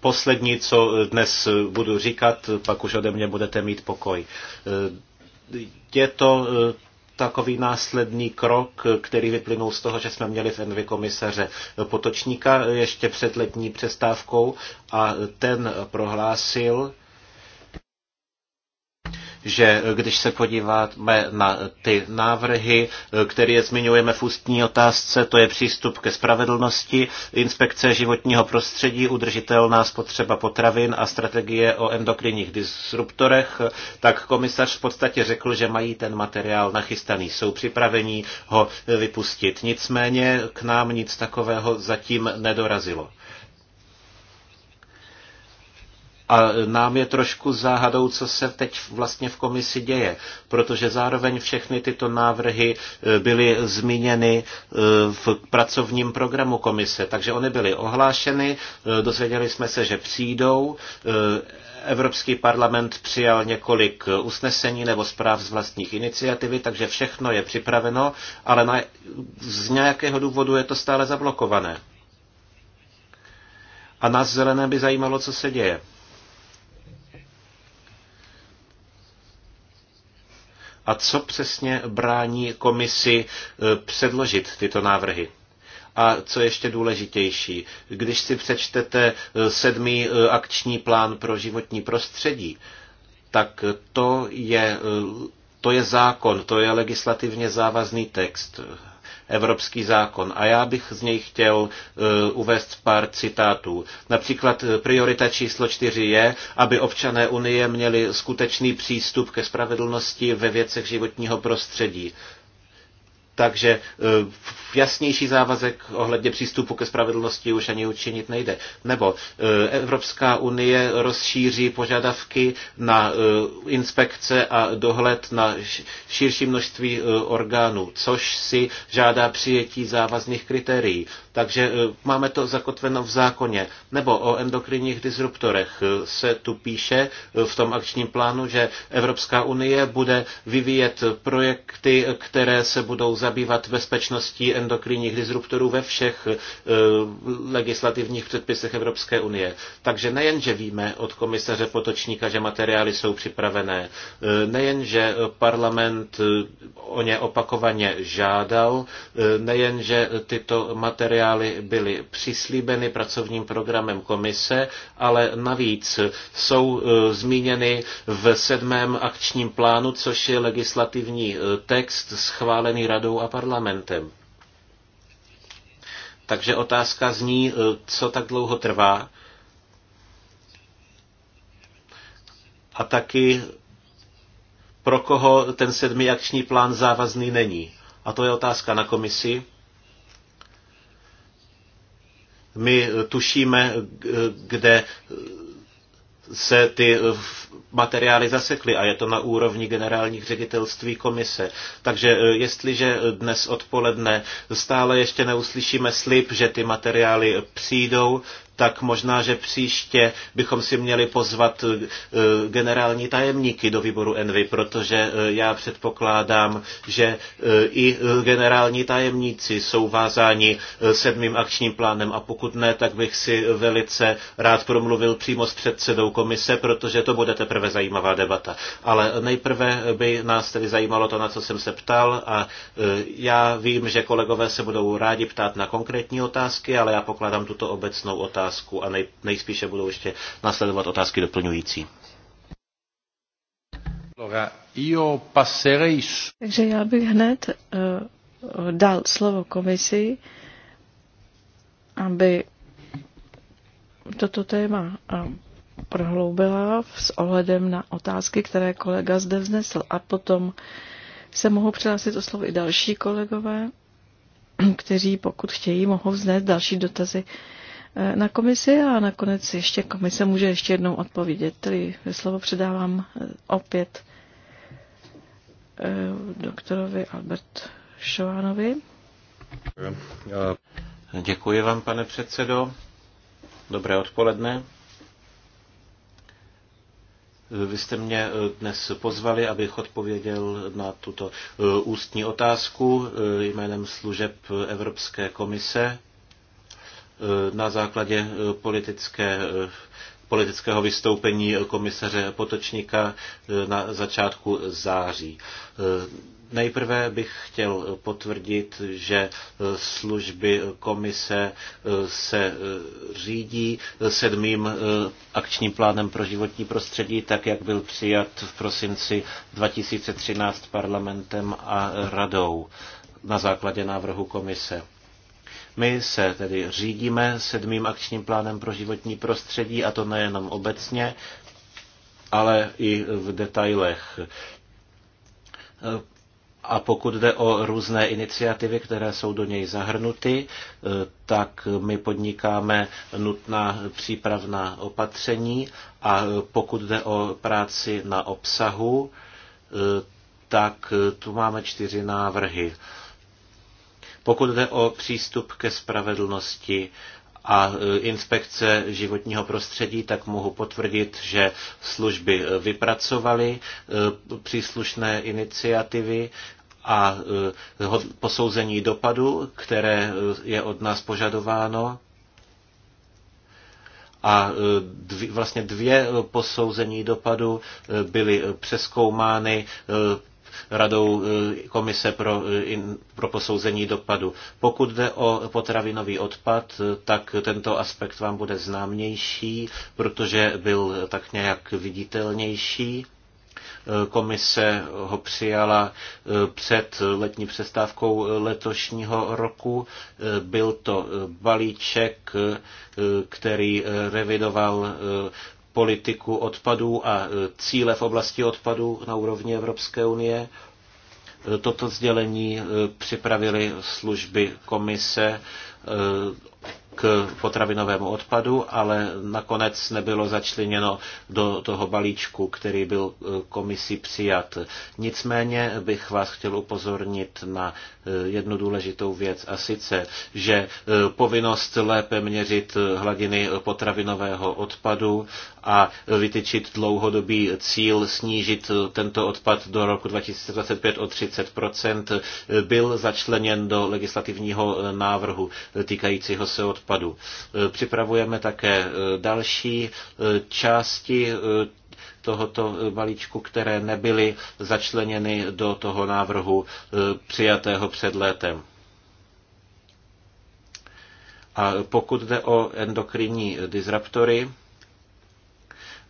poslední, co dnes budu říkat, pak už ode mě budete mít pokoj. Je to takový následný krok, který vyplynul z toho, že jsme měli v Envy komisaře Potočníka ještě před letní přestávkou a ten prohlásil, že když se podíváme na ty návrhy, které zmiňujeme v ústní otázce, to je přístup ke spravedlnosti, inspekce životního prostředí, udržitelná spotřeba potravin a strategie o endokrinních disruptorech, tak komisař v podstatě řekl, že mají ten materiál nachystaný, jsou připraveni ho vypustit. Nicméně k nám nic takového zatím nedorazilo. A nám je trošku záhadou, co se teď vlastně v komisi děje, protože zároveň všechny tyto návrhy e, byly zmíněny e, v pracovním programu komise, takže oni byly ohlášeny, e, dozvěděli jsme se, že přijdou, Evropský parlament přijal několik usnesení nebo zpráv z vlastních iniciativy, takže všechno je připraveno, ale na, z nějakého důvodu je to stále zablokované. A nás zelené by zajímalo, co se děje. A co přesně brání komisi e, předložit tyto návrhy? A co ještě důležitější, když si přečtete e, sedmý e, akční plán pro životní prostředí, tak to je, to je zákon, to je legislativně závazný text evropský zákon. A já bych z něj chtěl e, uvést pár citátů. Například e, priorita číslo čtyři je, aby občané Unie měli skutečný přístup ke spravedlnosti ve věcech životního prostředí. Takže e, jasnější závazek ohledně přístupu ke spravedlnosti už ani učinit nejde. Nebo e, Evropská unie rozšíří požadavky na e, inspekce a dohled na širší množství orgánů, což si žádá přijetí závazných kritérií. Takže e, máme to zakotveno v zákoně. Nebo o endokrinních disruptorech e, se tu píše e, v tom akčním plánu, že Evropská unie bude vyvíjet projekty, které se budou zabývat bezpečností endokrinních disruptorů ve všech legislativních předpisech Evropské unie. Takže nejen, že víme od komisaře Potočníka, že materiály jsou připravené, nejen, že parlament o ně opakovaně žádal, nejen, že tyto materiály materiály byly přislíbeny pracovním programem komise, ale navíc jsou e, zmíněny v sedmém akčním plánu, což je legislativní e, text schválený radou a parlamentem. Takže otázka zní, e, co tak dlouho trvá. A taky pro koho ten akční plán závazný není. A to je otázka na komisi. My eh, tušíme, eh, kde eh, se ty materiály zasekly a je to na úrovni generálních ředitelství komise. Takže jestliže dnes odpoledne stále ještě neuslyšíme slib, že ty materiály přijdou, tak možná, že příště bychom si měli pozvat eh, generální tajemníky do výboru Envy, protože eh, já předpokládám, že eh, i generální tajemníci jsou vázáni sedmým akčním plánem a pokud ne, tak bych si velice rád promluvil přímo s předsedou komise, protože to bude teprve zajímavá debata. Ale nejprve by nás tedy zajímalo to, na co jsem se ptal a já vím, že kolegové se budou rádi ptát na konkrétní otázky, ale já pokládám tuto obecnou otázku otázku a nej, nejspíše budou ještě nasledovat otázky doplňující. Takže já bych hned uh, dal slovo komisi, aby toto téma eh, prohloubila s ohledem na otázky, které kolega zde vznesl. A potom se mohou přihlásit o slovo i další kolegové, kteří, pokud chtějí, mohou vznést další dotazy Eh, na komisi a nakonec ještě komise může ještě jednou odpovědět. Tedy slovo předávám eh, opět eh, doktorovi Albert Šovánovi. Děkuji vám, pane předsedo. Dobré odpoledne. Vy jste mě dnes pozvali, abych odpověděl na tuto ústní otázku jménem služeb Evropské komise Eh, na základě eh, politické eh, politického vystoupení komisaře Potočníka na začátku září. Nejprve bych chtěl potvrdit, že služby komise se řídí sedmým akčním plánem pro životní prostředí, tak jak byl přijat v prosinci 2013 parlamentem a radou na základě návrhu komise. My se tedy řídíme sedmým akčním plánem pro životní prostředí a to nejenom obecně, ale i v detailech. A pokud jde o různé iniciativy, které jsou do něj zahrnuty, tak my podnikáme nutná přípravná opatření a pokud jde o práci na obsahu, tak tu máme čtyři návrhy. Pokud jde o přístup ke spravedlnosti, a e, inspekce životního prostředí, tak mohu potvrdit, že služby e, vypracovaly e, příslušné iniciativy a posouzení dopadu, které je od nás požadováno. A dvě, vlastně dvě posouzení dopadu byly přeskoumány Radou eh, Komise pro, eh, pro posouzení dopadu. Pokud jde o potravinový odpad, eh, tak tento aspekt vám bude známější, protože byl tak nějak viditelnější komise ho přijala před letní přestávkou letošního roku. Byl to balíček, který revidoval politiku odpadů a e, cíle v oblasti odpadů na úrovni Evropské unie. E, toto sdělení e, připravili služby komise k potravinovému odpadu, ale nakonec nebylo začleněno do toho balíčku, který byl komisí přijat. Nicméně bych vás chtěl upozornit na jednu důležitou věc a sice, že povinnost lépe měřit hladiny potravinového odpadu a vytyčit dlouhodobý cíl snížit tento odpad do roku 2025 o 30 byl začleněn do legislativního návrhu týkajícího se odpadu. Připravujeme také další části tohoto balíčku, které nebyly začleněny do toho návrhu přijatého před létem. A pokud jde o endokrinní disruptory,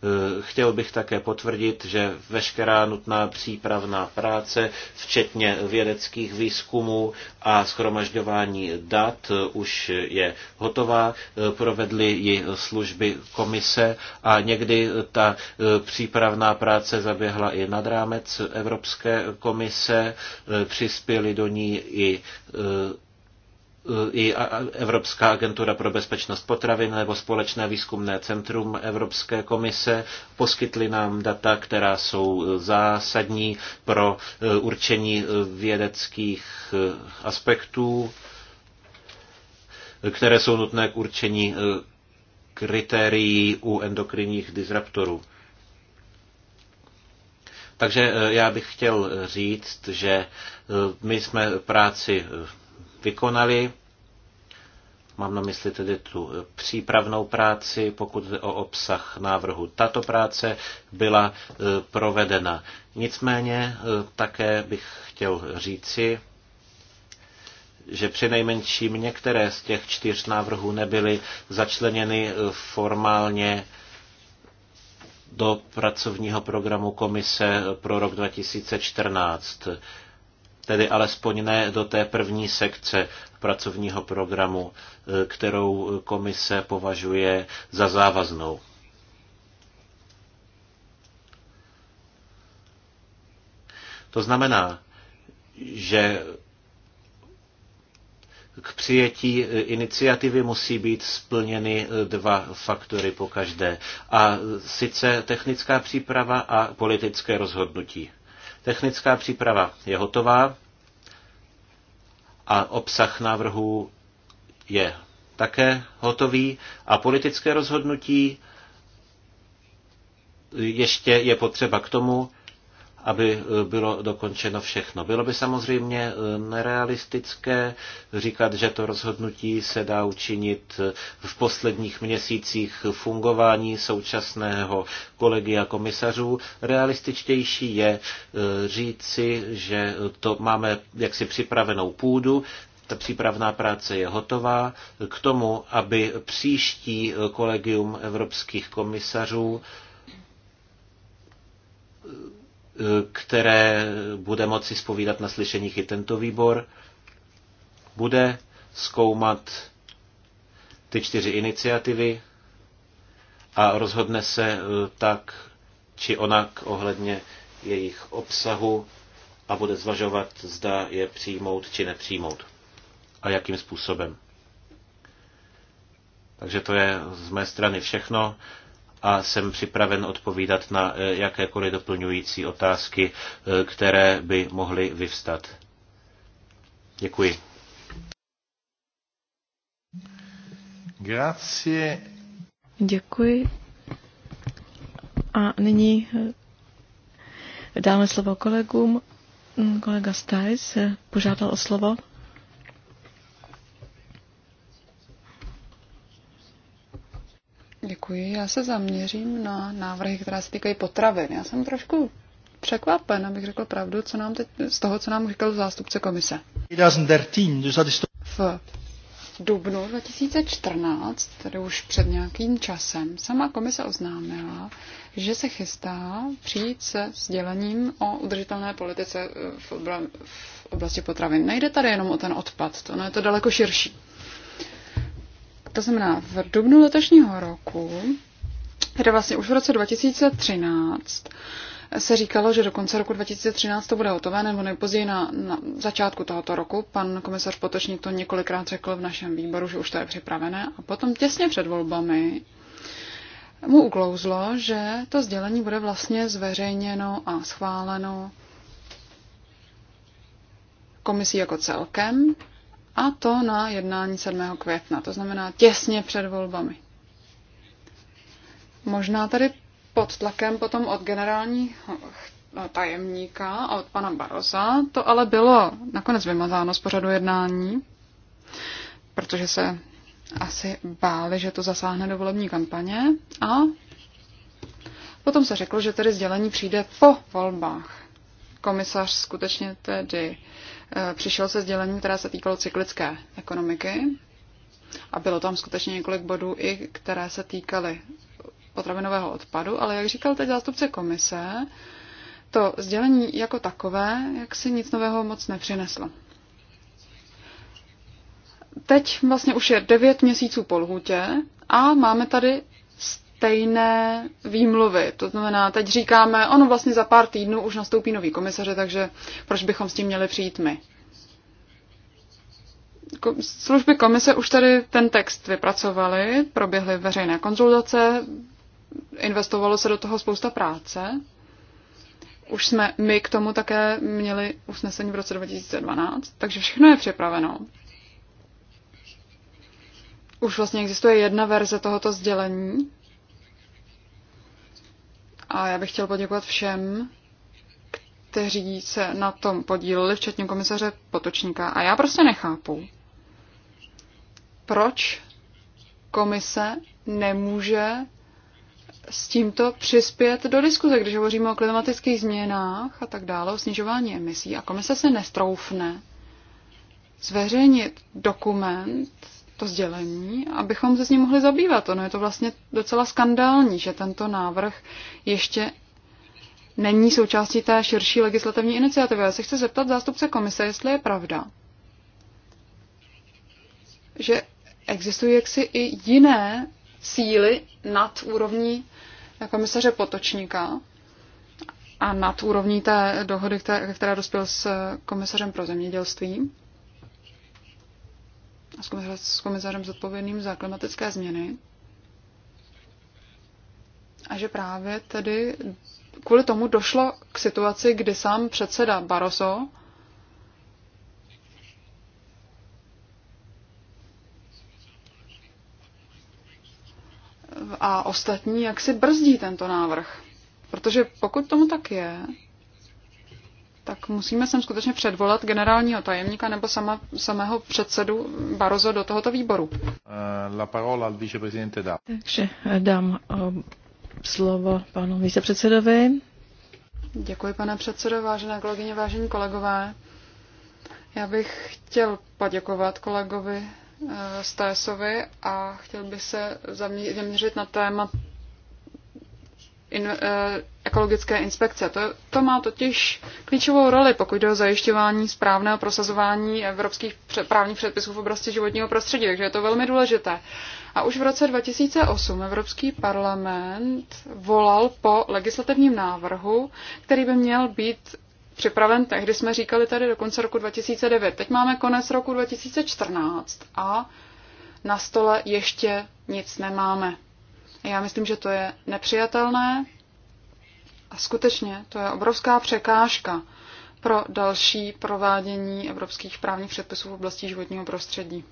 Eh, chtěl bych také potvrdit, že veškerá nutná přípravná práce, včetně vědeckých výzkumů a schromažďování dat, eh, už je hotová. Eh, provedly ji služby komise a někdy ta přípravná práce zaběhla i nad rámec Evropské komise. Přispěli do ní i i Evropská agentura pro bezpečnost potravin nebo Společné výzkumné centrum Evropské komise poskytly nám data, která jsou zásadní pro e, určení e, vědeckých e, aspektů, které jsou nutné k určení kritérií u endokrinních disruptorů. Takže já bych chtěl říct, že my jsme práci vykonali. Mám na mysli tedy tu přípravnou práci, pokud o obsah návrhu. Tato práce byla e, provedena. Nicméně e, také bych chtěl říci, že nejmenším některé z těch čtyř návrhů nebyly začleněny e, formálně do pracovního programu komise pro rok 2014 tedy alespoň ne do té první sekce pracovního programu, e, kterou komise považuje za závaznou. To znamená, že k přijetí iniciativy musí být splněny e, dva faktory po každé, a sice technická příprava a politické rozhodnutí. Technická příprava je hotová a obsah návrhu je také hotový a politické rozhodnutí ještě je potřeba k tomu, aby eh, bylo dokončeno všechno. Bylo by samozřejmě eh, nerealistické říkat, že to rozhodnutí se dá učinit eh, v posledních měsících fungování současného kolegia komisařů. Realističtější je říci, že to máme jaksi připravenou půdu, ta přípravná práce je hotová k tomu, aby příští kolegium evropských komisařů které bude moci spovídat na slyšeních i tento výbor, bude zkoumat ty čtyři iniciativy a rozhodne se e, tak či onak ohledně jejich obsahu a bude zvažovat, zda je přijmout či nepřijmout a jakým způsobem. Takže to je z mé strany všechno a jsem připraven odpovídat na eh, jakékoliv doplňující otázky, eh, které by mohly vyvstat. Děkuji. Grazie. Děkuji. A nyní eh, dáme slovo kolegům. Kolega Stajs požádal o slovo. Děkuji. Já se zaměřím na návrhy, které se týkají potravin. Já jsem trošku překvapen, abych řekl pravdu, co nám teď, z toho, co nám říkal zástupce komise. V dubnu 2014, tedy už před nějakým časem, sama komise oznámila, že se chystá přijít se sdělením o udržitelné politice eh, v, oblasti potravin. Nejde tady jenom o ten odpad, to no, je to daleko širší. To znamená, v dubnu letošního roku, kde vlastně už v roce 2013, se říkalo, že do konce roku 2013 to bude hotové, nebo nejpozději na, na začátku tohoto roku. Pan komisař Potočník to několikrát řekl v našem výboru, že už to je připravené. A potom těsně před volbami mu uklouzlo, že to sdělení bude vlastně zveřejněno a schváleno komisí jako celkem a to na jednání 7. května, to znamená těsně před volbami. Možná tady pod tlakem potom od generálního tajemníka a od pana Baroza, to ale bylo nakonec vymazáno z pořadu jednání, protože se asi báli, že to zasáhne do volební kampaně a potom se řeklo, že tedy sdělení přijde po volbách. Komisař skutečně tedy uh, Eh, přišel se sdělením, které se týkalo cyklické ekonomiky a bylo tam skutečně několik bodů, i které se týkaly potravinového odpadu, ale jak říkal teď zástupce komise, to sdělení jako takové, jak si nic nového moc nepřineslo. Teď vlastně už je devět měsíců po lhutě a máme tady stejné výmluvy. To znamená, teď říkáme, ono vlastně za pár týdnů už nastoupí nový komisaře, takže proč bychom s tím měli přijít my? Služby komise už tady ten text vypracovaly, proběhly veřejné konzultace, investovalo se do toho spousta práce. Už jsme my k tomu také měli usnesení v roce 2012, takže všechno je připraveno už vlastně existuje jedna verze tohoto sdělení a já bych chtěl poděkovat všem, kteří se na tom podíleli, včetně komisaře Potočníka. A já prostě nechápu, proč komise nemůže s tímto přispět do diskuze, když hovoříme o klimatických změnách a tak dále, o snižování emisí. A komise se nestroufne zveřejnit dokument, to sdělení, abychom se s ním mohli zabývat. Ono je to vlastně docela skandální, že tento návrh ještě není součástí té širší legislativní iniciativy. Já se chci zeptat zástupce komise, jestli je pravda, že existují jaksi i jiné síly nad úrovní komisaře Potočníka a nad úrovní té dohody, která dospěl s komisařem pro zemědělství s komisařem zodpovědným za klimatické změny. A že právě tedy kvůli tomu došlo k situaci, kdy sám předseda Barroso a ostatní jak si brzdí tento návrh. Protože pokud tomu tak je, tak musíme sem skutečně předvolat generálního tajemníka nebo sama, samého předsedu Barozo do tohoto výboru. Eh, la parola al viceprezidente da. Takže eh, dám eh, slovo panu vicepředsedovi. Děkuji, pane předsedo, vážené kolegyně, vážení kolegové. Já bych chtěl poděkovat kolegovi Stésovi a chtěl bych se zaměřit na téma in, uh, ekologické inspekce. To, to má totiž klíčovou roli, pokud jde o zajišťování správného prosazování evropských před, právních předpisů v oblasti životního prostředí, takže je to velmi důležité. A už v roce 2008 Evropský parlament volal po legislativním návrhu, který by měl být připraven, tehdy jsme říkali tady do konce roku 2009. Teď máme konec roku 2014 a na stole ještě nic nemáme. Já myslím, že to je nepřijatelné a skutečně to je obrovská překážka pro další provádění evropských právních předpisů v oblasti životního prostředí.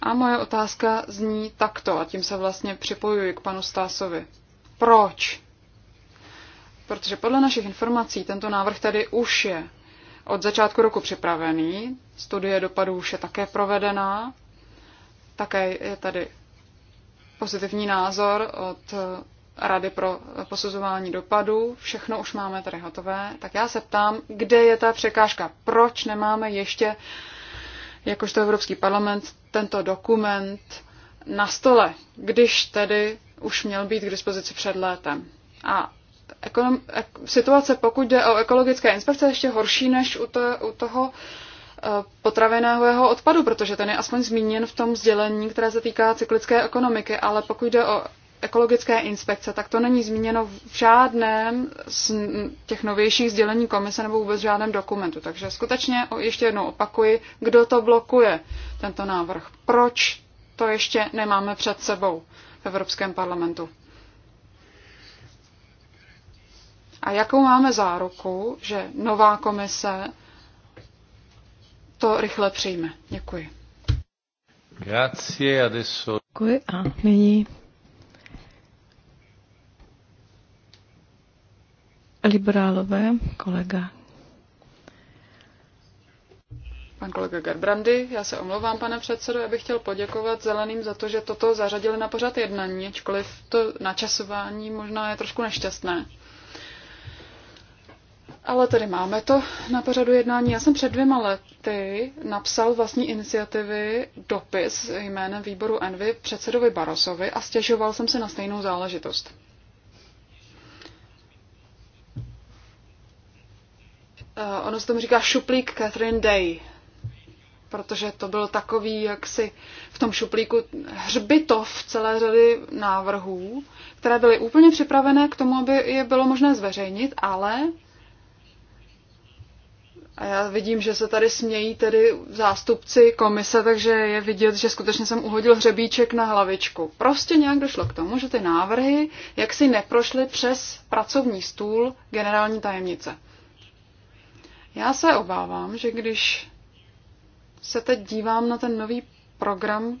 A moje otázka zní takto, a tím se vlastně připojuji k panu Stásovi. Proč? Protože podle našich informací tento návrh tady už je od začátku roku připravený, studie dopadů už je také provedená, také je tady pozitivní názor od eh, Rady pro posuzování dopadů. Všechno už máme tady hotové. Tak já se ptám, kde je ta překážka? Proč nemáme ještě, jakožto Evropský parlament, tento dokument na stole, když tedy už měl být k dispozici před létem? A ekonom, situace, pokud jde o ekologické inspekce, ještě horší než u, to, u toho Eh, potravinového odpadu, protože ten je aspoň zmíněn v tom sdělení, které se týká cyklické ekonomiky, ale pokud jde o ekologické inspekce, tak to není zmíněno v žádném z těch novějších sdělení komise nebo vůbec žádném dokumentu. Takže skutečně ještě jednou opakuji, kdo to blokuje, tento návrh. Proč to ještě nemáme před sebou v Evropském parlamentu? A jakou máme záruku, že nová komise to rychle přijme. Děkuji. Grazie, adesso... Děkuji a nyní liberálové, kolega. Pan kolega Gerbrandy, já se omlouvám, pane předsedo, já bych chtěl poděkovat zeleným za to, že toto zařadili na pořad jednání, ačkoliv to načasování možná je trošku nešťastné. Ale tady máme to na pořadu jednání. Já jsem před dvěma lety napsal vlastní iniciativy dopis jménem výboru Envy předsedovi Barosovi a stěžoval jsem se na stejnou záležitost. Eh, ono se tomu říká šuplík Catherine Day, protože to byl takový jak si v tom šuplíku hřbitov celé řady návrhů, které byly úplně připravené k tomu, aby je bylo možné zveřejnit, ale a já vidím, že se tady smějí tedy zástupci komise, takže je vidět, že skutečně jsem uhodil hřebíček na hlavičku. Prostě nějak došlo k tomu, že ty návrhy jaksi neprošly přes pracovní stůl generální tajemnice. Já se obávám, že když se teď dívám na ten nový program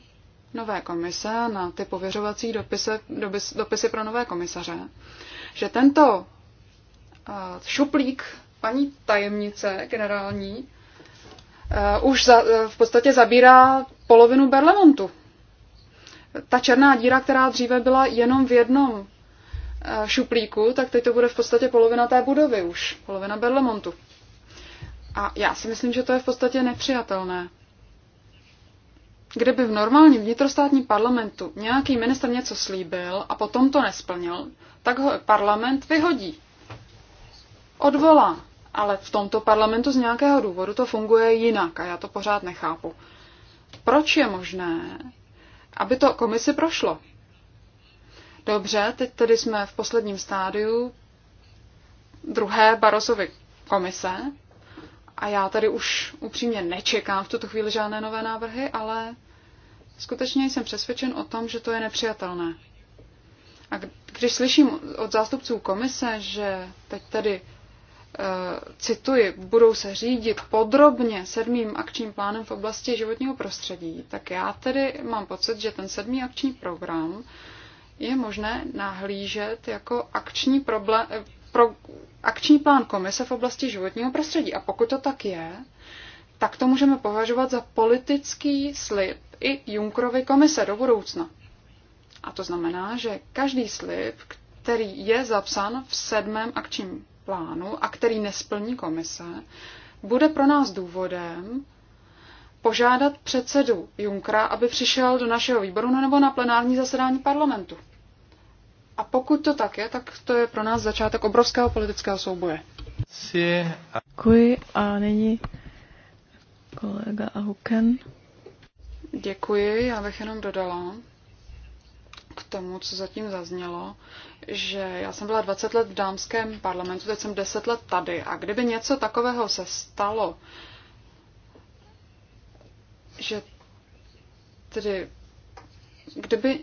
nové komise a na ty pověřovací dopisy, dopisy pro nové komisaře, že tento eh, šuplík paní tajemnice generální uh, už za, uh, v podstatě zabírá polovinu Berlemontu. Ta černá díra, která dříve byla jenom v jednom uh, šuplíku, tak teď to bude v podstatě polovina té budovy už, polovina Berlemontu. A já si myslím, že to je v podstatě nepřijatelné. Kdyby v normálním vnitrostátním parlamentu nějaký minister něco slíbil a potom to nesplnil, tak ho parlament vyhodí. Odvolá ale v tomto parlamentu z nějakého důvodu to funguje jinak a já to pořád nechápu. Proč je možné, aby to komisi prošlo? Dobře, teď tedy jsme v posledním stádiu druhé Barosovy komise a já tady už upřímně nečekám v tuto chvíli žádné nové návrhy, ale skutečně jsem přesvědčen o tom, že to je nepřijatelné. A když slyším od zástupců komise, že teď tady Eh, cituji, budou se řídit podrobně sedmým akčním plánem v oblasti životního prostředí, tak já tedy mám pocit, že ten sedmý akční program je možné nahlížet jako akční, problém, eh, pro, akční plán komise v oblasti životního prostředí. A pokud to tak je, tak to můžeme považovat za politický slib i Junkrovy komise do budoucna. A to znamená, že každý slib, který je zapsán v sedmém akčním plánu a který nesplní komise, bude pro nás důvodem požádat předsedu Junkra, aby přišel do našeho výboru nebo na plenární zasedání parlamentu. A pokud to tak je, tak to je pro nás začátek obrovského politického souboje. Děkuji a nyní kolega Ahuken. Děkuji, já bych jenom dodala k tomu, co zatím zaznělo, že já jsem byla 20 let v dámském parlamentu, teď jsem 10 let tady a kdyby něco takového se stalo, že tedy kdyby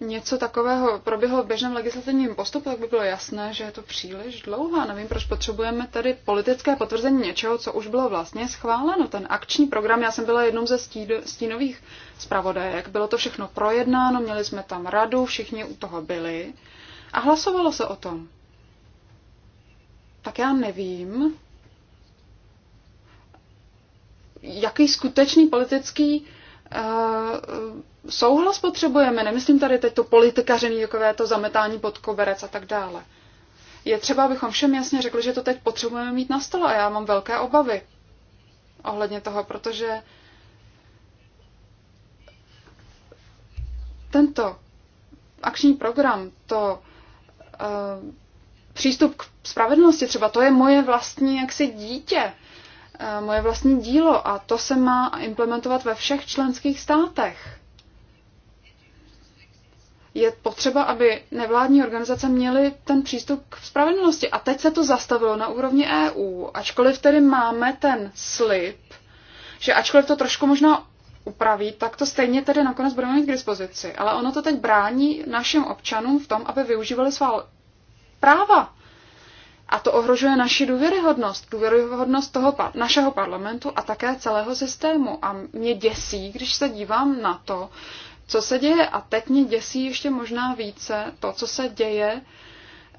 něco takového proběhlo v běžném legislativním postupu, tak by bylo jasné, že je to příliš dlouhá. Nevím, proč potřebujeme tady politické potvrzení něčeho, co už bylo vlastně schváleno. Ten akční program, já jsem byla jednou ze stínových zpravodajek, bylo to všechno projednáno, měli jsme tam radu, všichni u toho byli. A hlasovalo se o tom. Tak já nevím, jaký skutečný politický uh, souhlas potřebujeme. Nemyslím tady teď to politikaření, je to zametání pod koberec a tak dále. Je třeba, abychom všem jasně řekli, že to teď potřebujeme mít na stole a já mám velké obavy ohledně toho, protože tento akční program, to Eh, přístup k spravedlnosti třeba, to je moje vlastní jaksi dítě, eh, moje vlastní dílo a to se má implementovat ve všech členských státech. Je potřeba, aby nevládní organizace měly ten přístup k spravedlnosti. A teď se to zastavilo na úrovni EU. Ačkoliv tedy máme ten slib, že ačkoliv to trošku možná upraví, tak to stejně tedy nakonec budeme mít k dispozici. Ale ono to teď brání našim občanům v tom, aby využívali svá práva. A to ohrožuje naši důvěryhodnost, důvěryhodnost toho našeho parlamentu a také celého systému. A mě děsí, když se dívám na to, co se děje. A teď mě děsí ještě možná více to, co se děje uh,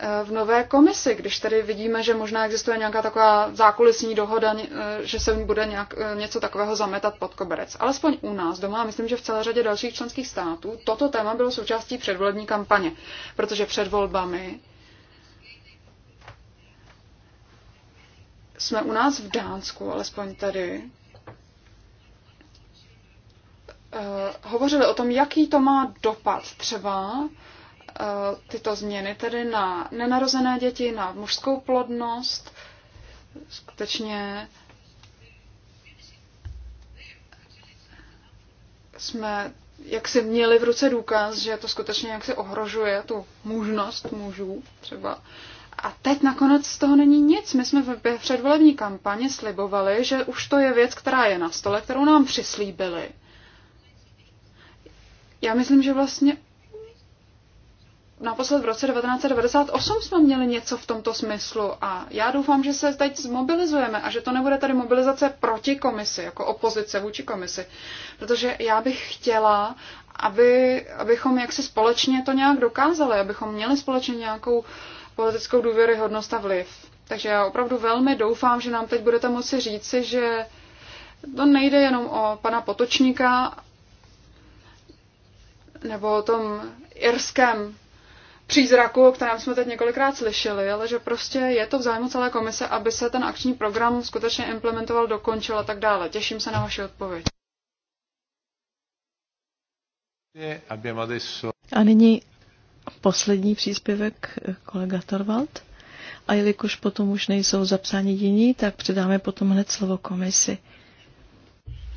Eh, v nové komisi, když tady vidíme, že možná existuje nějaká taková zákulisní dohoda, eh, že se bude nějak, eh, něco takového zametat pod koberec. Alespoň u nás doma, a myslím, že v celé řadě dalších členských států, toto téma bylo součástí předvolební kampaně, protože před volbami jsme u nás v Dánsku, alespoň tady, hovořili o tom, jaký to má dopad třeba Eh, tyto změny tedy na nenarozené děti, na mužskou plodnost. Skutečně jsme jak si měli v ruce důkaz, že to skutečně jak si ohrožuje tu mužnost mužů třeba. A teď nakonec z toho není nic. My jsme v předvolební kampani slibovali, že už to je věc, která je na stole, kterou nám přislíbili. Já myslím, že vlastně naposled v roce 1998 jsme měli něco v tomto smyslu a já doufám, že se teď zmobilizujeme a že to nebude tady mobilizace proti komisi, jako opozice vůči komisi, protože já bych chtěla, aby, abychom jaksi společně to nějak dokázali, abychom měli společně nějakou politickou důvěryhodnost a vliv. Takže já opravdu velmi doufám, že nám teď budete moci říci, že to nejde jenom o pana Potočníka nebo o tom irském přízraku, o kterém jsme teď několikrát slyšeli, ale že prostě je to v zájmu celé komise, aby se ten akční program skutečně implementoval, dokončil a tak dále. Těším se na vaši odpověď. A nyní poslední příspěvek kolega Torvald. A jelikož potom už nejsou zapsáni jiní, tak předáme potom hned slovo komisi.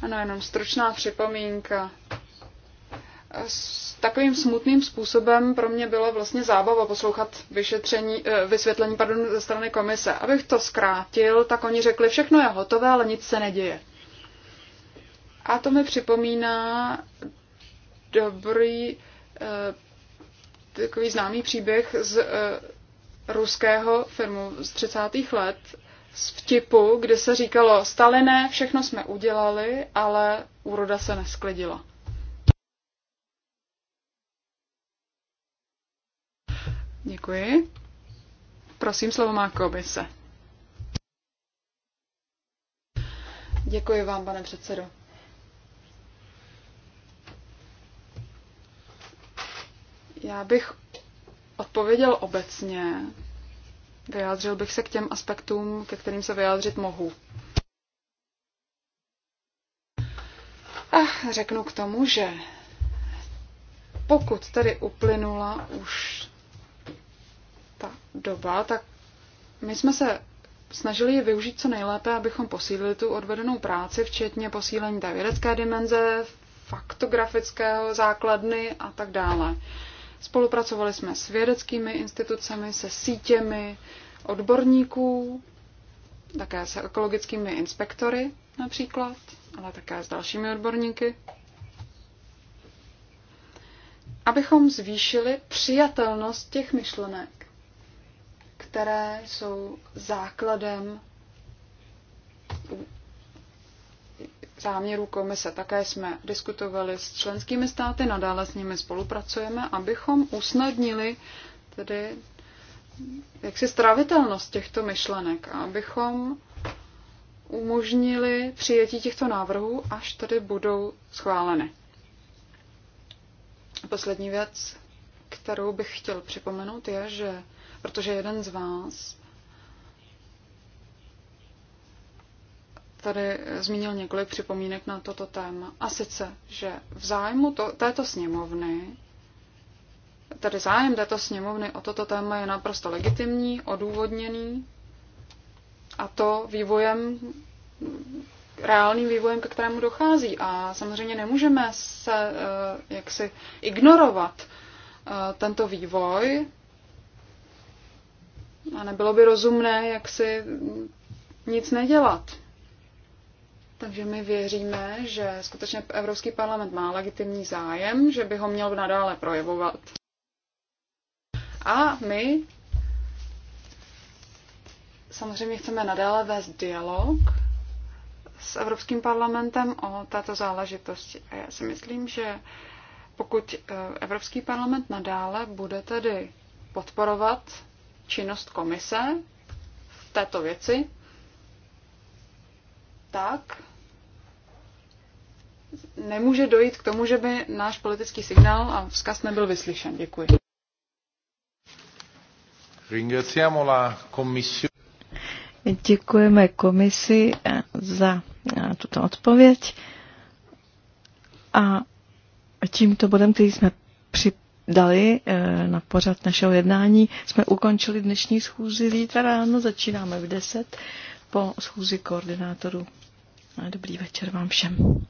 Ano, jenom stručná připomínka takovým smutným způsobem pro mě bylo vlastně zábava poslouchat vyšetření, eh, vysvětlení pardon, ze strany komise. Abych to zkrátil, tak oni řekli, všechno je hotové, ale nic se neděje. A to mi připomíná dobrý eh, takový známý příběh z eh, ruského filmu z 30. let, z vtipu, kde se říkalo, Staliné, všechno jsme udělali, ale úroda se nesklidila. Děkuji. Prosím, slovo má komise. Děkuji vám, pane předsedo. Já bych odpověděl obecně. Vyjádřil bych se k těm aspektům, ke kterým se vyjádřit mohu. A řeknu k tomu, že pokud tady uplynula už ta doba, tak my jsme se snažili je využít co nejlépe, abychom posílili tu odvedenou práci, včetně posílení té vědecké dimenze, faktografického základny a tak dále. Spolupracovali jsme s vědeckými institucemi, se sítěmi odborníků, také se ekologickými inspektory například, ale také s dalšími odborníky. Abychom zvýšili přijatelnost těch myšlenek které jsou základem záměru komise. Také jsme diskutovali s členskými státy, nadále s nimi spolupracujeme, abychom usnadnili tedy jaksi stravitelnost těchto myšlenek a abychom umožnili přijetí těchto návrhů, až tedy budou schváleny. Poslední věc, kterou bych chtěl připomenout, je, že protože jeden z vás tady zmínil několik připomínek na toto téma. A sice, že v zájmu to, této sněmovny, tedy zájem této sněmovny o toto téma je naprosto legitimní, odůvodněný a to vývojem, reálným vývojem, ke kterému dochází. A samozřejmě nemůžeme se eh, jaksi ignorovat eh, tento vývoj, a nebylo by rozumné, jak si nic nedělat. Takže my věříme, že skutečně Evropský parlament má legitimní zájem, že by ho měl nadále projevovat. A my samozřejmě chceme nadále vést dialog s Evropským parlamentem o této záležitosti. A já si myslím, že pokud eh, Evropský parlament nadále bude tedy podporovat činnost komise v této věci, tak nemůže dojít k tomu, že by náš politický signál a vzkaz nebyl vyslyšen. Děkuji. Děkujeme komisi za tuto odpověď. A tímto bodem, který jsme připravili, dali eh, na pořad našeho jednání. Jsme ukončili dnešní schůzi. Zítra ráno začínáme v 10 po schůzi koordinátorů. Dobrý večer vám všem.